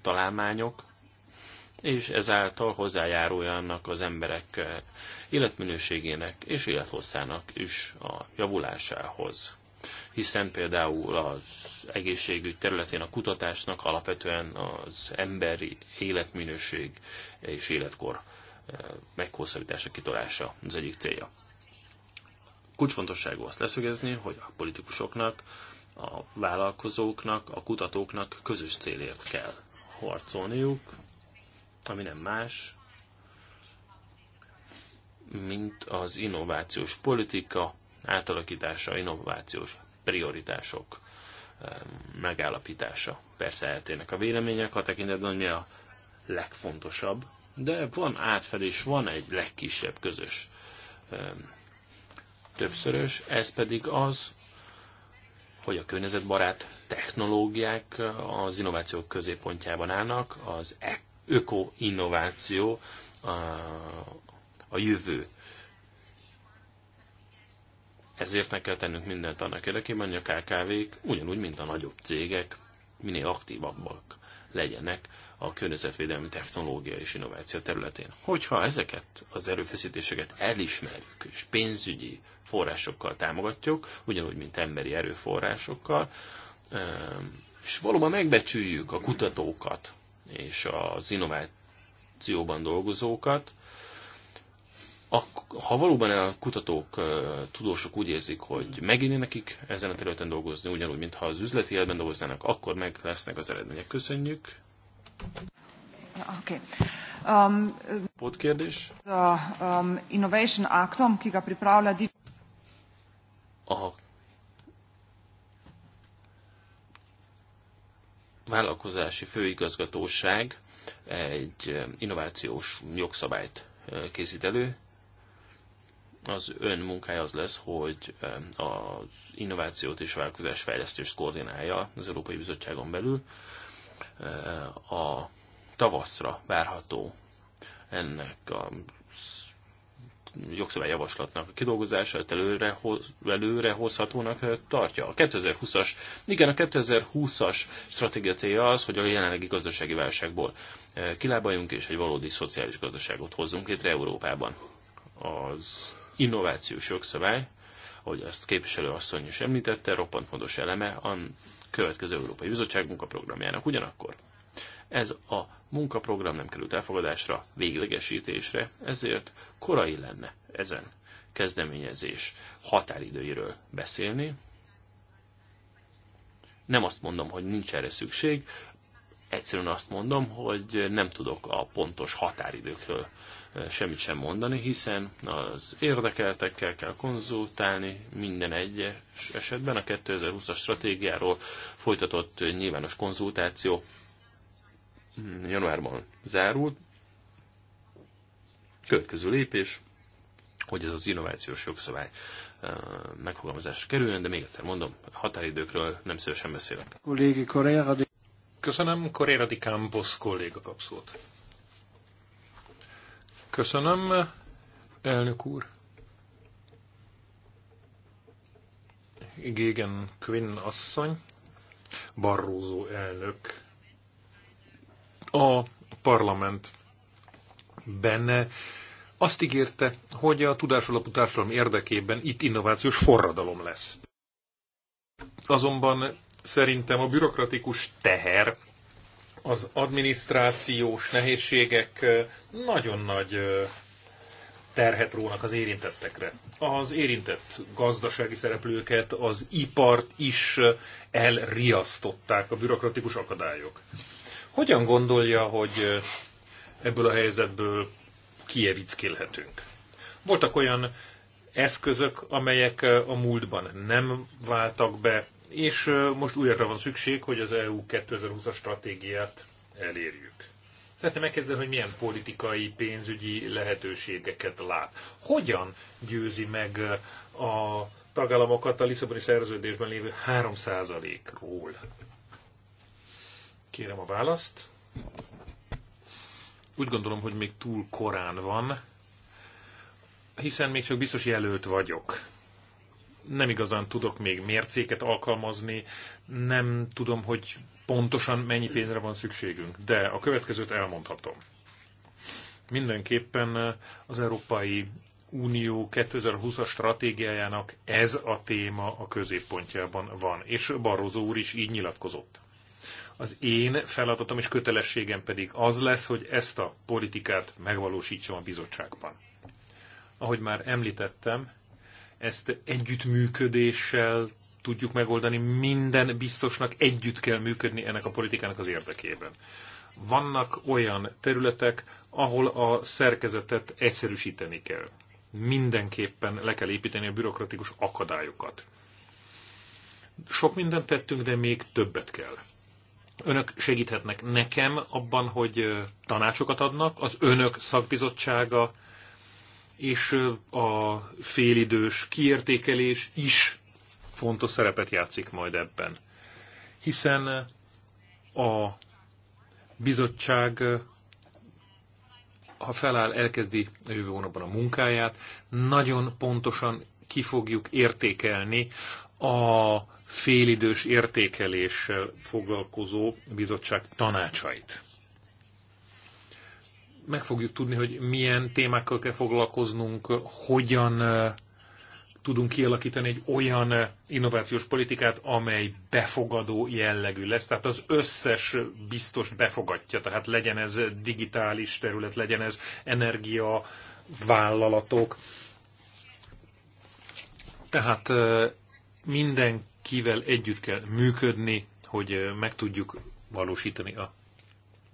Speaker 2: találmányok, és ezáltal hozzájáruljanak az emberek életminőségének és élethosszának is a javulásához. Hiszen például az egészségügy területén a kutatásnak alapvetően az emberi életminőség és életkor meghosszabbítása, kitolása az egyik célja. Kulcsfontosságú azt leszögezni, hogy a politikusoknak, a vállalkozóknak, a kutatóknak közös célért kell harcolniuk, ami nem más, mint az innovációs politika átalakítása, innovációs prioritások megállapítása. Persze eltérnek a vélemények a tekintetben, hogy mi a legfontosabb, de van átfedés, van egy legkisebb közös többszörös, ez pedig az, hogy a környezetbarát technológiák az innovációk középpontjában állnak, az e- öko-innováció a, a jövő. Ezért meg kell tennünk mindent annak érdekében, hogy a KKV-k ugyanúgy, mint a nagyobb cégek minél aktívabbak legyenek a környezetvédelmi technológia és innováció területén. Hogyha ezeket az erőfeszítéseket elismerjük és pénzügyi forrásokkal támogatjuk, ugyanúgy, mint emberi erőforrásokkal, ehm, és valóban megbecsüljük a kutatókat és az innovációban dolgozókat, ha valóban a kutatók, tudósok úgy érzik, hogy megéri nekik ezen a területen dolgozni, ugyanúgy, mintha az üzleti életben dolgoznának, akkor meg lesznek az eredmények. Köszönjük,
Speaker 1: Okay. Um, Podkérdés. A um, Innovation Actom, ki ga pripravlja... A
Speaker 2: vállalkozási főigazgatóság egy um, innovációs jogszabályt uh, készít elő. Az ön munkája az lesz, hogy um, az innovációt és fejlesztést koordinálja az Európai Bizottságon belül a tavaszra várható ennek a jogszabályjavaslatnak a kidolgozása előre, hoz, előre hozhatónak tartja. A 2020-as, igen, a 2020-as stratégia célja az, hogy a jelenlegi gazdasági válságból eh, kilábaljunk és egy valódi szociális gazdaságot hozzunk létre Európában. Az innovációs jogszabály, ahogy azt képviselő asszony is említette, roppant fontos eleme következő Európai Bizottság munkaprogramjának. Ugyanakkor ez a munkaprogram nem került elfogadásra, véglegesítésre, ezért korai lenne ezen kezdeményezés határidőiről beszélni. Nem azt mondom, hogy nincs erre szükség, egyszerűen azt mondom, hogy nem tudok a pontos határidőkről semmit sem mondani, hiszen az érdekeltekkel kell konzultálni minden egyes esetben. A 2020-as stratégiáról folytatott nyilvános konzultáció januárban zárult. Következő lépés, hogy ez az innovációs jogszabály megfogalmazásra kerüljön, de még egyszer mondom, határidőkről nem szívesen
Speaker 4: beszélek. Köszönöm, Correa di Campos kolléga kapszót. Köszönöm, elnök úr. Igen, Quinn asszony, Barrózó elnök. A parlament benne azt ígérte, hogy a tudásalapú társadalom érdekében itt innovációs forradalom lesz. Azonban szerintem a bürokratikus teher az adminisztrációs nehézségek nagyon nagy terhet rónak az érintettekre. Az érintett gazdasági szereplőket, az ipart is elriasztották a bürokratikus akadályok. Hogyan gondolja, hogy ebből a helyzetből kievickélhetünk? Voltak olyan eszközök, amelyek a múltban nem váltak be, és most újra van szükség, hogy az EU 2020-as stratégiát elérjük. Szeretném megkérdezni, hogy milyen politikai, pénzügyi lehetőségeket lát. Hogyan győzi meg a tagállamokat a Lisszaboni szerződésben lévő 3%-ról? Kérem a választ. Úgy gondolom, hogy még túl korán van, hiszen még csak biztos jelölt vagyok nem igazán tudok még mércéket alkalmazni, nem tudom, hogy pontosan mennyi pénzre van szükségünk, de a következőt elmondhatom. Mindenképpen az Európai Unió 2020-as stratégiájának ez a téma a középpontjában van, és Barroso úr is így nyilatkozott. Az én feladatom és kötelességem pedig az lesz, hogy ezt a politikát megvalósítsam a bizottságban. Ahogy már említettem, ezt együttműködéssel tudjuk megoldani, minden biztosnak együtt kell működni ennek a politikának az érdekében. Vannak olyan területek, ahol a szerkezetet egyszerűsíteni kell. Mindenképpen le kell építeni a bürokratikus akadályokat. Sok mindent tettünk, de még többet kell. Önök segíthetnek nekem abban, hogy tanácsokat adnak, az önök szakbizottsága és a félidős kiértékelés is fontos szerepet játszik majd ebben. Hiszen a bizottság, ha feláll, elkezdi a jövő hónapban a munkáját, nagyon pontosan ki fogjuk értékelni a félidős értékeléssel foglalkozó bizottság tanácsait meg fogjuk tudni, hogy milyen témákkal kell foglalkoznunk, hogyan tudunk kialakítani egy olyan innovációs politikát, amely befogadó jellegű lesz. Tehát az összes biztos befogadja, tehát legyen ez digitális terület, legyen ez energia, vállalatok. Tehát mindenkivel együtt kell működni, hogy meg tudjuk valósítani a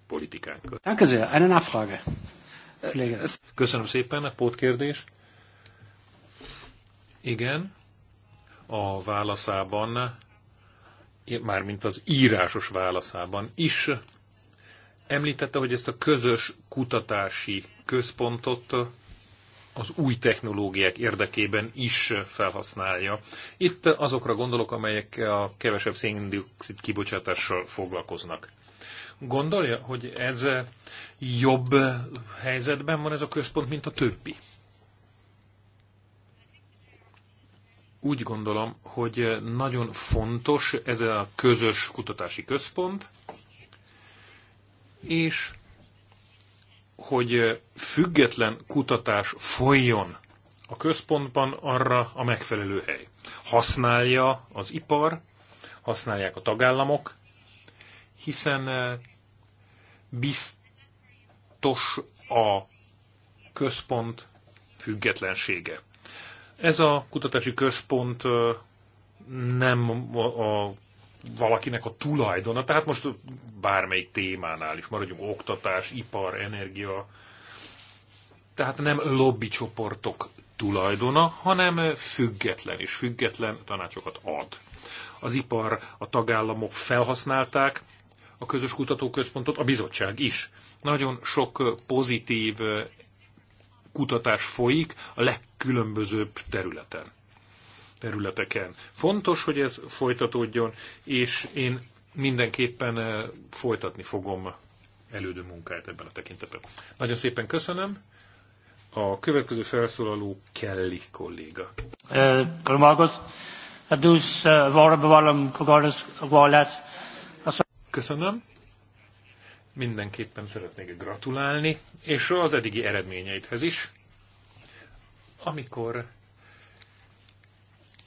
Speaker 4: politikánkat.
Speaker 1: Äh,
Speaker 4: Köszönöm szépen, a pótkérdés. Igen, a válaszában, mármint az írásos válaszában is említette, hogy ezt a közös kutatási központot az új technológiák érdekében is felhasználja. Itt azokra gondolok, amelyek a kevesebb széndiokszid kibocsátással foglalkoznak. Gondolja, hogy ez jobb helyzetben van ez a központ, mint a többi? Úgy gondolom, hogy nagyon fontos ez a közös kutatási központ, és hogy független kutatás folyjon a központban arra a megfelelő hely. Használja az ipar, használják a tagállamok, hiszen eh, biztos a központ függetlensége. Ez a kutatási központ eh, nem a valakinek a tulajdona, tehát most bármelyik témánál is maradjunk, oktatás, ipar, energia, tehát nem lobby csoportok tulajdona, hanem független és független tanácsokat ad. Az ipar, a tagállamok felhasználták a közös kutatóközpontot, a bizottság is. Nagyon sok pozitív kutatás folyik a legkülönbözőbb területen. területeken. Fontos, hogy ez folytatódjon, és én mindenképpen folytatni fogom elődő munkáját ebben a tekintetben. Nagyon szépen köszönöm. A következő felszólaló Kelly kolléga.
Speaker 2: Köszönöm.
Speaker 4: Köszönöm. Mindenképpen szeretnék gratulálni, és az eddigi eredményeidhez is. Amikor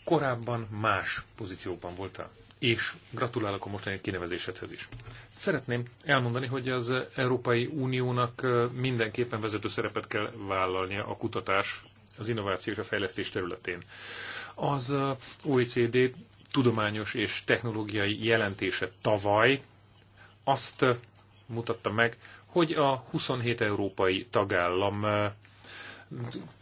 Speaker 4: korábban más pozícióban voltál, és gratulálok a mostani kinevezésedhez is. Szeretném elmondani, hogy az Európai Uniónak mindenképpen vezető szerepet kell vállalnia a kutatás, az innováció és a fejlesztés területén. Az OECD tudományos és technológiai jelentése tavaly azt mutatta meg, hogy a 27 európai tagállam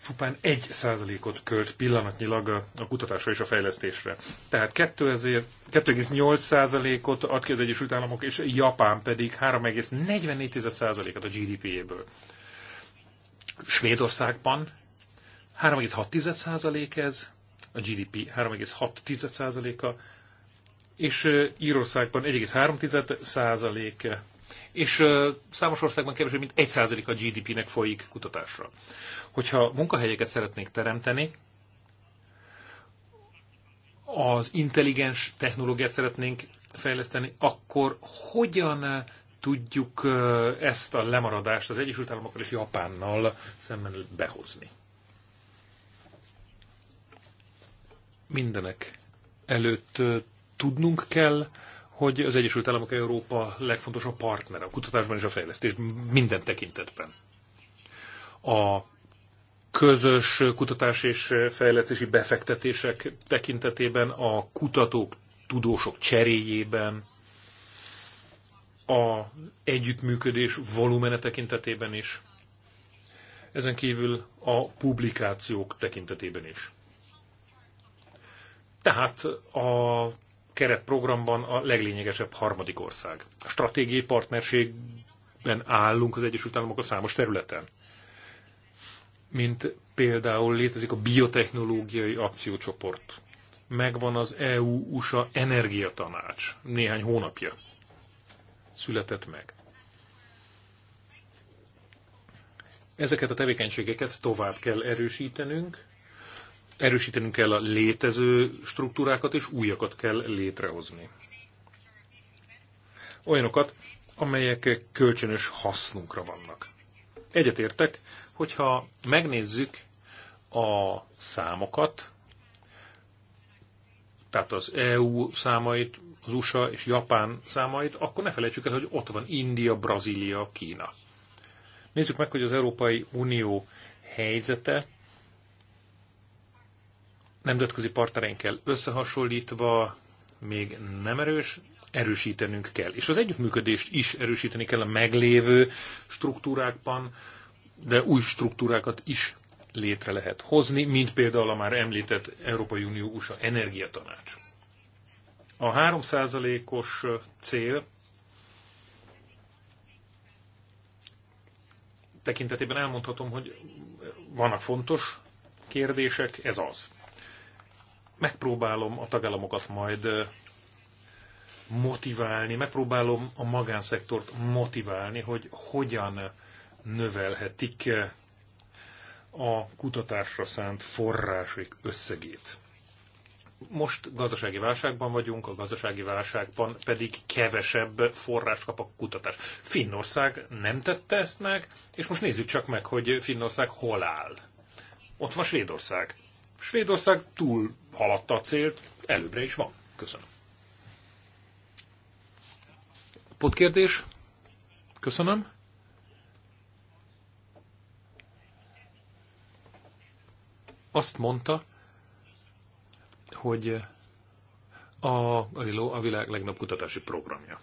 Speaker 4: csupán 1 százalékot költ pillanatnyilag a kutatásra és a fejlesztésre. Tehát 2,8 százalékot ad ki az Egyesült Államok, és Japán pedig 3,44 százalékot a GDP-jéből. Svédországban 3,6 százalék ez, a GDP 3,6 százaléka, és Írországban 1,3 százalék, és számos országban kevesebb, mint 1 százalék a GDP-nek folyik kutatásra. Hogyha munkahelyeket szeretnék teremteni, az intelligens technológiát szeretnénk fejleszteni, akkor hogyan tudjuk ezt a lemaradást az Egyesült Államokkal és Japánnal szemben behozni? Mindenek előtt tudnunk kell, hogy az Egyesült Államok Európa legfontosabb partnere a kutatásban és a fejlesztésben, minden tekintetben. A közös kutatás és fejlesztési befektetések tekintetében, a kutatók, tudósok cseréjében, a együttműködés volumene tekintetében is, ezen kívül a publikációk tekintetében is. Tehát a keretprogramban a leglényegesebb harmadik ország. A stratégiai partnerségben állunk az Egyesült Államok a számos területen. Mint például létezik a biotechnológiai akciócsoport. Megvan az EU-USA energiatanács. Néhány hónapja született meg. Ezeket a tevékenységeket tovább kell erősítenünk, erősítenünk kell a létező struktúrákat, és újakat kell létrehozni. Olyanokat, amelyek kölcsönös hasznunkra vannak. Egyetértek, hogyha megnézzük a számokat, tehát az EU számait, az USA és Japán számait, akkor ne felejtsük el, hogy ott van India, Brazília, Kína. Nézzük meg, hogy az Európai Unió helyzete nemzetközi partnereinkkel összehasonlítva még nem erős, erősítenünk kell. És az együttműködést is erősíteni kell a meglévő struktúrákban, de új struktúrákat is létre lehet hozni, mint például a már említett Európai Unió USA energiatanács. A 3%-os cél tekintetében elmondhatom, hogy vannak fontos kérdések, ez az megpróbálom a tagállamokat majd motiválni, megpróbálom a magánszektort motiválni, hogy hogyan növelhetik a kutatásra szánt források összegét. Most gazdasági válságban vagyunk, a gazdasági válságban pedig kevesebb forrás kap a kutatás. Finnország nem tette ezt meg, és most nézzük csak meg, hogy Finnország hol áll. Ott van Svédország. Svédország túl haladta a célt, előbbre is van. Köszönöm. Pontkérdés? Köszönöm. Azt mondta, hogy a Galileo a világ legnagyobb kutatási programja.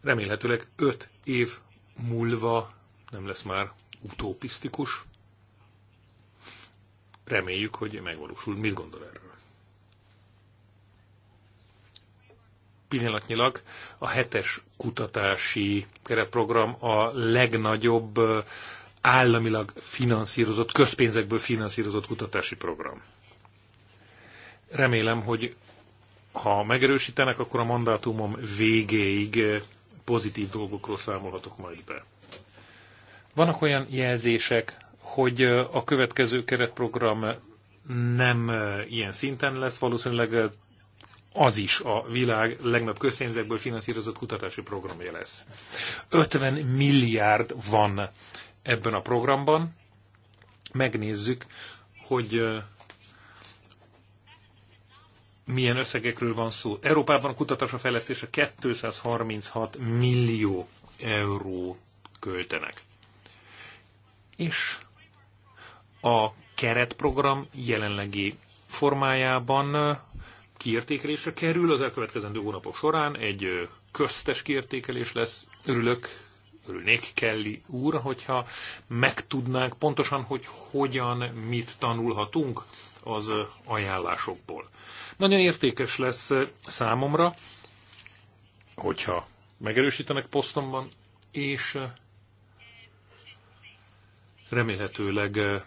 Speaker 4: Remélhetőleg öt év múlva nem lesz már utópisztikus reméljük, hogy megvalósul. Mit gondol erről? Pillanatnyilag a hetes kutatási keretprogram a legnagyobb államilag finanszírozott, közpénzekből finanszírozott kutatási program. Remélem, hogy ha megerősítenek, akkor a mandátumom végéig pozitív dolgokról számolhatok majd be. Vannak olyan jelzések, hogy a következő keretprogram nem ilyen szinten lesz, valószínűleg az is a világ legnagyobb közpénzekből finanszírozott kutatási programja lesz. 50 milliárd van ebben a programban. Megnézzük, hogy milyen összegekről van szó. Európában a kutatásra fejlesztése 236 millió euró költenek. És a keretprogram jelenlegi formájában kiértékelésre kerül, az elkövetkezendő hónapok során egy köztes kiértékelés lesz. Örülök, örülnék Kelly úr, hogyha megtudnánk pontosan, hogy hogyan, mit tanulhatunk az ajánlásokból. Nagyon értékes lesz számomra, hogyha megerősítenek posztomban, és remélhetőleg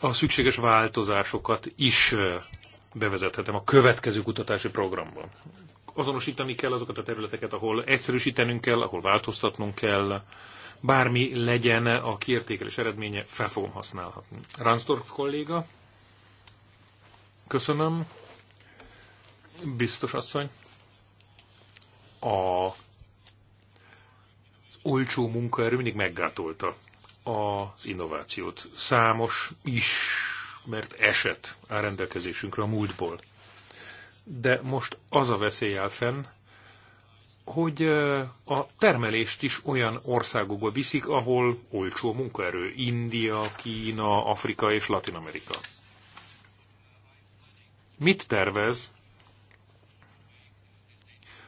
Speaker 4: a szükséges változásokat is bevezethetem a következő kutatási programban. Azonosítani kell azokat a területeket, ahol egyszerűsítenünk kell, ahol változtatnunk kell, bármi legyen a kiértékelés eredménye, fel fogom használhatni. Ransdorf kolléga, köszönöm. Biztos asszony. A olcsó munkaerő mindig meggátolta az innovációt. Számos is, mert eset a rendelkezésünkre a múltból. De most az a veszély áll fenn, hogy a termelést is olyan országokba viszik, ahol olcsó munkaerő. India, Kína, Afrika és Latin Amerika. Mit tervez,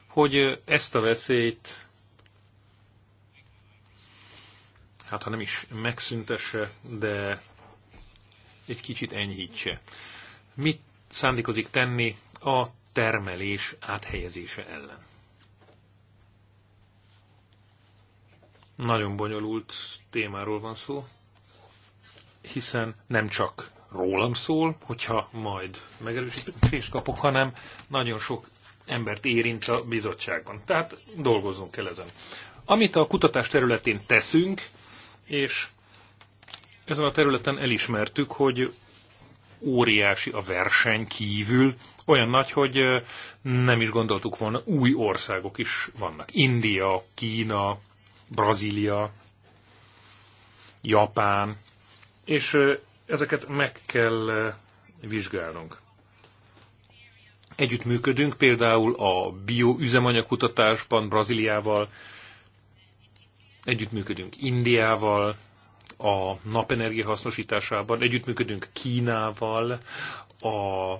Speaker 4: hogy ezt a veszélyt hát ha nem is megszüntesse, de egy kicsit enyhítse. Mit szándékozik tenni a termelés áthelyezése ellen? Nagyon bonyolult témáról van szó, hiszen nem csak rólam szól, hogyha majd megerősítést kapok, hanem nagyon sok embert érint a bizottságban. Tehát dolgozunk kell ezen. Amit a kutatás területén teszünk, és ezen a területen elismertük, hogy óriási a verseny kívül, olyan nagy, hogy nem is gondoltuk volna, új országok is vannak. India, Kína, Brazília, Japán, és ezeket meg kell vizsgálnunk. Együttműködünk például a bioüzemanyagkutatásban Brazíliával, együttműködünk Indiával, a napenergia hasznosításában, együttműködünk Kínával, a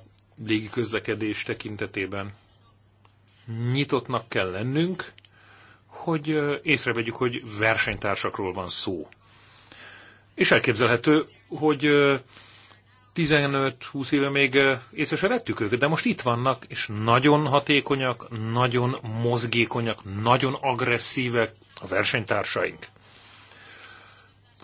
Speaker 4: légiközlekedés tekintetében. Nyitottnak kell lennünk, hogy észrevegyük, hogy versenytársakról van szó. És elképzelhető, hogy 15-20 éve még észre se vettük őket, de most itt vannak, és nagyon hatékonyak, nagyon mozgékonyak, nagyon agresszívek, a versenytársaink.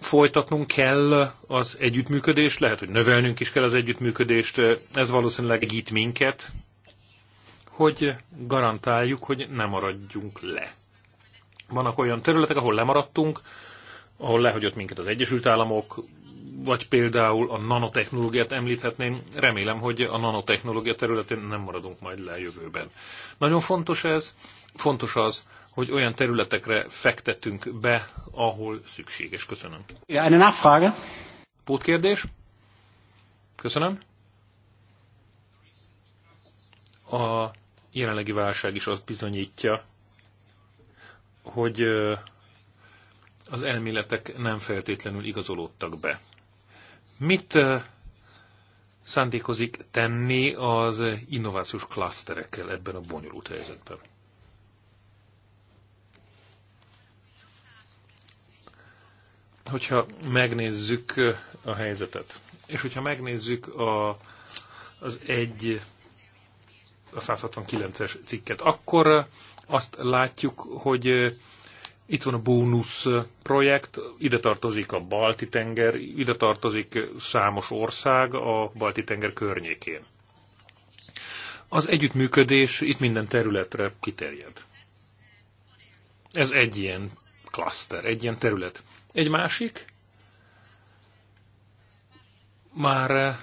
Speaker 4: Folytatnunk kell az együttműködést, lehet, hogy növelnünk is kell az együttműködést, ez valószínűleg egyít minket, hogy garantáljuk, hogy nem maradjunk le. Vannak olyan területek, ahol lemaradtunk, ahol lehagyott minket az Egyesült Államok, vagy például a nanotechnológiát említhetném. Remélem, hogy a nanotechnológia területén nem maradunk majd le a jövőben. Nagyon fontos ez, fontos az, hogy olyan területekre fektetünk be, ahol szükséges. Köszönöm.
Speaker 1: Ja, eine Nachfrage.
Speaker 4: Pótkérdés? Köszönöm. A jelenlegi válság is azt bizonyítja, hogy az elméletek nem feltétlenül igazolódtak be. Mit szándékozik tenni az innovációs klaszterekkel ebben a bonyolult helyzetben? hogyha megnézzük a helyzetet, és hogyha megnézzük a, az egy a 169-es cikket, akkor azt látjuk, hogy itt van a bónusz projekt, ide tartozik a Balti-tenger, ide tartozik számos ország a Balti-tenger környékén. Az együttműködés itt minden területre kiterjed. Ez egy ilyen klaszter, egy ilyen terület. Egy másik, már eh,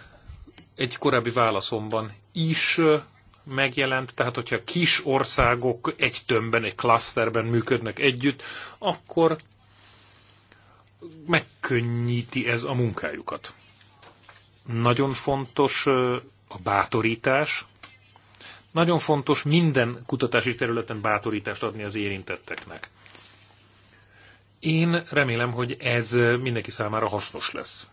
Speaker 4: egy korábbi válaszomban is eh, megjelent, tehát hogyha kis országok egy tömbben, egy klaszterben működnek együtt, akkor megkönnyíti ez a munkájukat. Nagyon fontos eh, a bátorítás, nagyon fontos minden kutatási területen bátorítást adni az érintetteknek. Én remélem, hogy ez mindenki számára hasznos lesz.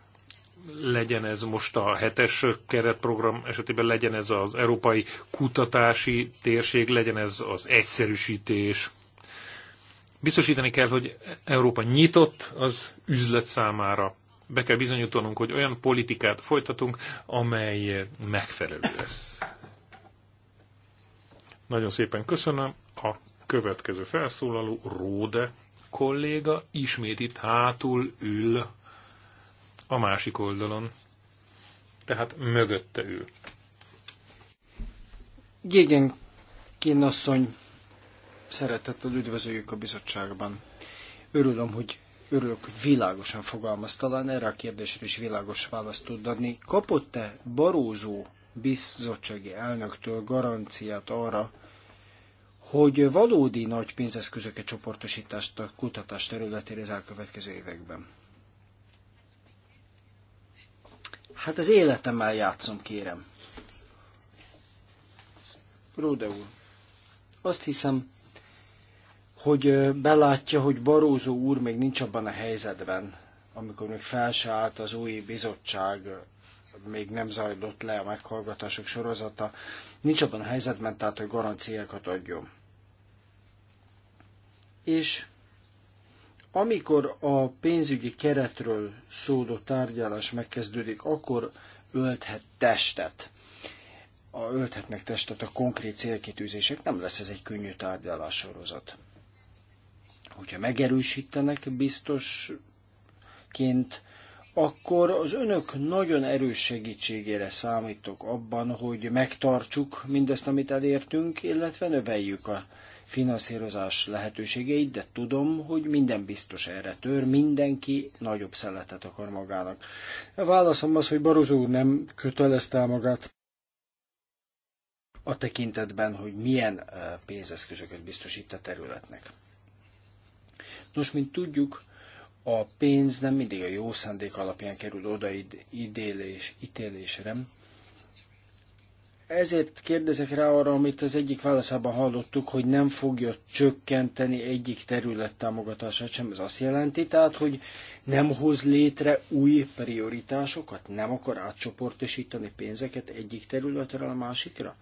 Speaker 4: Legyen ez most a hetes keretprogram esetében, legyen ez az európai kutatási térség, legyen ez az egyszerűsítés. Biztosítani kell, hogy Európa nyitott az üzlet számára. Be kell bizonyítanunk, hogy olyan politikát folytatunk, amely megfelelő lesz. Nagyon szépen köszönöm. A következő felszólaló Róde kolléga ismét itt hátul ül a másik oldalon. Tehát mögötte ül.
Speaker 1: Gégen kínasszony, szeretettel üdvözöljük a bizottságban. Örülöm, hogy örülök, hogy világosan fogalmaz, talán erre a kérdésre is világos választ tud adni. Kapott-e Barózó bizottsági elnöktől garanciát arra, hogy valódi nagy pénzeszközöket csoportosítást a kutatás területére az elkövetkező években. Hát az életemmel játszom, kérem. Róde úr, azt hiszem, hogy belátja, hogy Barózó úr még nincs abban a helyzetben, amikor még fel se állt az új bizottság, még nem zajlott le a meghallgatások sorozata, nincs abban a helyzetben, tehát, hogy garanciákat adjon és amikor a pénzügyi keretről szóló tárgyalás megkezdődik, akkor ölthet testet. A, ölthetnek testet a konkrét célkitűzések, nem lesz ez egy könnyű sorozat. Hogyha megerősítenek biztosként, akkor az önök nagyon erős segítségére számítok abban, hogy megtartsuk mindezt, amit elértünk, illetve növeljük a finanszírozás lehetőségeit, de tudom, hogy minden biztos erre tör, mindenki nagyobb szeletet akar magának. A válaszom az, hogy Barozó úr nem kötelezte el magát a tekintetben, hogy milyen eh, pénzeszközöket biztosít a területnek. Nos, mint tudjuk, a pénz nem mindig a jó szándék alapján kerül oda idélés, ítélésre, ezért kérdezek rá arra, amit az egyik válaszában hallottuk, hogy nem fogja csökkenteni egyik terület támogatását sem. Ez azt jelenti tehát, hogy nem hoz létre új prioritásokat, nem akar átcsoportosítani pénzeket egyik területről a másikra?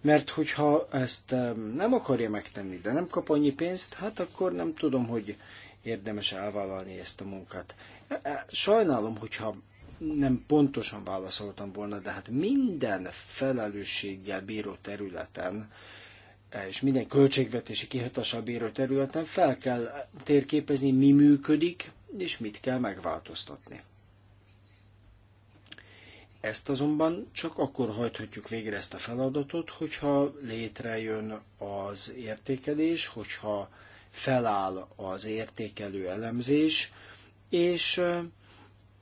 Speaker 1: Mert hogyha ezt nem akarja megtenni, de nem kap annyi pénzt, hát akkor nem tudom, hogy érdemes elvállalni ezt a munkát. E, e, sajnálom, hogyha nem pontosan válaszoltam volna, de hát minden felelősséggel bíró területen és minden költségvetési kihatással bíró területen fel kell térképezni, mi működik, és mit kell megváltoztatni. Ezt azonban csak akkor hajthatjuk végre ezt a feladatot, hogyha létrejön az értékelés, hogyha feláll az értékelő elemzés, és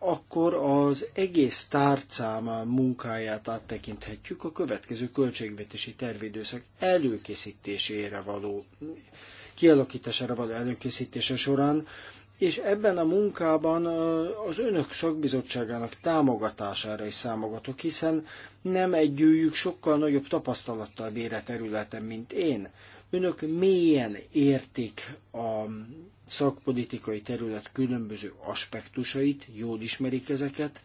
Speaker 1: akkor az egész tárcám munkáját áttekinthetjük a következő költségvetési tervidőszak előkészítésére való, kialakítására való előkészítése során, és ebben a munkában az önök szakbizottságának támogatására is számogatok, hiszen nem együljük sokkal nagyobb tapasztalattal bére területen, mint én. Önök mélyen értik a szakpolitikai terület különböző aspektusait, jól ismerik ezeket,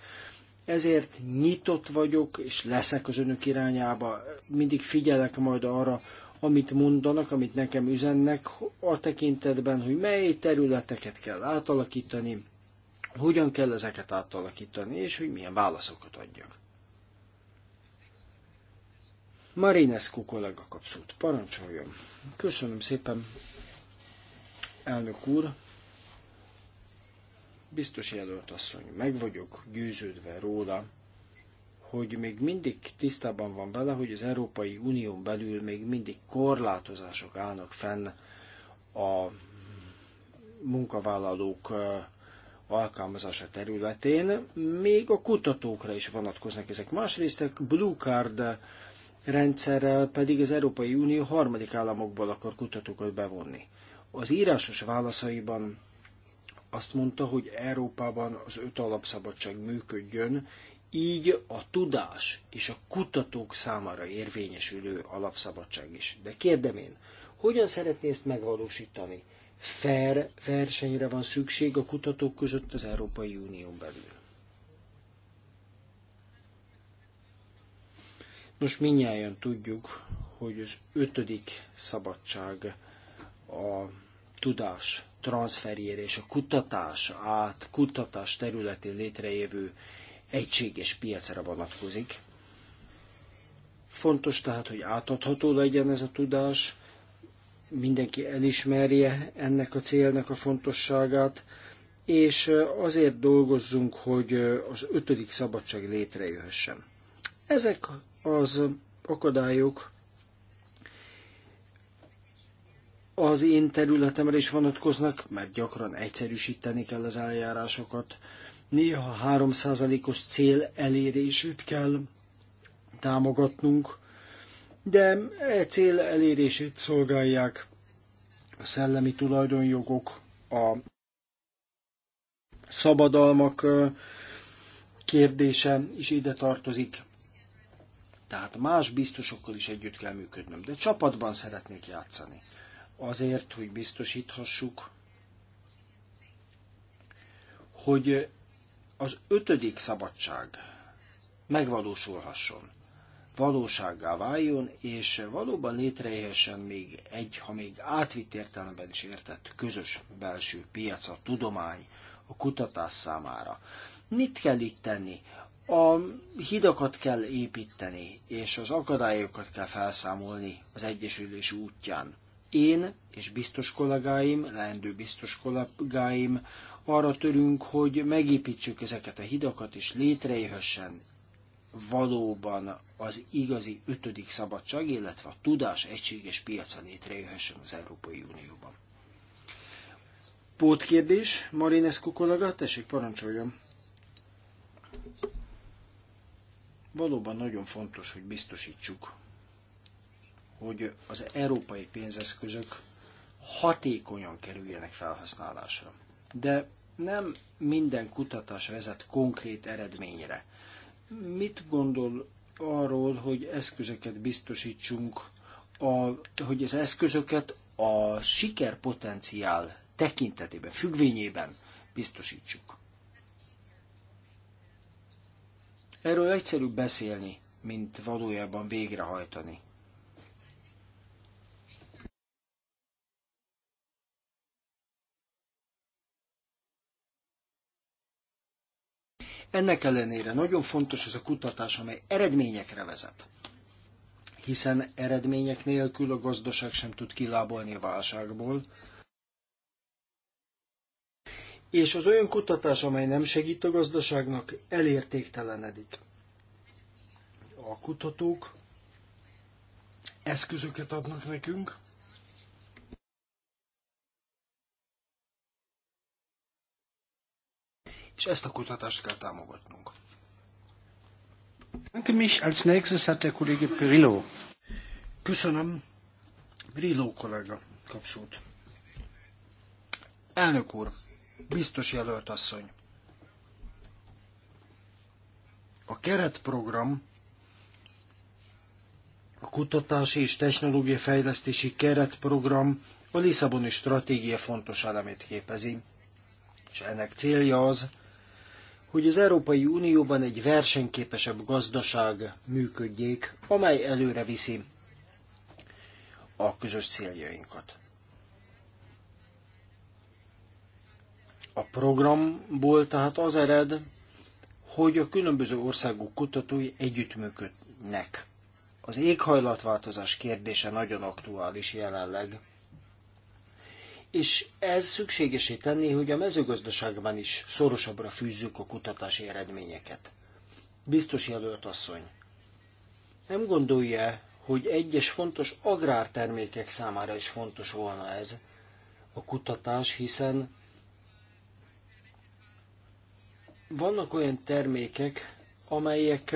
Speaker 1: ezért nyitott vagyok, és leszek az önök irányába, mindig figyelek majd arra, amit mondanak, amit nekem üzennek, a tekintetben, hogy mely területeket kell átalakítani, hogyan kell ezeket átalakítani, és hogy milyen válaszokat adjak. Marinescu kollega kapszót. Parancsoljon. Köszönöm szépen, elnök úr, biztos jelölt asszony, meg vagyok győződve róla, hogy még mindig tisztában van vele, hogy az Európai Unión belül még mindig korlátozások állnak fenn a munkavállalók alkalmazása területén, még a kutatókra is vonatkoznak ezek. Másrészt a Blue Card rendszerrel pedig az Európai Unió harmadik államokból akar kutatókat bevonni. Az írásos válaszaiban azt mondta, hogy Európában az öt alapszabadság működjön, így a tudás és a kutatók számára érvényesülő alapszabadság is. De kérdem én, hogyan szeretné ezt megvalósítani? Fair versenyre van szükség a kutatók között az Európai Unión belül. Nos, minnyáján tudjuk, hogy az ötödik szabadság a tudás transferjére és a kutatás át, kutatás területén létrejövő egységes piacra vonatkozik. Fontos tehát, hogy átadható legyen ez a tudás, mindenki elismerje ennek a célnak a fontosságát, és azért dolgozzunk, hogy az ötödik szabadság létrejöhessen. Ezek az akadályok az én területemre is vonatkoznak, mert gyakran egyszerűsíteni kell az eljárásokat. Néha 3%-os cél elérését kell támogatnunk, de e cél elérését szolgálják a szellemi tulajdonjogok, a szabadalmak kérdése is ide tartozik. Tehát más biztosokkal is együtt kell működnöm, de csapatban szeretnék játszani azért, hogy biztosíthassuk, hogy az ötödik szabadság megvalósulhasson, valósággá váljon, és valóban létrejöhessen még egy, ha még átvitt értelemben is értett közös belső piac, a tudomány, a kutatás számára. Mit kell itt tenni? A hidakat kell építeni, és az akadályokat kell felszámolni az egyesülés útján. Én és biztos kollégáim, leendő biztos kollégáim arra törünk, hogy megépítsük ezeket a hidakat, és létrejöhessen valóban az igazi ötödik szabadság, illetve a tudás egységes piaca létrejöhessen az Európai Unióban. Pótkérdés, Marinescu kollega, tessék parancsoljon. Valóban nagyon fontos, hogy biztosítsuk, hogy az európai pénzeszközök hatékonyan kerüljenek felhasználásra. De nem minden kutatás vezet konkrét eredményre. Mit gondol arról, hogy eszközöket biztosítsunk, a, hogy az eszközöket a sikerpotenciál tekintetében, függvényében biztosítsuk? Erről egyszerűbb beszélni, mint valójában végrehajtani. Ennek ellenére nagyon fontos ez a kutatás, amely eredményekre vezet hiszen eredmények nélkül a gazdaság sem tud kilábolni a válságból. És az olyan kutatás, amely nem segít a gazdaságnak, elértéktelenedik. A kutatók eszközöket adnak nekünk, és ezt a kutatást kell támogatnunk. Köszönöm. Brillo kollega kapcsolt. Elnök úr, biztos jelölt asszony. A keretprogram a kutatási és technológia fejlesztési keretprogram a Lisszaboni stratégia fontos elemét képezi, és ennek célja az, hogy az Európai Unióban egy versenyképesebb gazdaság működjék, amely előre viszi a közös céljainkat. A programból tehát az ered, hogy a különböző országok kutatói együttműködnek. Az éghajlatváltozás kérdése nagyon aktuális jelenleg, és ez szükségesé tenni, hogy a mezőgazdaságban is szorosabbra fűzzük a kutatási eredményeket. Biztos jelölt asszony, nem gondolja, hogy egyes fontos agrártermékek számára is fontos volna ez a kutatás, hiszen vannak olyan termékek, amelyek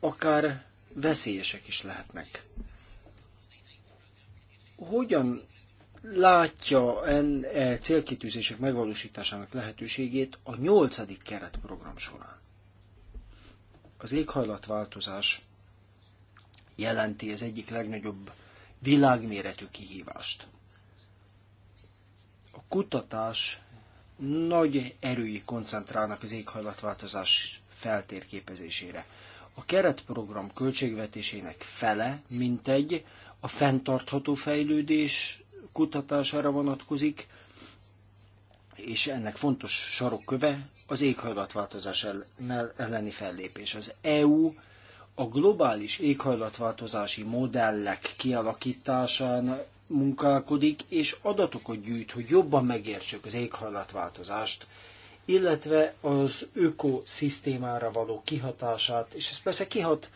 Speaker 1: akár veszélyesek is lehetnek. Hogyan látja enne célkitűzések megvalósításának lehetőségét a nyolcadik keretprogram során. Az éghajlatváltozás jelenti az egyik legnagyobb világméretű kihívást. A kutatás nagy erői koncentrálnak az éghajlatváltozás feltérképezésére. A keretprogram költségvetésének fele, mint egy a fenntartható fejlődés kutatására vonatkozik, és ennek fontos sarokköve az éghajlatváltozás elleni fellépés. Az EU a globális éghajlatváltozási modellek kialakításán munkálkodik, és adatokat gyűjt, hogy jobban megértsük az éghajlatváltozást, illetve az ökoszisztémára való kihatását, és ez persze kihat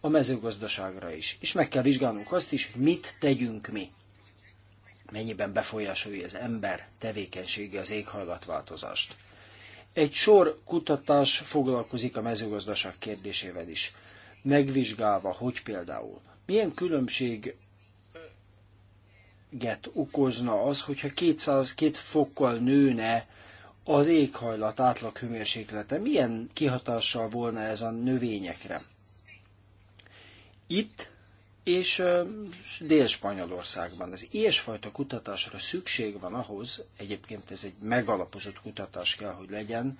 Speaker 1: a mezőgazdaságra is. És meg kell vizsgálnunk azt is, mit tegyünk mi mennyiben befolyásolja az ember tevékenysége az éghajlatváltozást. Egy sor kutatás foglalkozik a mezőgazdaság kérdésével is, megvizsgálva, hogy például milyen különbség get okozna az, hogyha 202 fokkal nőne az éghajlat átlag hőmérséklete. Milyen kihatással volna ez a növényekre? Itt és Dél-Spanyolországban. Ez ilyesfajta kutatásra szükség van ahhoz, egyébként ez egy megalapozott kutatás kell, hogy legyen,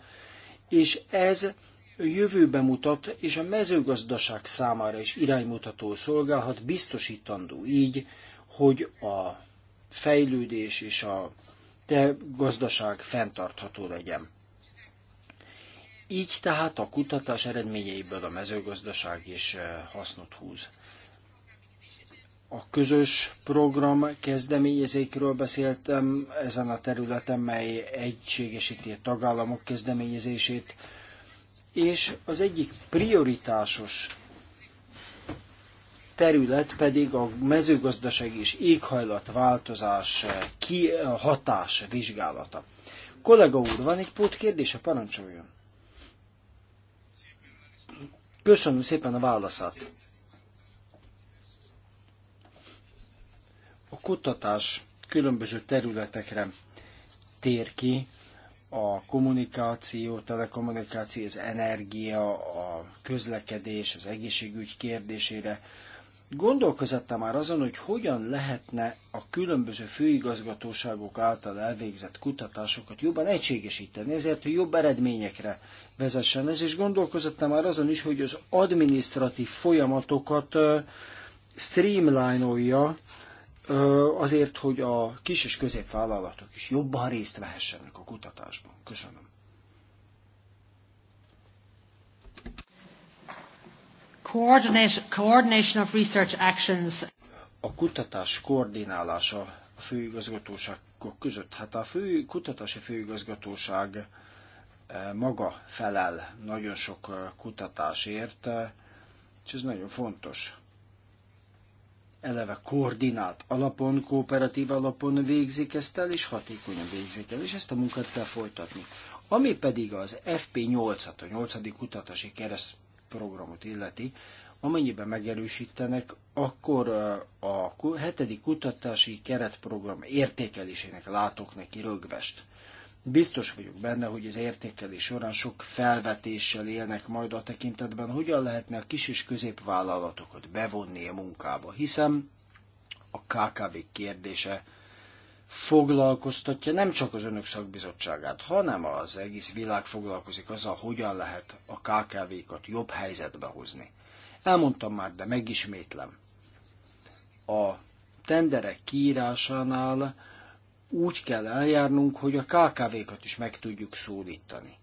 Speaker 1: és ez jövőbe mutat, és a mezőgazdaság számára is iránymutató szolgálhat, biztosítandó így, hogy a fejlődés és a te gazdaság fenntartható legyen. Így tehát a kutatás eredményeiből a mezőgazdaság is hasznot húz a közös program kezdeményezékről beszéltem ezen a területen, mely egységesíti a tagállamok kezdeményezését, és az egyik prioritásos terület pedig a mezőgazdaság és éghajlatváltozás kihatás hatás vizsgálata. Kollega úr, van egy pót kérdése, parancsoljon. Köszönöm szépen a válaszát. kutatás különböző területekre tér ki, a kommunikáció, telekommunikáció, az energia, a közlekedés, az egészségügy kérdésére. Gondolkozottam már azon, hogy hogyan lehetne a különböző főigazgatóságok által elvégzett kutatásokat jobban egységesíteni, ezért, hogy jobb eredményekre vezessen ez, és gondolkozottam már azon is, hogy az administratív folyamatokat streamline-olja, azért, hogy a kis és középvállalatok is jobban részt vehessenek a kutatásban. Köszönöm.
Speaker 3: Coordination of research actions.
Speaker 1: A kutatás koordinálása a főigazgatóságok között. Hát a fő, kutatási főigazgatóság e, maga felel nagyon sok e, kutatásért, e, és ez nagyon fontos eleve koordinált alapon, kooperatív alapon végzik ezt el, és hatékonyan végzik el, és ezt a munkát kell folytatni. Ami pedig az FP8-at, a 8. kutatási keresztprogramot programot illeti, amennyiben megerősítenek, akkor eh, a 7. kutatási keretprogram értékelésének látok neki rögvest. Biztos vagyok benne, hogy az értékelés során sok felvetéssel élnek majd a tekintetben, hogyan lehetne a kis és középvállalatokat bevonni a munkába, hiszen a KKV kérdése foglalkoztatja nem csak az önök szakbizottságát, hanem az egész világ foglalkozik azzal, hogyan lehet a KKV-kat jobb helyzetbe hozni. Elmondtam már, de megismétlem. A tenderek kiírásánál úgy kell eljárnunk, hogy a KKV-kat is meg tudjuk szólítani.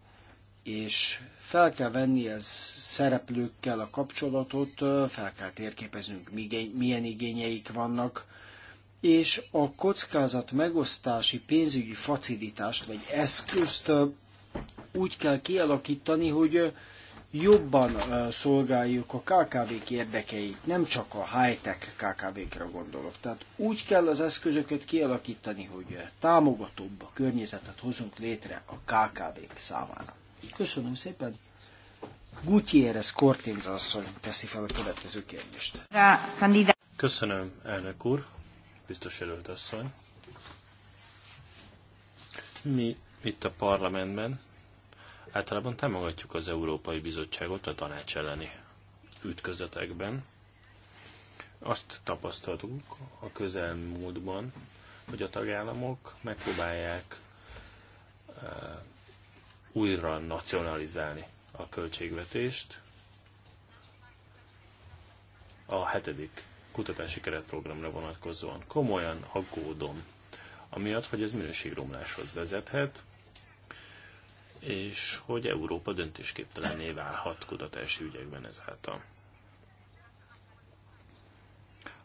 Speaker 1: És fel kell venni ez szereplőkkel a kapcsolatot, fel kell térképeznünk, milyen igényeik vannak, és a kockázat megosztási pénzügyi facilitást vagy eszközt úgy kell kialakítani, hogy jobban szolgáljuk a KKV-k érdekeit, nem csak a high-tech KKV-kra gondolok. Tehát úgy kell az eszközöket kialakítani, hogy támogatóbb a környezetet hozunk létre a KKV-k számára. Köszönöm szépen! Gutierrez Kortinz asszony teszi fel a következő kérdést.
Speaker 2: Köszönöm, elnök úr, biztos jelölt asszony. Mi itt a parlamentben Általában támogatjuk az Európai Bizottságot a tanács elleni ütközetekben. Azt tapasztaltuk a közelmúltban, hogy a tagállamok megpróbálják eh, újra nacionalizálni a költségvetést a hetedik kutatási keretprogramra vonatkozóan. Komolyan aggódom, amiatt, hogy ez minőségromláshoz vezethet, és hogy Európa döntésképtelenné válhat kutatási ügyekben ezáltal.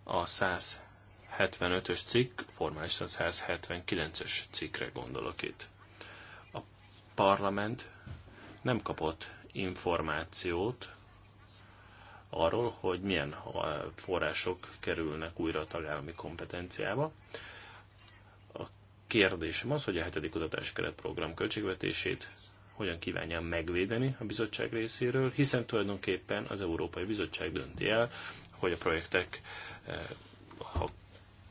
Speaker 2: A 175-ös cikk, formálisan 179-es cikkre gondolok itt. A parlament nem kapott információt arról, hogy milyen források kerülnek újra a tagállami kompetenciába, kérdésem az, hogy a hetedik kutatási keretprogram költségvetését hogyan kívánja megvédeni a bizottság részéről, hiszen tulajdonképpen az Európai Bizottság dönti el, hogy a projektek eh, a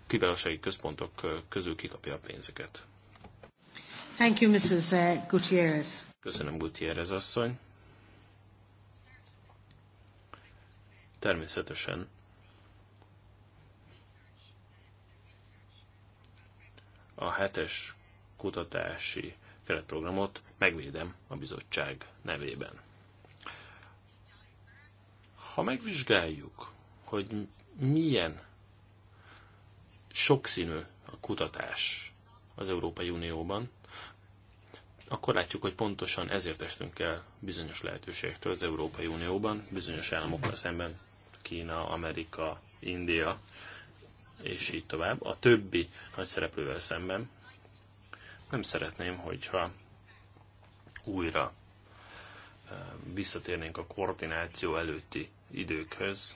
Speaker 2: kiválósági központok eh, közül kikapja a pénzeket.
Speaker 3: Thank you, Mrs. Eh, Gutierrez.
Speaker 2: Köszönöm, Gutierrez asszony. Természetesen a hetes kutatási keretprogramot megvédem a bizottság nevében. Ha megvizsgáljuk, hogy milyen sokszínű a kutatás az Európai Unióban, akkor látjuk, hogy pontosan ezért estünk el bizonyos lehetőségektől az Európai Unióban, bizonyos államokkal szemben, Kína, Amerika, India, és így tovább, a többi nagy szereplővel szemben nem szeretném, hogyha újra visszatérnénk a koordináció előtti időkhöz.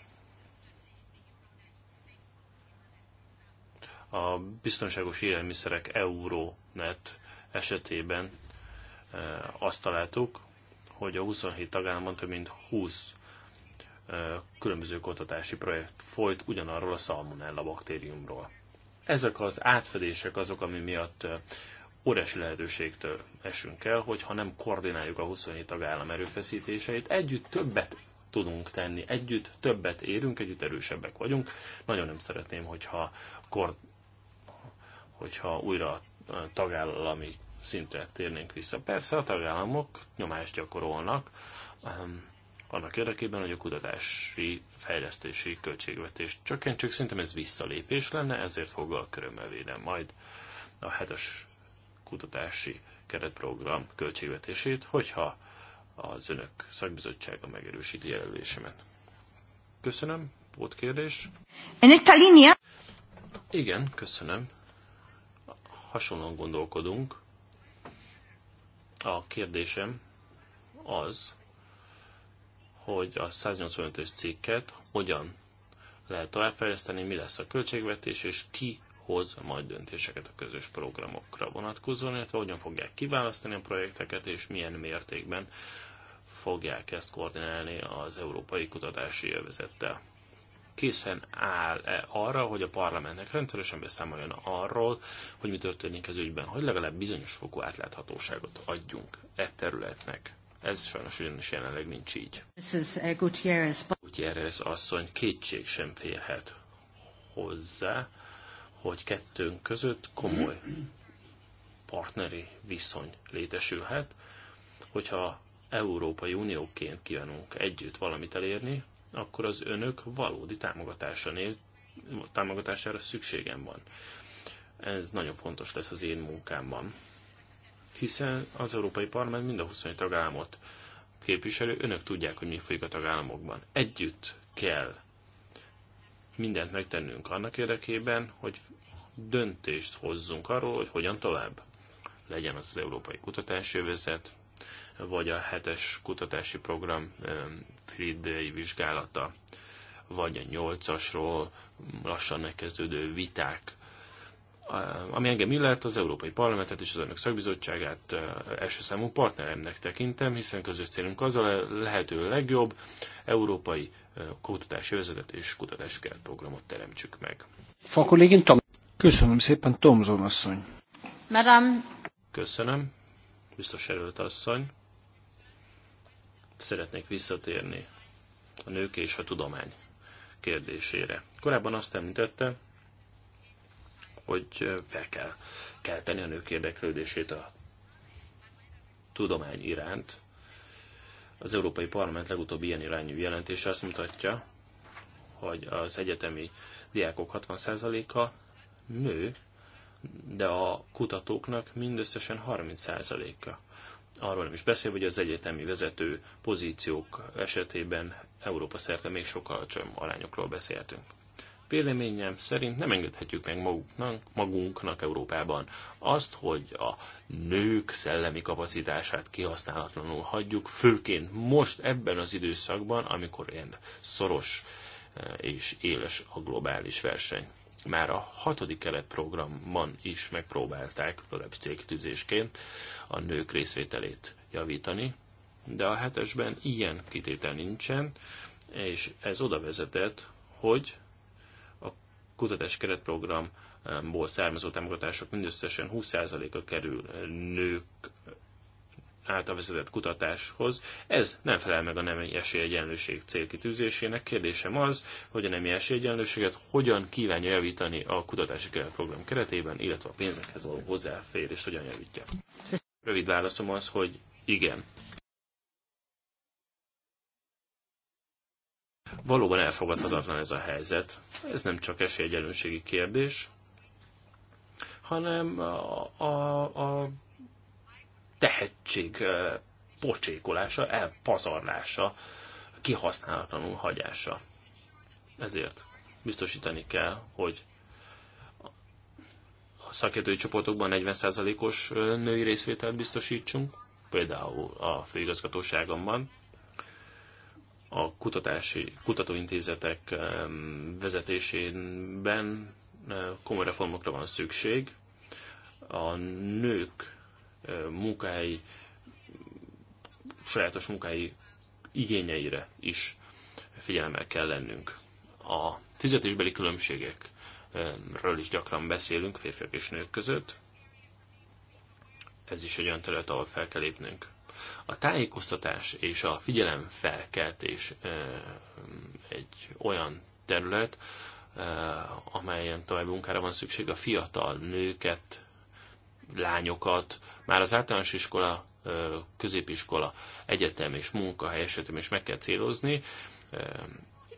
Speaker 2: A biztonságos élelmiszerek Euronet esetében azt találtuk, hogy a 27 tagállamban több mint 20 különböző kutatási projekt folyt ugyanarról a salmonella baktériumról. Ezek az átfedések azok, ami miatt óriási lehetőségtől esünk el, hogyha nem koordináljuk a 27 tagállam erőfeszítéseit, együtt többet tudunk tenni, együtt többet érünk, együtt erősebbek vagyunk. Nagyon nem szeretném, hogyha, kor, hogyha újra tagállami szintre térnénk vissza. Persze a tagállamok nyomást gyakorolnak, ehm, annak érdekében, hogy a kutatási fejlesztési költségvetést csökkentsük. Szerintem ez visszalépés lenne, ezért fogal körömmel védem majd a hetes kutatási keretprogram költségvetését, hogyha az önök szakbizottsága megerősíti jelölésemet. Köszönöm. Volt kérdés? En esta Igen, köszönöm. Hasonlóan gondolkodunk. A kérdésem az, hogy a 185-ös cikket hogyan lehet továbbfejleszteni, mi lesz a költségvetés, és ki hoz majd döntéseket a közös programokra vonatkozóan, illetve hogyan fogják kiválasztani a projekteket, és milyen mértékben fogják ezt koordinálni az Európai Kutatási Övezettel. Készen áll-e arra, hogy a parlamentnek rendszeresen beszámoljon arról, hogy mi történik ez ügyben, hogy legalább bizonyos fokú átláthatóságot adjunk e területnek? Ez sajnos ugyanis jelenleg nincs így.
Speaker 3: Mrs. Uh, Gutierrez.
Speaker 2: Gutierrez asszony kétség sem férhet hozzá, hogy kettőnk között komoly partneri viszony létesülhet, hogyha Európai Unióként kívánunk együtt valamit elérni, akkor az önök valódi támogatása nél, támogatására szükségem van. Ez nagyon fontos lesz az én munkámban hiszen az Európai Parlament mind a 27 tagállamot képviselő, önök tudják, hogy mi folyik a tagállamokban. Együtt kell mindent megtennünk annak érdekében, hogy döntést hozzunk arról, hogy hogyan tovább. Legyen az az Európai Kutatási Övezet, vagy a hetes kutatási program Friedei vizsgálata, vagy a nyolcasról lassan megkezdődő viták ami engem illet, az Európai Parlamentet és az Önök Szakbizottságát első számú partneremnek tekintem, hiszen közös célunk az a lehető legjobb európai kutatási vezetet és kutatási programot teremtsük meg.
Speaker 1: Köszönöm szépen, Tomzon asszony.
Speaker 3: Madame.
Speaker 2: Köszönöm, biztos erőlt asszony. Szeretnék visszatérni a nők és a tudomány kérdésére. Korábban azt említette, hogy fel kell kelteni a nők érdeklődését a tudomány iránt. Az Európai Parlament legutóbbi ilyen irányú jelentése azt mutatja, hogy az egyetemi diákok 60%-a nő, de a kutatóknak mindösszesen 30%-a. Arról nem is beszél, hogy az egyetemi vezető pozíciók esetében Európa szerte még sokkal csöm arányokról beszéltünk. Véleményem szerint nem engedhetjük meg maguknak, magunknak Európában azt, hogy a nők szellemi kapacitását kihasználatlanul hagyjuk, főként most ebben az időszakban, amikor ilyen szoros eh, és éles a globális verseny. Már a hatodik kelet programban is megpróbálták, legalábbis cégtűzésként, a nők részvételét javítani, de a hetesben ilyen kitétel nincsen, és ez oda vezetett, hogy kutatás keretprogramból származó támogatások mindösszesen 20%-a kerül nők által vezetett kutatáshoz. Ez nem felel meg a nemi esélyegyenlőség célkitűzésének. Kérdésem az, hogy a nemi esélyegyenlőséget hogyan kívánja javítani a kutatási keretprogram keretében, illetve a pénzekhez való hozzáférést hogyan javítja. Rövid válaszom az, hogy igen. Valóban elfogadhatatlan ez a helyzet. Ez nem csak esélyegyenlőségi kérdés, hanem a, a, a tehetség e, pocsékolása, elpazarlása, kihasználatlanul hagyása. Ezért biztosítani kell, hogy a szakértői csoportokban 40%-os e, női részvételt biztosítsunk, például a főigazgatóságomban, a kutatási, kutatóintézetek vezetésében komoly reformokra van szükség. A nők munkái, sajátos munkái igényeire is figyelemmel kell lennünk. A fizetésbeli különbségekről is gyakran beszélünk férfiak és nők között. Ez is egy olyan terület, ahol fel kell lépnünk. A tájékoztatás és a felkeltés egy olyan terület, amelyen további munkára van szükség, a fiatal nőket, lányokat, már az általános iskola, középiskola, egyetem és munkahely esetem is meg kell célozni,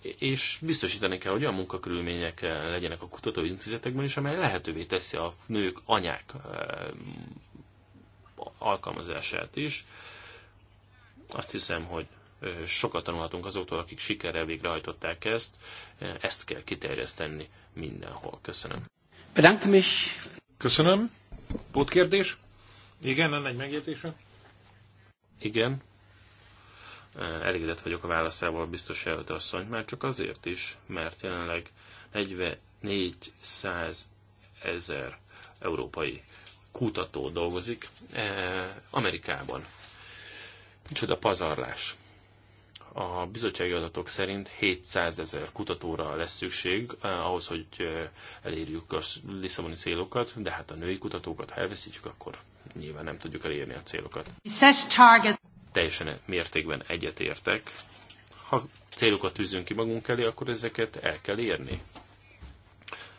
Speaker 2: és biztosítani kell, hogy olyan munkakörülmények legyenek a kutatóintézetekben is, amely lehetővé teszi a nők, anyák alkalmazását is. Azt hiszem, hogy sokat tanulhatunk azoktól, akik sikerrel végrehajtották ezt. Ezt kell kiterjeszteni mindenhol.
Speaker 4: Köszönöm. Bedanke mich. Köszönöm. Pótkérdés? Igen, lenne egy megjegyzése?
Speaker 2: Igen. Elégedett vagyok a válaszával, biztos jelölt asszony, már csak azért is, mert jelenleg 44 ezer európai kutató dolgozik e, Amerikában. Micsoda pazarlás. A bizottsági adatok szerint 700 ezer kutatóra lesz szükség e, ahhoz, hogy e, elérjük a Lisszaboni célokat, de hát a női kutatókat, ha elveszítjük, akkor nyilván nem tudjuk elérni a célokat. Teljesen mértékben egyetértek. Ha célokat tűzünk ki magunk elé, akkor ezeket el kell érni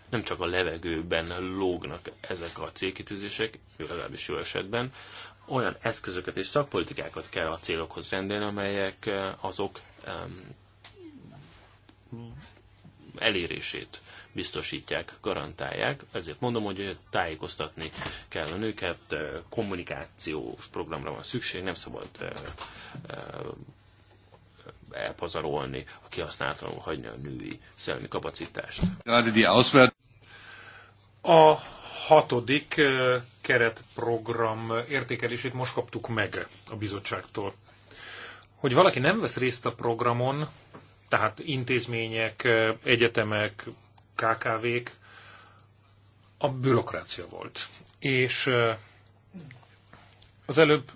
Speaker 2: nem csak a levegőben lógnak ezek a célkitűzések, legalábbis jó esetben, olyan eszközöket és szakpolitikákat kell a célokhoz rendelni, amelyek eh, azok elérését biztosítják, garantálják. Ezért mondom, hogy tájékoztatni kell a nőket, eh, kommunikációs programra van szükség, nem szabad eh,
Speaker 4: elpazarolni, a kihasználatlanul hagyni a női szellemi kapacitást. A hatodik keretprogram értékelését most kaptuk meg a bizottságtól. Hogy valaki nem vesz részt a programon, tehát intézmények, egyetemek, KKV-k, a bürokrácia volt. És az előbb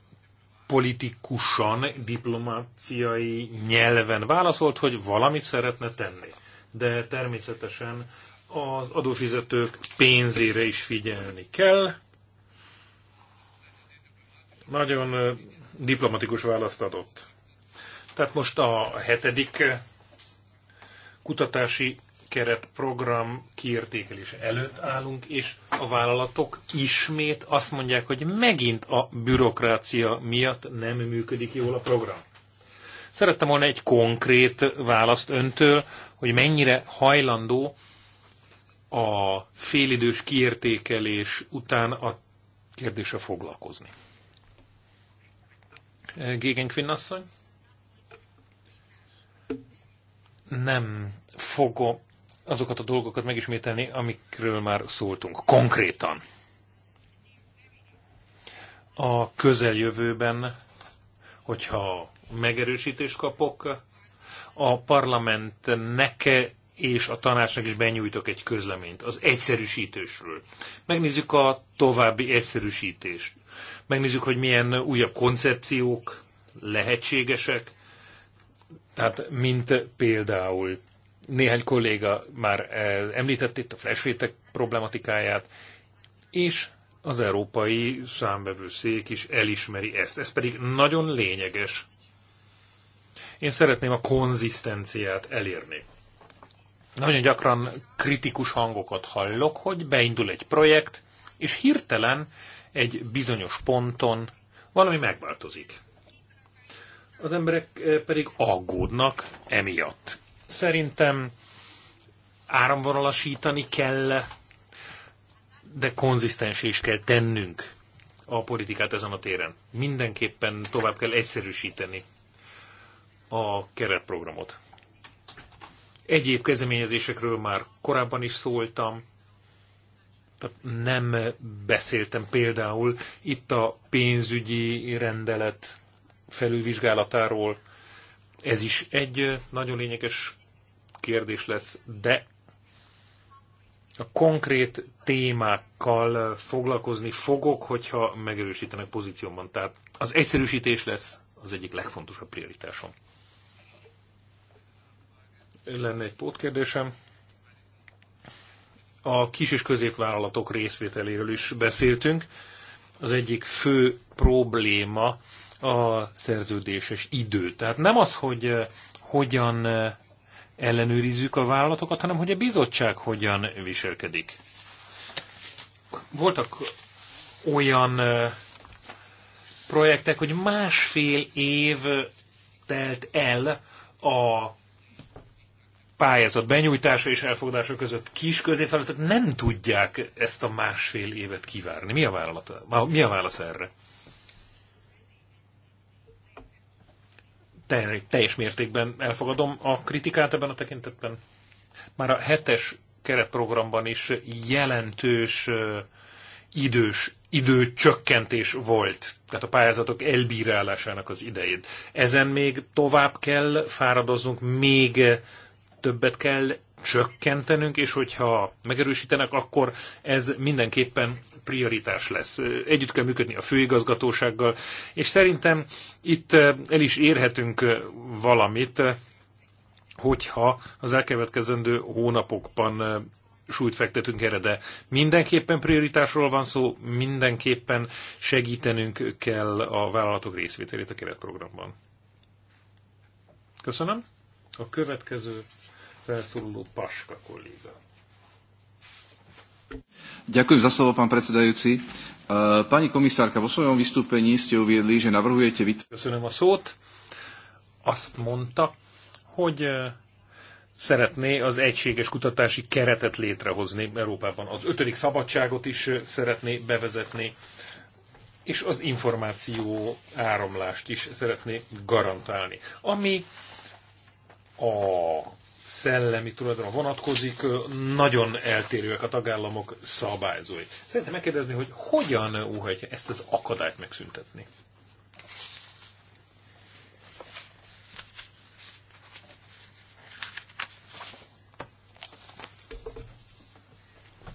Speaker 4: politikusan, diplomáciai nyelven válaszolt, hogy valamit szeretne tenni. De természetesen az adófizetők pénzére is figyelni kell. Nagyon diplomatikus választ adott. Tehát most a hetedik kutatási keretprogram kiértékelés előtt állunk, és a vállalatok ismét azt mondják, hogy megint a bürokrácia miatt nem működik jól a program. Szerettem volna egy konkrét választ öntől, hogy mennyire hajlandó a félidős kiértékelés után a kérdése foglalkozni. Gégen asszony? nem fogom azokat a dolgokat megismételni, amikről már szóltunk konkrétan. A közeljövőben, hogyha megerősítést kapok, a parlamentnek és a tanácsnak is benyújtok egy közleményt az egyszerűsítésről. Megnézzük a további egyszerűsítést. Megnézzük, hogy milyen újabb koncepciók lehetségesek, tehát mint például néhány kolléga már említett itt a flashfétek problematikáját, és az európai számbevőszék is elismeri ezt. Ez pedig nagyon lényeges. Én szeretném a konzisztenciát elérni. Nagyon gyakran kritikus hangokat hallok, hogy beindul egy projekt, és hirtelen egy bizonyos ponton valami megváltozik. Az emberek eh, pedig aggódnak emiatt. Szerintem áramvonalasítani kell, de konzisztensé is kell tennünk a politikát ezen a téren. Mindenképpen tovább kell egyszerűsíteni a keretprogramot. Egyéb kezdeményezésekről már korábban is szóltam, tehát nem beszéltem például itt a pénzügyi rendelet felülvizsgálatáról. Ez is egy nagyon lényeges kérdés lesz, de a konkrét témákkal foglalkozni fogok, hogyha megerősítenek pozíciómban. Tehát az egyszerűsítés lesz az egyik legfontosabb prioritásom. Lenne egy pótkérdésem. A kis és középvállalatok részvételéről is beszéltünk. Az egyik fő probléma a szerződéses idő. Tehát nem az, hogy hogyan ellenőrizzük a vállalatokat, hanem hogy a bizottság hogyan viselkedik. Voltak olyan projektek, hogy másfél év telt el a pályázat benyújtása és elfogadása között kis középfeladatok nem tudják ezt a másfél évet kivárni. Mi a, vállalata? mi a válasz erre? teljes mértékben elfogadom a kritikát ebben a tekintetben. Már a hetes keretprogramban is jelentős idős időcsökkentés volt, tehát a pályázatok elbírálásának az idejét. Ezen még tovább kell fáradoznunk, még többet kell csökkentenünk, és hogyha megerősítenek, akkor ez mindenképpen prioritás lesz. Együtt kell működni a főigazgatósággal, és szerintem itt eh, el is érhetünk eh, valamit, eh, hogyha az elkövetkezendő hónapokban súlyt fektetünk erre, de mindenképpen prioritásról van szó, mindenképpen segítenünk kell a vállalatok részvételét a keretprogramban. Köszönöm. A következő felszóló Paska kolléga. Ďakujem za slovo, pán predsedajúci. E, pani komisárka, vo svojom vystúpení ste uviedli, že navrhujete vytvoriť... Köszönöm a szót. Azt mondta, hogy e, szeretné az egységes kutatási keretet létrehozni Európában. Az ötödik szabadságot is e, szeretné bevezetni, és az információ áramlást is szeretné garantálni. Ami a szellemi tulajdonra vonatkozik, nagyon eltérőek a tagállamok szabályzói. Szeretném megkérdezni, hogy hogyan óhajtja ezt az akadályt megszüntetni?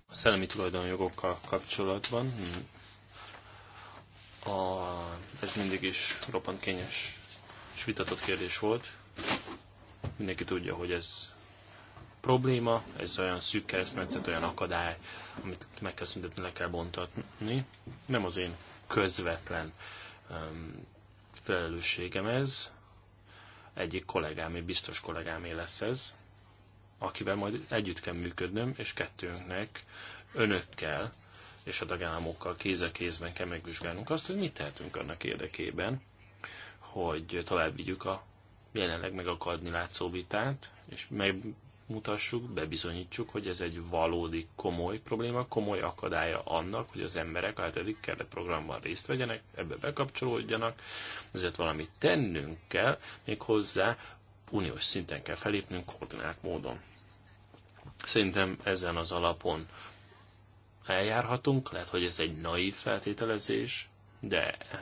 Speaker 2: A szellemi tulajdonjogokkal kapcsolatban a, ez mindig is roppant kényes és vitatott kérdés volt. Mindenki tudja, hogy ez probléma, ez olyan szűk keresztmetszet, olyan akadály, amit meg kell szüntetni, le kell bontatni. Nem az én közvetlen um, felelősségem ez, egyik kollégámé, biztos kollégámé lesz ez, akivel majd együtt kell működnöm, és kettőnknek önökkel és a tagállamokkal kéz a kézben kell megvizsgálnunk azt, hogy mit tehetünk annak érdekében, hogy tovább vigyük a jelenleg megakadni látszó vitát, és megmutassuk, bebizonyítsuk, hogy ez egy valódi komoly probléma, komoly akadálya annak, hogy az emberek a hetedik részt vegyenek, ebbe bekapcsolódjanak, ezért valamit tennünk kell, még hozzá uniós szinten kell felépnünk koordinált módon. Szerintem ezen az alapon eljárhatunk, lehet, hogy ez egy naív feltételezés, de eh,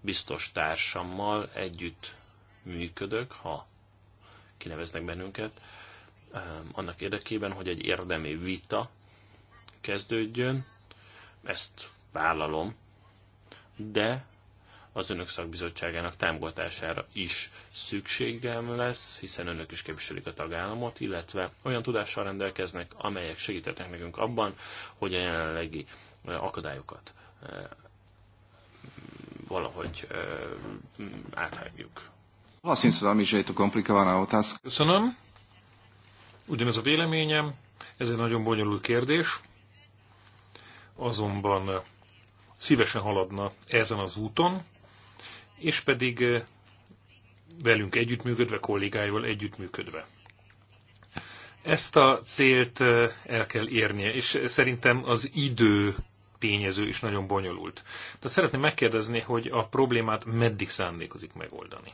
Speaker 2: biztos társammal együtt működök, ha kineveznek bennünket, annak érdekében, hogy egy érdemi vita kezdődjön, ezt vállalom, de az önök szakbizottságának támogatására is szükségem lesz, hiszen önök is képviselik a tagállamot, illetve olyan tudással rendelkeznek, amelyek segítettek nekünk abban, hogy a jelenlegi akadályokat valahogy áthágjuk. Vlastne sa vám, že je to komplikovaná otázka.
Speaker 4: Köszönöm. Ugyanez a véleményem. Ez egy nagyon bonyolult kérdés. Azonban szívesen haladna ezen az úton, és pedig eh, velünk együttműködve, kollégáival együttműködve. Ezt a célt eh, el kell érnie, és szerintem az idő tényező is nagyon bonyolult. Tehát szeretném megkérdezni, hogy a problémát meddig szándékozik megoldani.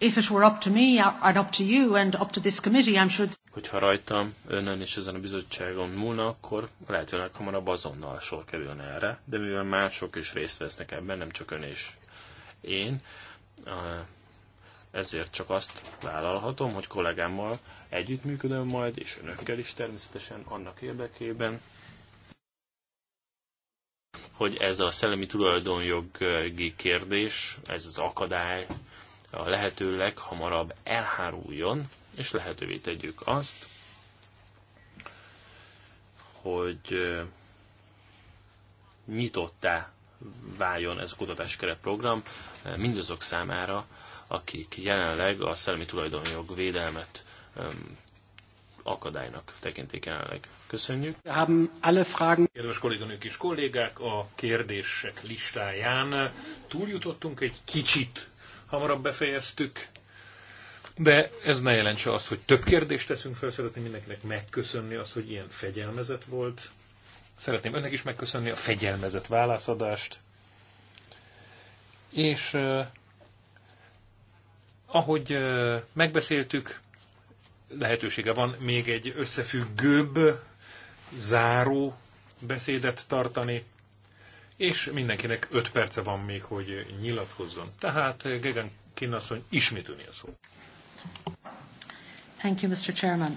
Speaker 3: if it were up to me and up to you and up to this committee, I'm sure...
Speaker 2: Hogyha rajtam, önön és ezen a bizottságon múlna, akkor lehet, hogy hamarabb azonnal sor kerülne erre, de mivel mások is részt vesznek ebben, nem csak ön és én, ezért csak azt vállalhatom, hogy kollégámmal együttműködöm majd, és önökkel is természetesen annak érdekében, hogy ez a szellemi tulajdonjogi kérdés, ez az akadály, a lehető leghamarabb elháruljon, és lehetővé tegyük azt, hogy nyitottá váljon ez a kutatási keretprogram mindazok számára, akik jelenleg a szellemi tulajdonjog védelmet akadálynak tekintik jelenleg.
Speaker 5: Köszönjük.
Speaker 4: Kedves kolléganők és kollégák, a kérdések listáján túljutottunk egy kicsit hamarabb befejeztük, de ez ne jelentse azt, hogy több kérdést teszünk fel. Szeretném mindenkinek megköszönni azt, hogy ilyen fegyelmezett volt. Szeretném önnek is megköszönni a fegyelmezett válaszadást. És eh, ahogy eh, megbeszéltük, lehetősége van még egy összefüggőbb, záró beszédet tartani és mindenkinek 5 perce van még, hogy nyilatkozzon. Tehát eh, Gegen Kinnasszony ismét a szó.
Speaker 3: Thank you, Mr. Chairman.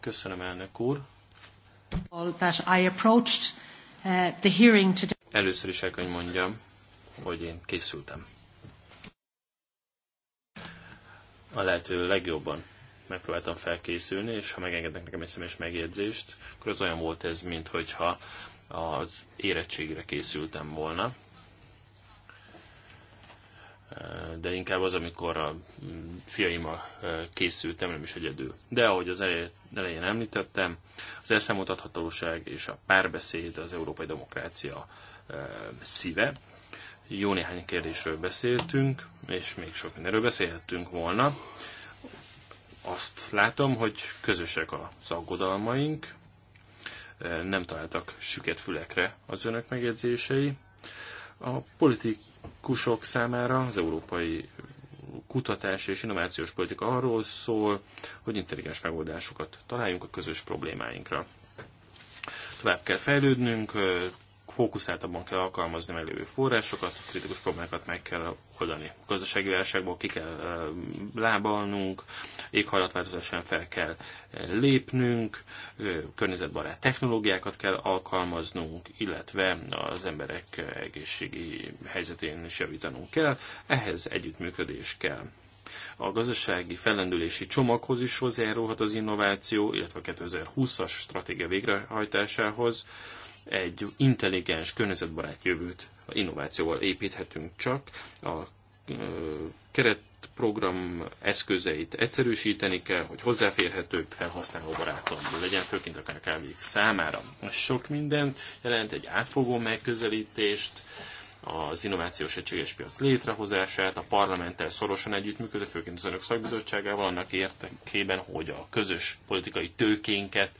Speaker 2: Köszönöm, elnök úr.
Speaker 3: That I approached eh, the hearing today.
Speaker 2: Először is el kell, hogy mondjam, hogy én készültem. A lehető legjobban megpróbáltam felkészülni, és ha megengednek nekem egy személyes megjegyzést, akkor az olyan volt ez, mintha az érettségre készültem volna, de inkább az, amikor a fiaima készültem, nem is egyedül. De ahogy az elején említettem, az elszámoltathatóság és a párbeszéd az európai demokrácia e, szíve. Jó néhány kérdésről beszéltünk, és még sok mindenről beszélhettünk volna. Azt látom, hogy közösek a szaggodalmaink, nem találtak süket fülekre az önök megjegyzései. A politikusok számára az európai kutatás és innovációs politika arról szól, hogy intelligens megoldásokat találjunk a közös problémáinkra. Tovább kell fejlődnünk, fókuszáltabban kell alkalmazni meglévő forrásokat, kritikus problémákat meg kell oldani. A gazdasági válságból ki kell eh, lábalnunk, éghajlatváltozáson fel kell eh, lépnünk, eh, környezetbarát technológiákat kell alkalmaznunk, illetve az emberek egészségi helyzetén is javítanunk kell, ehhez együttműködés kell. A gazdasági fellendülési csomaghoz is hozzájárulhat az innováció, illetve a 2020-as stratégia végrehajtásához egy intelligens, környezetbarát jövőt innovációval építhetünk csak. A keretprogram eszközeit egyszerűsíteni kell, hogy hozzáférhetőbb, felhasználóbarátabb legyen, főként akár kkv számára. Sok mindent jelent egy átfogó megközelítést, az innovációs egységes piac létrehozását, a parlamenttel szorosan együttműködő, főként az önök szakbizottságával, annak értekében, hogy a közös politikai tőkénket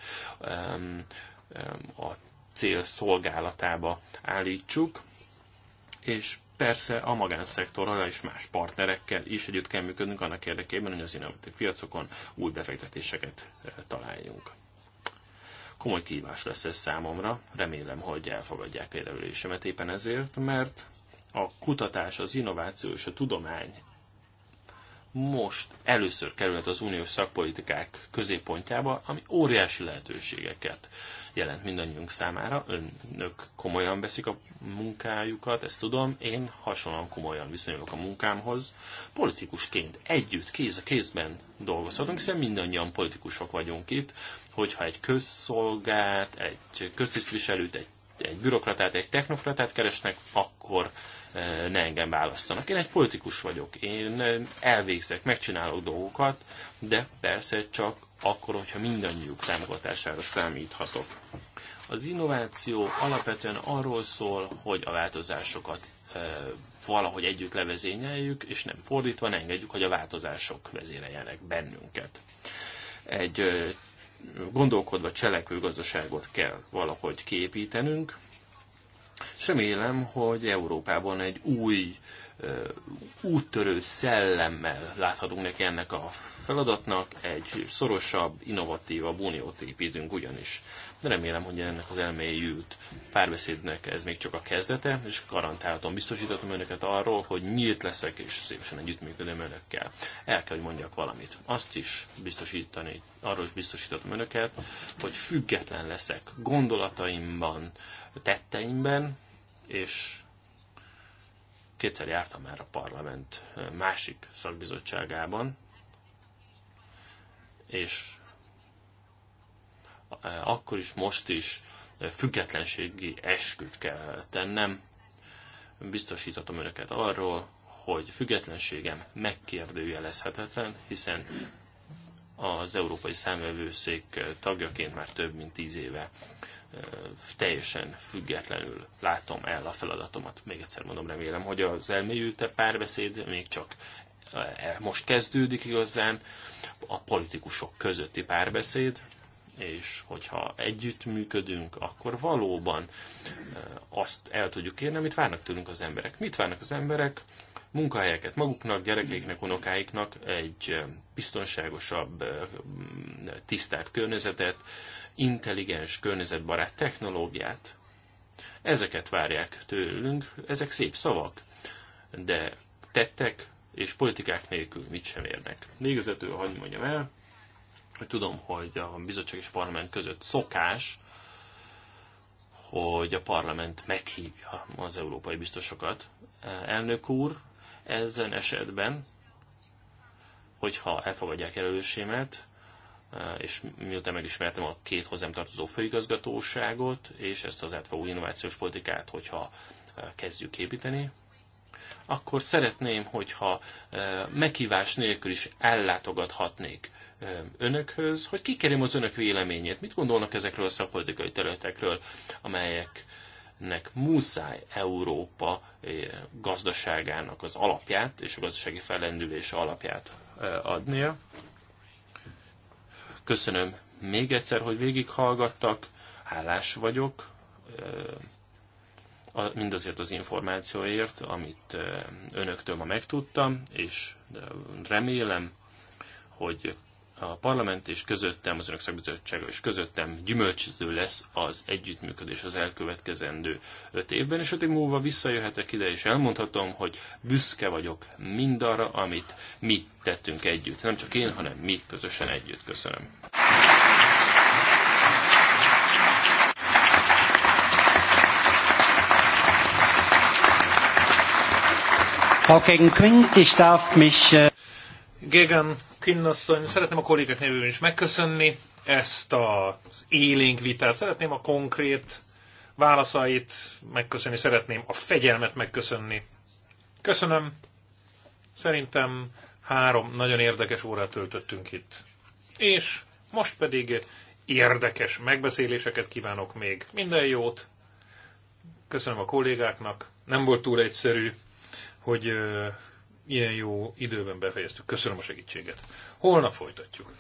Speaker 2: a cél szolgálatába állítsuk, és persze a magánszektorral és más partnerekkel is együtt kell működnünk annak érdekében, hogy az innovatív piacokon új befektetéseket eh, találjunk. Komoly kívás lesz ez számomra, remélem, hogy elfogadják jelölésemet éppen ezért, mert a kutatás, az innováció és a tudomány most először került az uniós szakpolitikák középpontjába, ami óriási lehetőségeket jelent mindannyiunk számára. Önök komolyan veszik a munkájukat, ezt tudom, én hasonlóan komolyan viszonyulok a munkámhoz. Politikusként együtt, kéz a kézben dolgozhatunk, hiszen mindannyian politikusok vagyunk itt, hogyha egy közszolgát, egy köztisztviselőt, egy, egy bürokratát, egy technokratát keresnek, akkor eh, ne engem választanak. Én egy politikus vagyok, én eh, elvégzek, megcsinálok dolgokat, de persze csak akkor, hogyha mindannyiuk támogatására számíthatok. Az innováció alapvetően arról szól, hogy a változásokat valahogy együtt levezényeljük, és nem fordítva ne engedjük, hogy a változások vezéreljenek bennünket. Egy gondolkodva cselekvő gazdaságot kell valahogy képítenünk, és remélem, hogy Európában egy új úttörő szellemmel láthatunk neki ennek a feladatnak, egy szorosabb, innovatívabb uniót építünk ugyanis. De remélem, hogy ennek az elmélyült párbeszédnek ez még csak a kezdete, és garantálhatom, biztosítatom önöket arról, hogy nyílt leszek, és szívesen együttműködöm önökkel. El kell, hogy mondjak valamit. Azt is biztosítani, arról is biztosítatom önöket, hogy független leszek gondolataimban, tetteimben, és kétszer jártam már a parlament másik szakbizottságában, és akkor is, most is függetlenségi esküt kell tennem. Biztosítatom önöket arról, hogy függetlenségem megkérdőjelezhetetlen, hiszen az Európai Számvevőszék tagjaként már több mint tíz éve teljesen függetlenül látom el a feladatomat. Még egyszer mondom, remélem, hogy az elmélyült párbeszéd még csak most kezdődik igazán a politikusok közötti párbeszéd, és hogyha együttműködünk, akkor valóban eh, azt el tudjuk érni, amit várnak tőlünk az emberek. Mit várnak az emberek? Munkahelyeket maguknak, gyerekeiknek, unokáiknak, egy eh, biztonságosabb, eh, tisztább környezetet, intelligens, környezetbarát technológiát. Ezeket várják tőlünk, ezek szép szavak, de tettek, és politikák nélkül mit sem érnek. Végezetül, hogy mondjam el, hogy tudom, hogy a bizottság és a parlament között szokás, hogy a parlament meghívja az európai biztosokat. Elnök úr, ezen esetben, hogyha elfogadják elősémet, és miután megismertem a két hozzám tartozó főigazgatóságot, és ezt az átfogó innovációs politikát, hogyha kezdjük építeni, akkor szeretném, hogyha e, meghívás nélkül is ellátogathatnék e, önökhöz, hogy kikérjem az önök véleményét. Mit gondolnak ezekről a szakpolitikai területekről, amelyeknek muszáj Európa e, gazdaságának az alapját és a gazdasági fellendülés alapját adnia. Köszönöm még egyszer, hogy végighallgattak, hálás vagyok mindazért az információért, amit önöktől ma megtudtam, és remélem, hogy a parlament és közöttem, az önök szakbizottsága és közöttem gyümölcsöző lesz az együttműködés az elkövetkezendő öt évben, és öt év múlva visszajöhetek ide, és elmondhatom, hogy büszke vagyok mindarra, amit mi tettünk együtt. Nem csak én, hanem mi közösen együtt. Köszönöm.
Speaker 4: Gégen Kinnasszony, äh, szeretném a kollégák nevében is megköszönni ezt az élénk vitát. Szeretném a konkrét válaszait megköszönni, szeretném a fegyelmet megköszönni. Köszönöm. Szerintem három nagyon érdekes órát töltöttünk itt. És most pedig érdekes megbeszéléseket kívánok még. Minden jót. Köszönöm a kollégáknak. Nem volt túl egyszerű hogy ilyen jó időben befejeztük. Köszönöm a segítséget. Holnap folytatjuk.